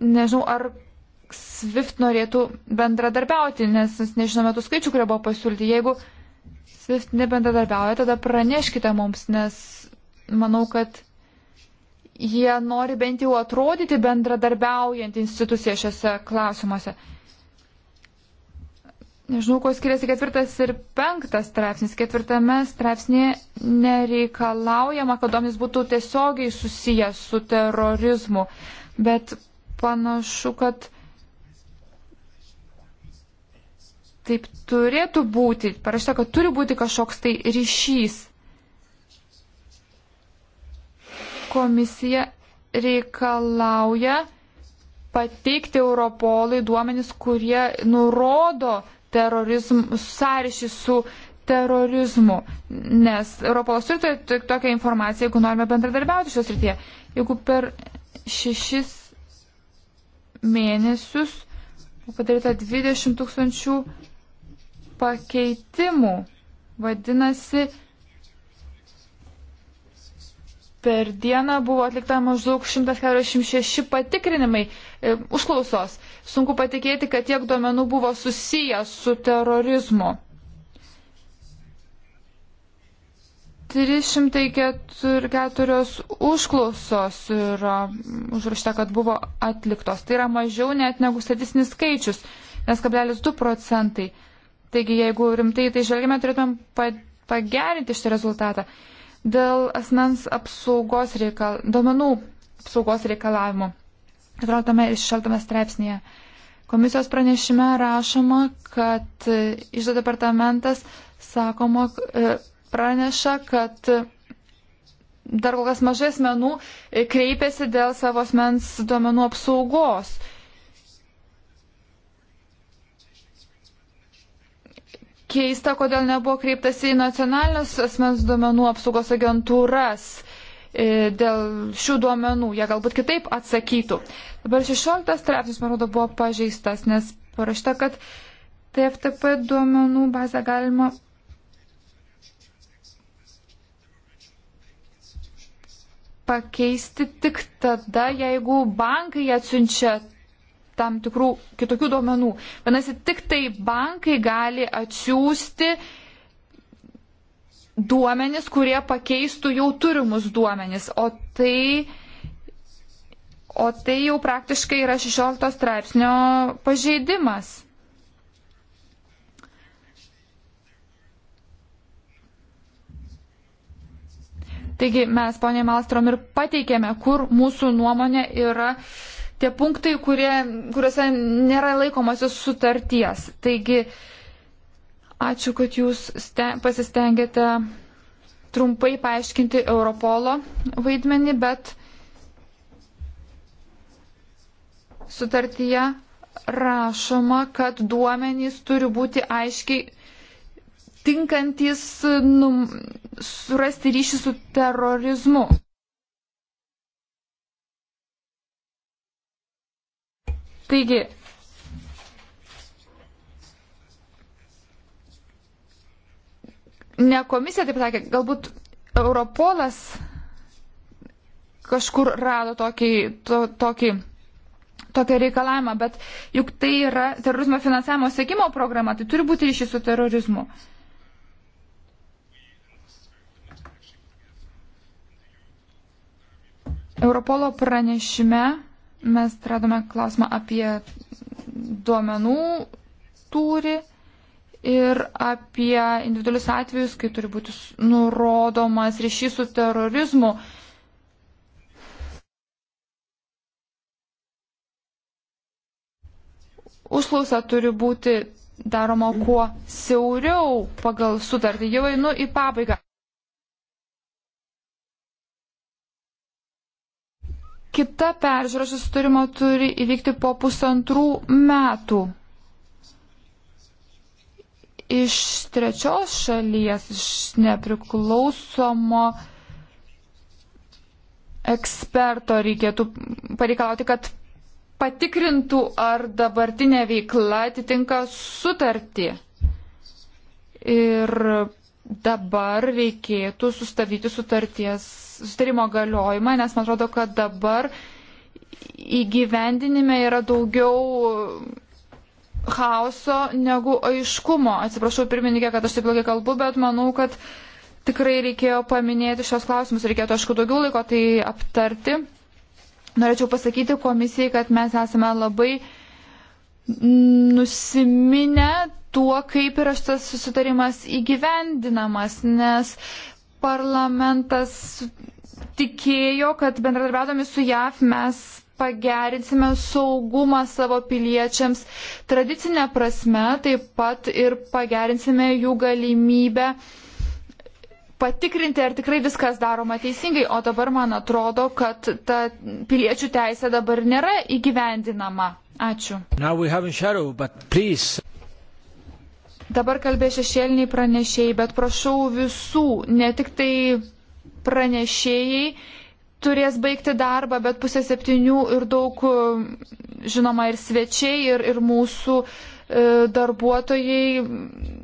nežinau, ar SWIFT norėtų bendradarbiauti, nes nežinome tų skaičių, kurie buvo pasiūlyti. Jeigu SWIFT nebendradarbiauja, tada praneškite mums, nes manau, kad jie nori bent jau atrodyti bendradarbiaujant instituciją šiuose klausimuose. Nežinau, kuo skiriasi ketvirtas ir penktas straipsnis. Ketvirtame straipsnėje nereikalaujama, kad domis būtų tiesiogiai susijęs su terorizmu, bet panašu, kad taip turėtų būti. Parašyta, kad turi būti kažkoks tai ryšys. Komisija reikalauja pateikti Europolui duomenis, kurie nurodo terorizm, sąryšį su terorizmu, nes Europolas turi tokią informaciją, jeigu norime bendradarbiauti šios rytyje. Jeigu per šešis mėnesius buvo padaryta 20 tūkstančių pakeitimų. Vadinasi, per dieną buvo atlikta maždaug 146 patikrinimai e, užklausos. Sunku patikėti, kad tiek duomenų buvo susijęs su terorizmu. 304 užklausos yra užrašta, kad buvo atliktos. Tai yra mažiau net negu statistinis skaičius, nes kablelis 2 procentai. Taigi, jeigu rimtai tai žvelgime, turėtumėm pagerinti šitą rezultatą. Dėl asmens apsaugos reikal... duomenų apsaugos reikalavimų. 14 ir 16 straipsnėje. Komisijos pranešime rašoma, kad e, išdo departamentas sakoma, e, praneša, kad dar kol kas mažai asmenų kreipiasi dėl savo asmens duomenų apsaugos. Keista, kodėl nebuvo kreiptasi į nacionalinius asmens duomenų apsaugos agentūras e, dėl šių duomenų. Jie galbūt kitaip atsakytų. Dabar 16 straipsnis, man atrodo, buvo pažeistas, nes parašta, kad TFTP duomenų bazę galima pakeisti tik tada, jeigu bankai atsiunčia tam tikrų kitokių duomenų. Vienasi, tik tai bankai gali atsiųsti duomenis, kurie pakeistų jau turimus duomenis, o tai, o tai jau praktiškai yra 16 straipsnio pažeidimas. Taigi mes, ponė Malstrom, ir pateikėme, kur mūsų nuomonė yra tie punktai, kurie, kuriuose nėra laikomasi sutarties. Taigi, ačiū, kad jūs pasistengėte trumpai paaiškinti Europolo vaidmenį, bet sutartyje rašoma, kad duomenys turi būti aiškiai tinkantis num, surasti ryšį su terorizmu. Taigi, ne komisija taip sakė, galbūt Europolas kažkur rado tokį, to, tokį, tokį reikalavimą, bet juk tai yra terorizmo finansavimo sėkimo programa, tai turi būti ryšys su terorizmu. Uh, Europolo pranešime mes radome klausimą apie duomenų tūri ir apie individualius atvejus, kai turi būti nurodomas ryšys su terorizmu. Užklausa turi būti daroma kuo siauriau pagal sutartį. Jau einu į pabaigą. kita peržiūra susitarimo turi įvykti po pusantrų metų. Iš trečios šalies, iš nepriklausomo eksperto reikėtų pareikalauti, kad patikrintų, ar dabartinė veikla atitinka sutartį. Ir dabar reikėtų sustabdyti sutarties sustarimo galiojimą, nes man atrodo, kad dabar įgyvendinime yra daugiau chaoso negu aiškumo. Atsiprašau, pirmininkė, kad aš taip blogai kalbu, bet manau, kad tikrai reikėjo paminėti šios klausimus. Reikėtų, aišku, daugiau laiko tai aptarti. Norėčiau pasakyti komisijai, kad mes esame labai nusiminę tuo, kaip yra šitas susitarimas įgyvendinamas, nes parlamentas tikėjo, kad bendradarbiaudami su JAF mes pagerinsime saugumą savo piliečiams tradicinę prasme, taip pat ir pagerinsime jų galimybę patikrinti, ar tikrai viskas daroma teisingai. O dabar man atrodo, kad ta piliečių teisė dabar nėra įgyvendinama. Ačiū. Shadow, Dabar kalbė šešėliniai pranešėjai, bet prašau visų, ne tik tai pranešėjai turės baigti darbą, bet pusę septynių ir daug, žinoma, ir svečiai, ir, ir mūsų uh, E, darbuotojai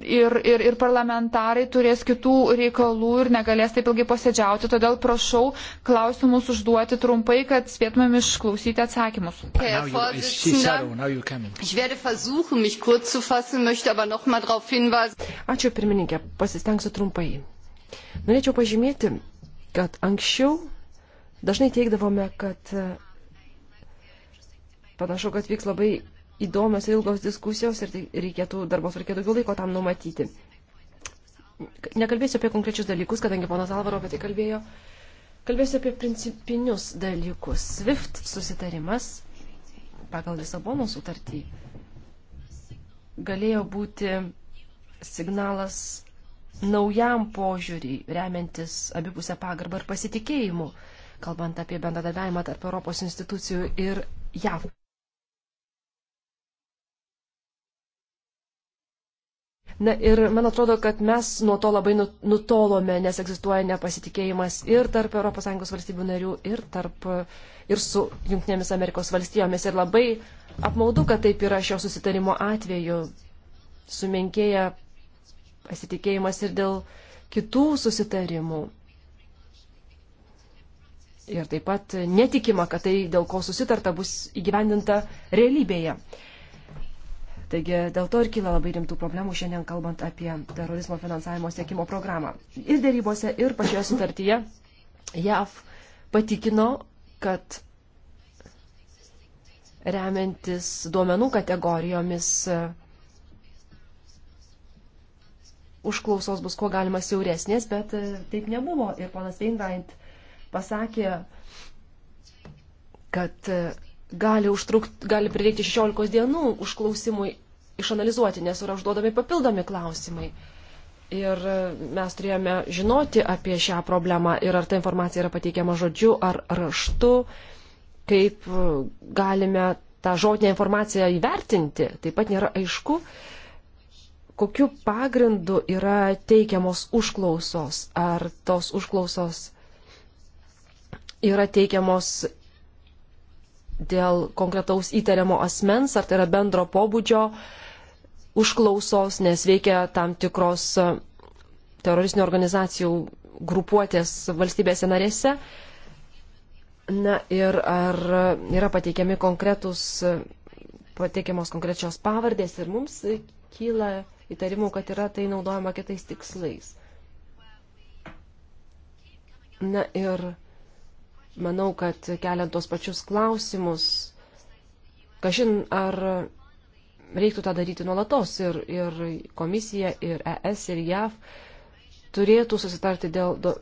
ir, ir, ir parlamentarai turės kitų reikalų ir negalės taip ilgai posėdžiauti. Todėl prašau klausimus užduoti trumpai, kad spėtumėm išklausyti atsakymus. Ačiū pirmininkė, pasistengsiu trumpai. Norėčiau pažymėti, kad anksčiau dažnai teikdavome, kad e, panašu, kad vyks labai įdomios ir ilgos diskusijos ir tai reikėtų darbos reikia daugiau laiko tam numatyti. Nekalbėsiu apie konkrečius dalykus, kadangi ponas Alvaro apie tai kalbėjo. Kalbėsiu apie principinius dalykus. SWIFT susitarimas pagal Lisabono sutartį galėjo būti signalas naujam požiūriui, remiantis abipusę pagarbą ir pasitikėjimu, kalbant apie bendradarbiavimą tarp Europos institucijų ir JAV. Na ir man atrodo, kad mes nuo to labai nu, nutolome, nes egzistuoja nepasitikėjimas ir tarp ES valstybių narių, ir, tarp, ir su Junktinėmis Amerikos valstijomis. Ir labai apmaudu, kad taip yra šio susitarimo atveju. Sumenkėja pasitikėjimas ir dėl kitų susitarimų. Ir taip pat netikima, kad tai, dėl ko susitarta, bus įgyvendinta realybėje. Taigi dėl to ir kyla labai rimtų problemų šiandien kalbant apie terorizmo finansavimo sėkimo programą. Ir dėrybose, ir pačioje sutartyje JAV patikino, kad remiantis duomenų kategorijomis e, užklausos bus kuo galima siauresnės, bet e, taip nebuvo. Ir ponas Weinreint pasakė, kad e, gali, užtrukt, gali prireikti 16 dienų užklausimui išanalizuoti, nes yra užduodami papildomi klausimai. Ir mes turėjome žinoti apie šią problemą ir ar ta informacija yra pateikiama žodžiu ar raštu, kaip galime tą žodinę informaciją įvertinti. Taip pat nėra aišku, kokiu pagrindu yra teikiamos užklausos, ar tos užklausos yra teikiamos dėl konkretaus įtariamo asmens, ar tai yra bendro pobūdžio užklausos, nes veikia tam tikros e, teroristinių organizacijų grupuotės valstybėse narėse. Na ir ar yra pateikiami konkretus, e, pateikiamos konkrečios pavardės ir mums kyla įtarimų, kad yra tai naudojama kitais tikslais. Na ir Manau, kad keliant tos pačius klausimus, kažin ar reiktų tą daryti nuolatos ir, ir komisija, ir ES, ir JAV turėtų susitarti dėl do,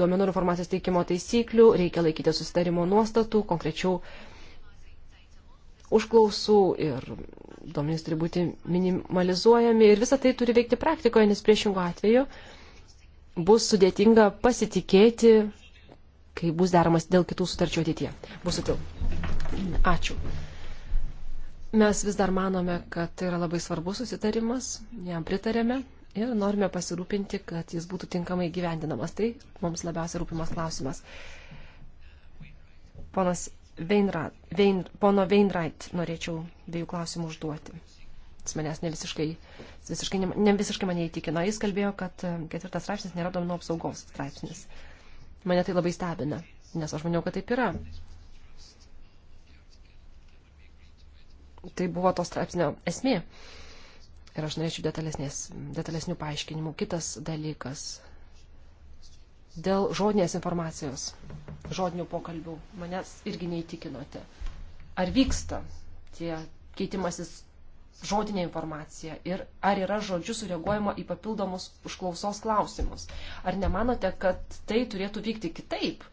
duomenų informacijos teikimo taisyklių, reikia laikyti susitarimo nuostatų, konkrečių užklausų ir duomenys turi būti minimalizuojami ir visą tai turi veikti praktikoje, nes priešingų atveju bus sudėtinga pasitikėti kai bus deramas dėl kitų sutarčių ateitie. Bus atil. Ačiū. Mes vis dar manome, kad tai yra labai svarbus susitarimas, jam pritarėme ir norime pasirūpinti, kad jis būtų tinkamai gyvendinamas. Tai mums labiausiai rūpimas klausimas. Ponas Veinrat, Vein, pono Veinrait norėčiau dviejų klausimų užduoti. Jis manęs ne visiškai, visiškai, ne, ne visiškai mane įtikino. Jis kalbėjo, kad ketvirtas straipsnis nėra domino apsaugos straipsnis. Uh, Mane tai labai stebina, nes aš maniau, kad taip yra. Tai buvo to straipsnio esmė. Ir aš norėčiau detalesnių paaiškinimų. Kitas dalykas. Dėl žodinės informacijos, žodinių pokalbių, manęs irgi neįtikinote. Ar vyksta tie keitimasis žodinė informacija ir ar yra žodžiu sureaguojama į papildomus užklausos klausimus. Ar nemanote, kad tai turėtų vykti kitaip,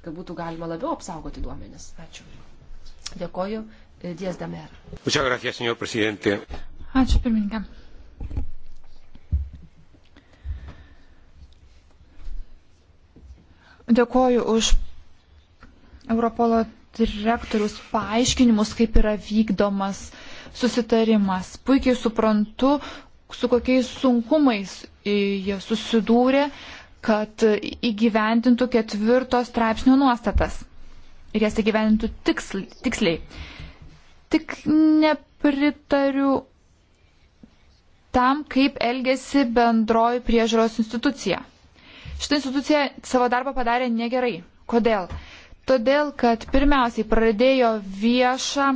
kad būtų galima labiau apsaugoti duomenis? Ačiū. Dėkoju. E, Dies Damer. Ačiū, pirmininkė. Dėkoju už Europolo direktorius paaiškinimus, kaip yra vykdomas susitarimas. Puikiai suprantu, su kokiais sunkumais e, jie susidūrė, kad įgyventintų ketvirto straipsnio nuostatas. Ir jas įgyventintų tiksl, tiksliai. Tik nepritariu tam, kaip elgesi bendroji priežiūros institucija. Šitą instituciją savo darbą padarė negerai. Kodėl? Todėl, kad pirmiausiai pradėjo viešą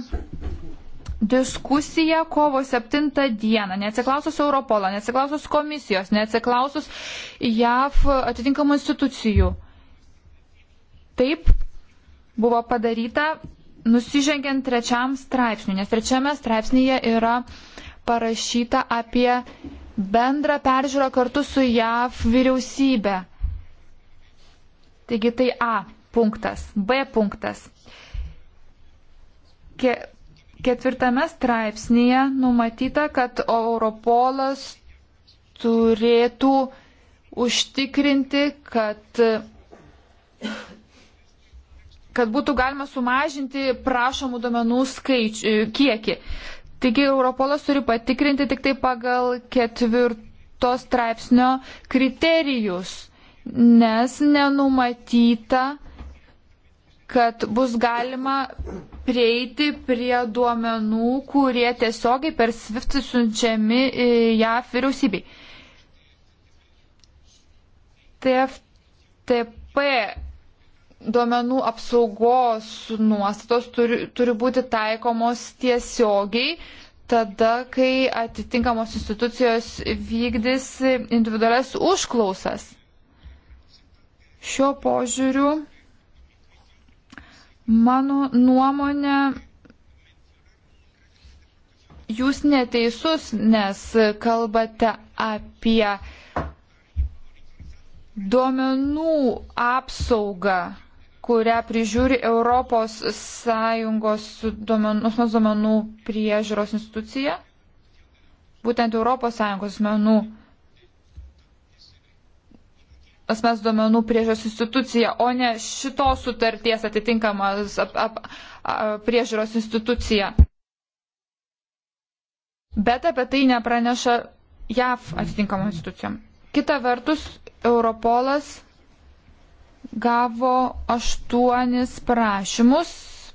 diskusiją kovo 7 dieną, neatsiklausus Europolo, neatsiklausus komisijos, neatsiklausus JAV atitinkamų institucijų. Taip buvo padaryta nusižengiant trečiam straipsniui, nes trečiame straipsnėje yra parašyta apie bendrą peržiūrą kartu su JAV vyriausybė. Taigi tai A punktas, B punktas. Ke, ketvirtame straipsnėje numatyta, kad Europolas turėtų užtikrinti, kad, kad būtų galima sumažinti prašomų duomenų skaičių, kiekį. Taigi Europolas turi patikrinti tik tai pagal ketvirto straipsnio kriterijus, nes nenumatyta kad bus galima prieiti prie duomenų, kurie tiesiogiai per SWIFT siunčiami e, JAF vyriausybei. TFTP duomenų apsaugos nuostatos turi, turi būti taikomos tiesiogiai tada, kai atitinkamos institucijos vykdys individualias užklausas. Šiuo požiūriu Mano nuomonė, jūs neteisus, nes kalbate apie duomenų apsaugą, kurią prižiūri Europos Sąjungos duomenų, duomenų priežiūros institucija, būtent Europos Sąjungos duomenų asmens duomenų priežiūros institucija, o ne šitos sutarties atitinkamas ap, ap, ap, priežiūros institucija. Bet apie tai nepraneša JAV atitinkamam institucijom. Kita vertus, Europolas gavo aštuonis prašymus.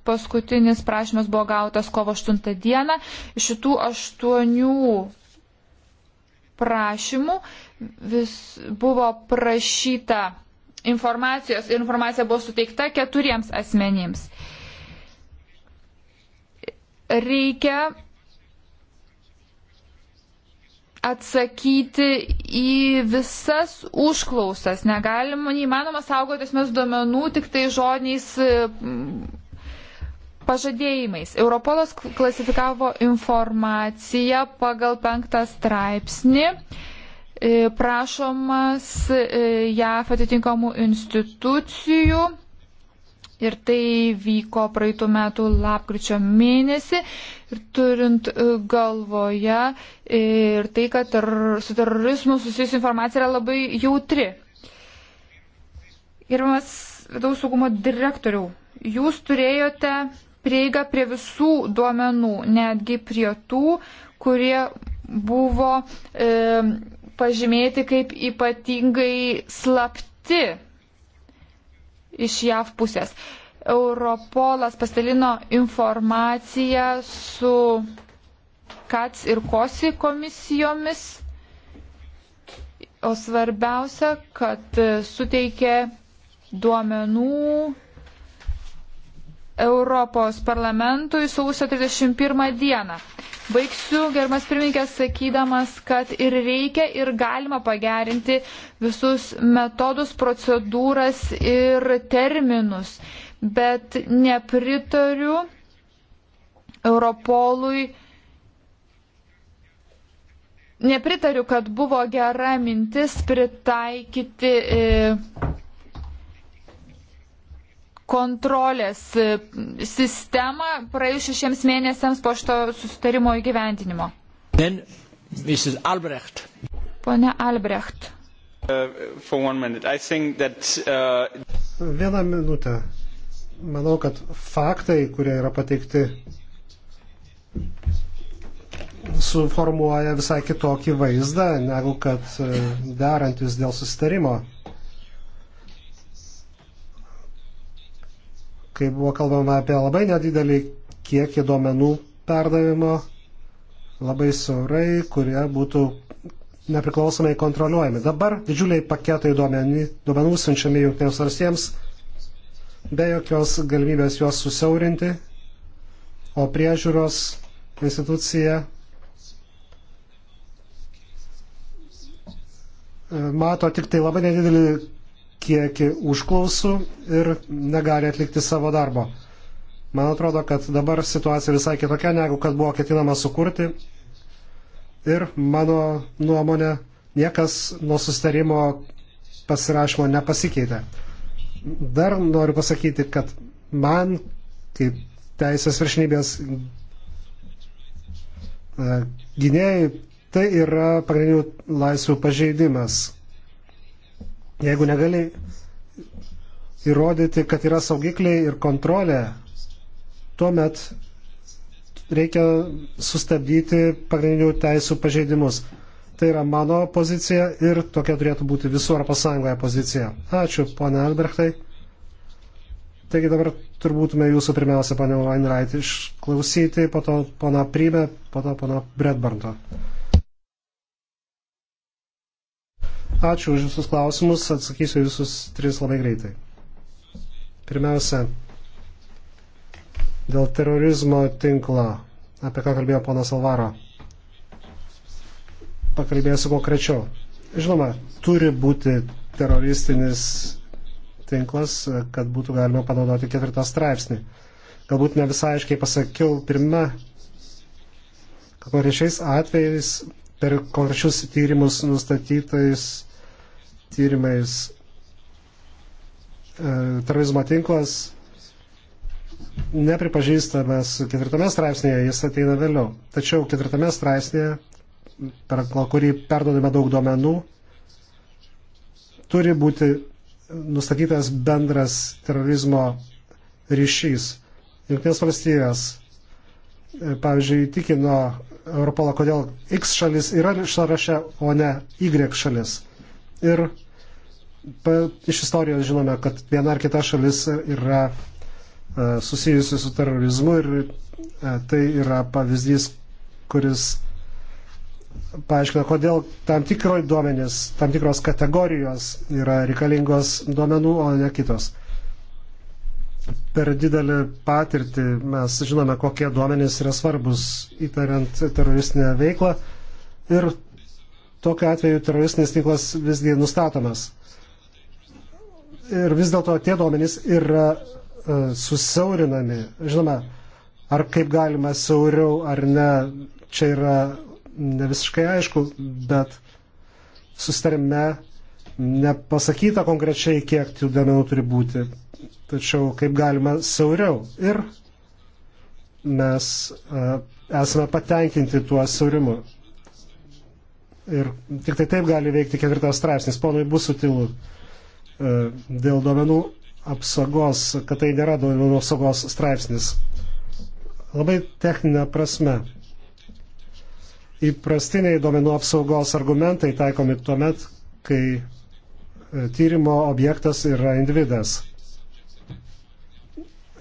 Paskutinis prašymas buvo gautas kovo 8 dieną. Iš šitų aštuonių prašymų vis buvo prašyta informacijos ir informacija buvo suteikta keturiems asmenims. Reikia atsakyti į visas užklausas. Negalima, neįmanoma saugotis mes duomenų tik tai žodiniais pažadėjimais. Europolas klasifikavo informaciją pagal penktą straipsnį. E, prašomas e, JAF atitinkamų institucijų ir tai vyko praeitų metų lapkričio mėnesį. Ir turint e, galvoje ir tai, kad ter su terorizmu susijusi informacija yra labai jautri. Gerbiamas vidaus saugumo direktoriau, jūs turėjote prieigą prie visų duomenų, netgi prie tų, kurie buvo e, pažymėti kaip ypatingai slapti iš JAV pusės. Europolas pasidalino informaciją su KATS ir KOSI komisijomis, o svarbiausia, kad suteikė duomenų Europos parlamentui sausio 31 dieną. Baigsiu, germas pirmininkės, sakydamas, kad ir reikia, ir galima pagerinti visus metodus, procedūras ir terminus. Bet nepritariu Europolui. Nepritariu, kad buvo gera mintis pritaikyti. E, kontrolės e, sistemą praėjus šešiems mėnesiams po šito susitarimo įgyventinimo. Then, Mrs. Albrecht. Pone Albrecht. Uh, uh, Vieną minutę. Manau, kad faktai, kurie yra pateikti, suformuoja visai kitokį vaizdą, negu kad e, derantis dėl sustarimo. kai buvo kalbama apie labai nedidelį kiekį duomenų perdavimo, labai saurai, kurie būtų nepriklausomai kontroliuojami. Dabar didžiuliai paketai duomenį, duomenų siunčiami jungtinėms valstijams be jokios galimybės juos susiaurinti, o priežiūros institucija e, mato tik tai labai nedidelį kiekį užklausų ir negali atlikti savo darbo. Man atrodo, kad dabar situacija visai kitokia, negu kad buvo ketinama sukurti. Ir mano nuomonė, niekas nuo sustarimo pasirašymo nepasikeitė. Dar noriu pasakyti, kad man, kaip teisės viršnybės e, gynėjai, tai yra pagrindinių laisvių pažeidimas. Jeigu negali įrodyti, kad yra saugikliai ir kontrolė, tuomet reikia sustabdyti pagrindinių teisų pažeidimus. Tai yra mano pozicija ir tokia turėtų būti visų Europos Sąjungoje pozicija. Ačiū, pone Albrechtai. Taigi dabar turbūtume jūsų pirmiausia, pane Weinreit, išklausyti, po to pana Prybė, po to pana Bredbarnto. Ačiū už Jūsus klausimus, atsakysiu Jūsus tris labai greitai. Pirmiausia, dėl terorizmo tinklo, apie ką kalbėjo ponas Alvaro. Pakalbėsiu konkrečiau. Žinoma, turi būti teroristinis tinklas, kad būtų galima panaudoti ketvirtą straipsnį. Galbūt ne visai aiškiai pasakiau pirmą, kad konkrečiais atvejais per konkrečius tyrimus nustatytais tyrimais e, terorizmo tinklas nepripažįstamas ketvirtame straipsnėje, jis ateina vėliau. Tačiau ketvirtame straipsnėje, per kurį perdodame daug duomenų, turi būti nustatytas bendras terorizmo ryšys. Junktinės valstijos, e, pavyzdžiui, tikino Europolą, kodėl X šalis yra šaraše, o ne Y šalis. Ir pa, iš istorijos žinome, kad viena ar kita šalis yra e, susijusi su terorizmu ir e, tai yra pavyzdys, kuris paaiškina, kodėl tam tikro duomenis, tam tikros kategorijos yra reikalingos duomenų, o ne kitos. Per didelį patirtį mes žinome, kokie duomenys yra svarbus įtariant teroristinę veiklą ir tokiu atveju teroristinis tinklas visgi nustatomas. Ir vis dėlto tie duomenys yra e, susiaurinami. Žinoma, ar kaip galima siauriau ar ne, čia yra ne visiškai aišku, bet sustarime nepasakyta konkrečiai, kiek tų duomenų turi būti, tačiau kaip galima siauriau. Ir mes e, esame patenkinti tuo siaurimu. Ir tik tai taip gali veikti ketvirtas straipsnis. Ponui bus sutilu e, dėl duomenų apsaugos, kad tai nėra duomenų apsaugos straipsnis. Labai techninė prasme. Įprastiniai duomenų apsaugos argumentai taikomi tuomet, kai e, tyrimo objektas yra individas.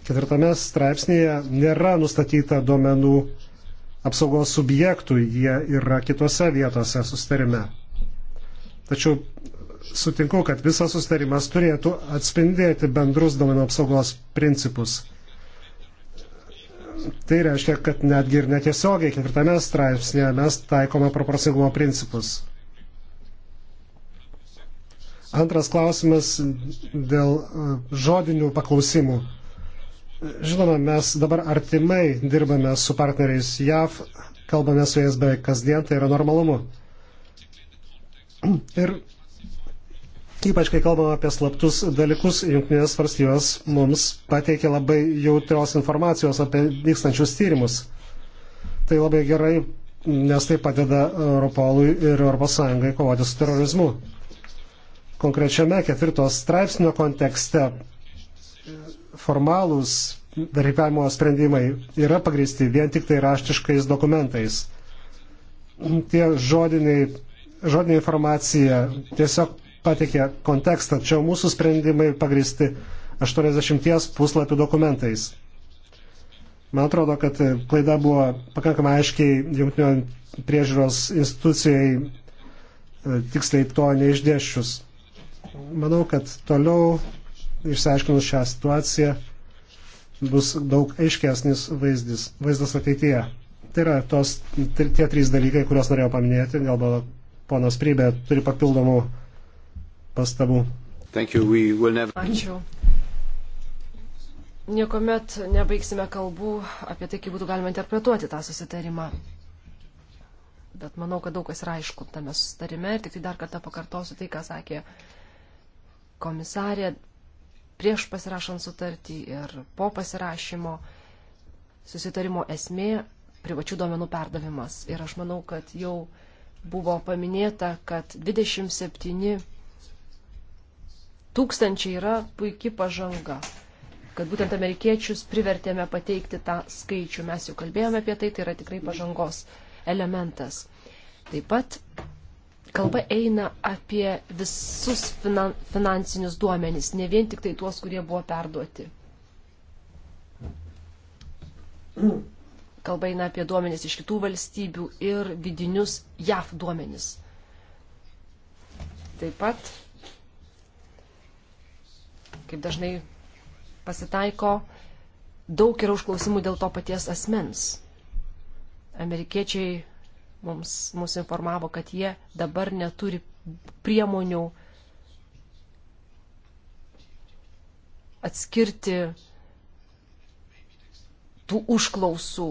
Ketvirtame straipsnėje nėra nustatyta duomenų apsaugos apsaugos subjektų, jie yra kitose vietose sustarime. Tačiau sutinku, kad visas sustarimas turėtų atspindėti bendrus duomenų apsaugos principus. Tai reiškia, kad netgi ir netiesiogiai ketvirtame straipsnėje mes taikome proporcingumo principus. Antras klausimas dėl e, žodinių paklausimų. Žinoma, mes dabar artimai dirbame su partneriais JAV, kalbame su jais beveik kasdien, tai yra normalumu. Ir ypač, kai kalbame apie slaptus dalykus, Junktinės valstijos mums pateikė labai jautrios informacijos apie vykstančius tyrimus. Tai labai gerai, nes tai padeda Europolui ir ES kovoti su terorizmu. Konkrečiame ketvirtos straipsnio kontekste formalūs verifikavimo sprendimai yra pagristi vien tik tai raštiškais dokumentais. Tie žodiniai, žodinė informacija tiesiog patikė kontekstą, tačiau mūsų sprendimai pagristi 80 puslapių dokumentais. Man atrodo, kad klaida buvo pakankamai aiškiai jungtinio priežiūros institucijai e, tiksliai to neišdėščius. Manau, kad toliau išsiaiškinus šią situaciją bus daug aiškesnis vaizdis, vaizdas ateityje. Tai yra tos, tie trys dalykai, kuriuos norėjau paminėti. Galbūt ponas Prybė turi papildomų pastabų. Never... Ačiū. Niekuomet nebaigsime kalbų apie tai, kaip būtų galima interpretuoti tą susitarimą. Bet manau, kad daug kas yra aišku tame susitarime ir tik tai dar kartą pakartosiu tai, ką sakė komisarė prieš pasirašant sutartį ir po pasirašymo susitarimo esmė privačių duomenų perdavimas. Ir aš manau, kad jau buvo paminėta, kad 27 tūkstančiai yra puikia pažanga kad būtent amerikiečius privertėme pateikti tą skaičių. Mes jau kalbėjome apie tai, tai yra tikrai pažangos elementas. Taip pat kalba eina apie visus finan, finansinius duomenys, ne vien tik tai tuos, kurie buvo perduoti. Kalba eina apie duomenys iš kitų valstybių ir vidinius JAF duomenys. Taip pat, kaip dažnai pasitaiko, daug yra užklausimų dėl to paties asmens. Amerikiečiai mums, mus informavo, kad jie dabar neturi priemonių atskirti tų užklausų,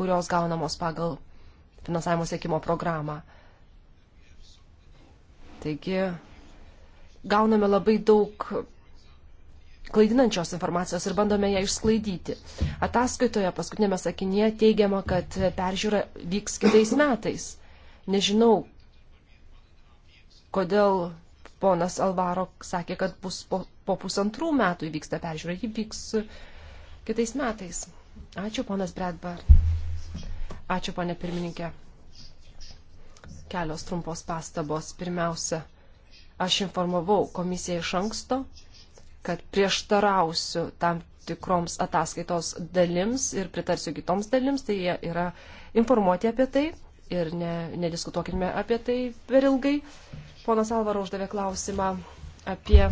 kurios gaunamos pagal finansavimo sėkimo programą. Taigi, gauname labai daug klaidinančios informacijos ir bandome ją išsklaidyti. Ataskaitoje paskutinėme sakinėje teigiama, kad peržiūra vyks kitais metais. Nežinau, kodėl ponas Alvaro sakė, kad bus po, po pusantrų metų įvyksta peržiūra, ji vyks kitais metais. Ačiū, ponas Bredbar. Ačiū, ponė pirmininkė. Kelios trumpos pastabos. Pirmiausia, aš informavau komisiją iš anksto kad prieštarausiu tam tikroms ataskaitos dalims ir pritarsiu kitoms dalims, tai jie yra informuoti apie tai ir ne, nediskutuokime apie tai per ilgai. Ponas Alvaro uždavė klausimą apie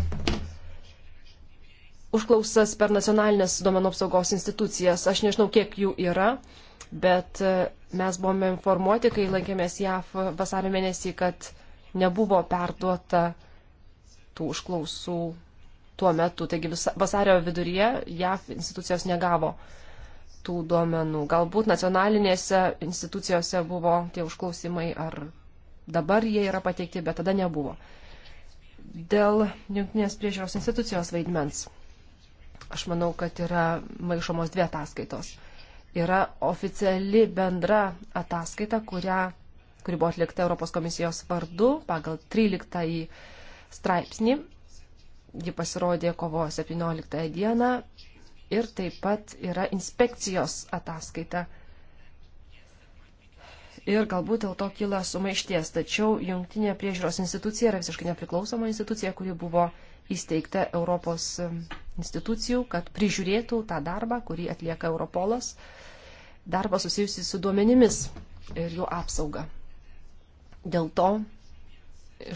užklausas per nacionalinės duomenų apsaugos institucijas. Aš nežinau, kiek jų yra, bet e, mes buvome informuoti, kai lankėmės JAF vasario mėnesį, kad nebuvo perduota tų užklausų tuo metu. Taigi visa, vasario viduryje JAF institucijos negavo tų duomenų. Galbūt nacionalinėse institucijose buvo tie užklausimai, ar dabar jie yra pateikti, bet tada nebuvo. Dėl jungtinės priežiūros institucijos vaidmens. Aš manau, kad yra maišomos dvi ataskaitos. Yra oficiali bendra ataskaita, kurią, kuri buvo atlikta Europos komisijos vardu pagal 13 straipsnį Ji pasirodė kovo 17 dieną ir taip pat yra inspekcijos ataskaita. Ir galbūt dėl to kyla sumaišties, tačiau jungtinė priežiūros institucija yra visiškai nepriklausoma institucija, kuri buvo įsteigta Europos institucijų, kad prižiūrėtų tą darbą, kurį atlieka Europolas, darbą susijusi su duomenimis ir jų apsauga. Dėl to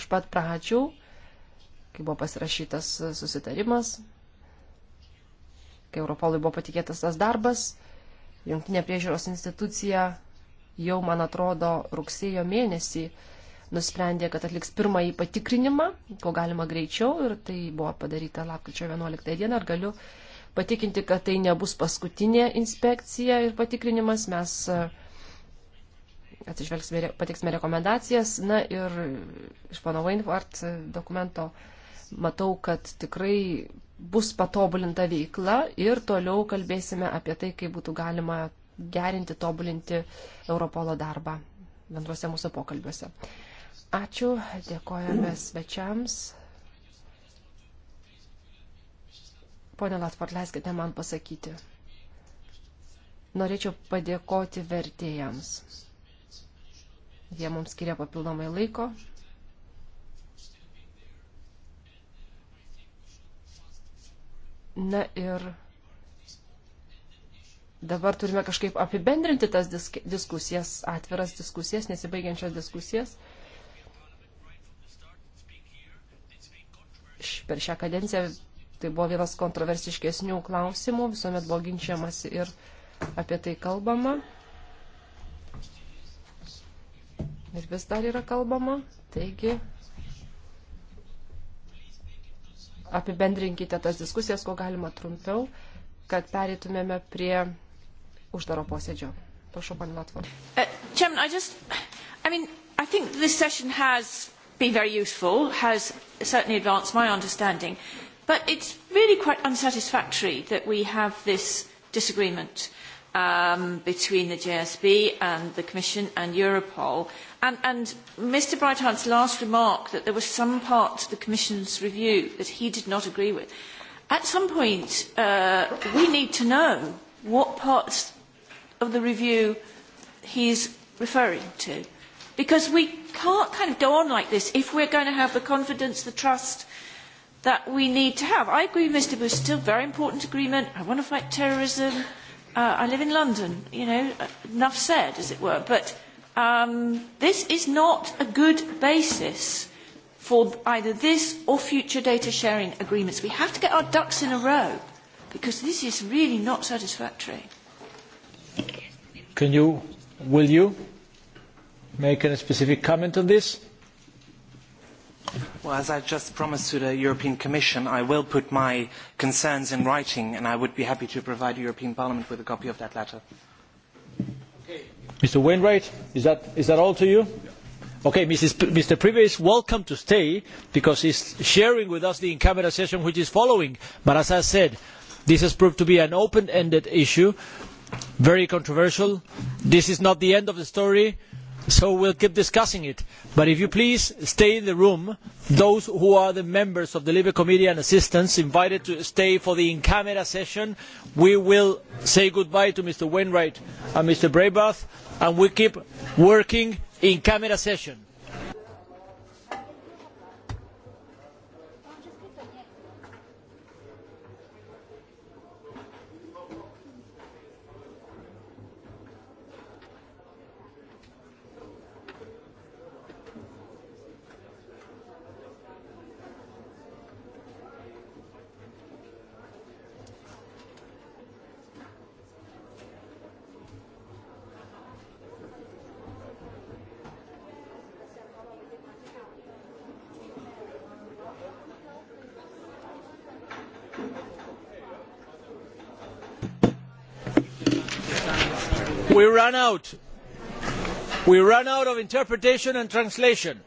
iš pat pradžių kai buvo pasirašytas susitarimas, kai Europolui buvo patikėtas tas darbas, jungtinė priežiūros institucija jau, man atrodo, rugsėjo mėnesį nusprendė, kad atliks pirmąjį patikrinimą, ko galima greičiau, ir tai buvo padaryta lapkričio 11 dieną. Ar galiu patikinti, kad tai nebus paskutinė inspekcija ir patikrinimas, mes e, atsižvelgsime, pateiksime rekomendacijas. Na ir iš pano Wainwart e, dokumento uh, matau, kad tikrai bus patobulinta veikla ir toliau kalbėsime apie tai, kaip būtų galima gerinti, tobulinti Europolo darbą bendruose mūsų pokalbiuose. Ačiū, dėkojame svečiams. Pone Latvart, leiskite man pasakyti. Norėčiau padėkoti vertėjams. Jie mums skiria papildomai laiko, Na ir dabar turime kažkaip apibendrinti tas disk diskusijas, atviras diskusijas, nesibaigiančias diskusijas. Per šią kadenciją tai buvo vienas kontroversiškesnių klausimų, visuomet buvo ginčiamasi ir apie tai kalbama. Ir vis dar yra kalbama. Taigi, apibendrinkite tas diskusijas, kuo galima trumpiau, kad pereitumėme prie uždaro posėdžio. Prašau, pan Latvor. Be very useful, has certainly advanced my understanding. But it's really quite unsatisfactory that we have this disagreement. Uh, um, between the JSB and the Commission and Europol. And, and Mr Breithart's last remark that there was some part of the Commission's review that he did not agree with. At some point, uh, we need to know what parts of the review he's referring to. Because we can't kind of go on like this if we're going to have the confidence, the trust that we need to have. I agree with Mr Bush, still very important agreement. I want to fight terrorism. Uh, I live in London, you know, enough said, as it were. But um, this is not a good basis for either this or future data sharing agreements. We have to get our ducks in a row because this is really not satisfactory. Can you, will you make a specific comment on this? Well, as I just promised to the European Commission, I will put my concerns in writing, and I would be happy to provide the European Parliament with a copy of that letter. Okay. Mr. Wainwright, is that, is that all to you? Yeah. Okay, Mrs. P- Mr. Prive is welcome to stay because he's sharing with us the in-camera session which is following. But as I said, this has proved to be an open-ended issue, very controversial. This is not the end of the story so we'll keep discussing it. But if you please stay in the room, those who are the members of the Libre Committee and assistants invited to stay for the in-camera session, we will say goodbye to Mr. Wainwright and Mr. Braybath, and we keep working in-camera session. we ran out. We ran out of interpretation and translation.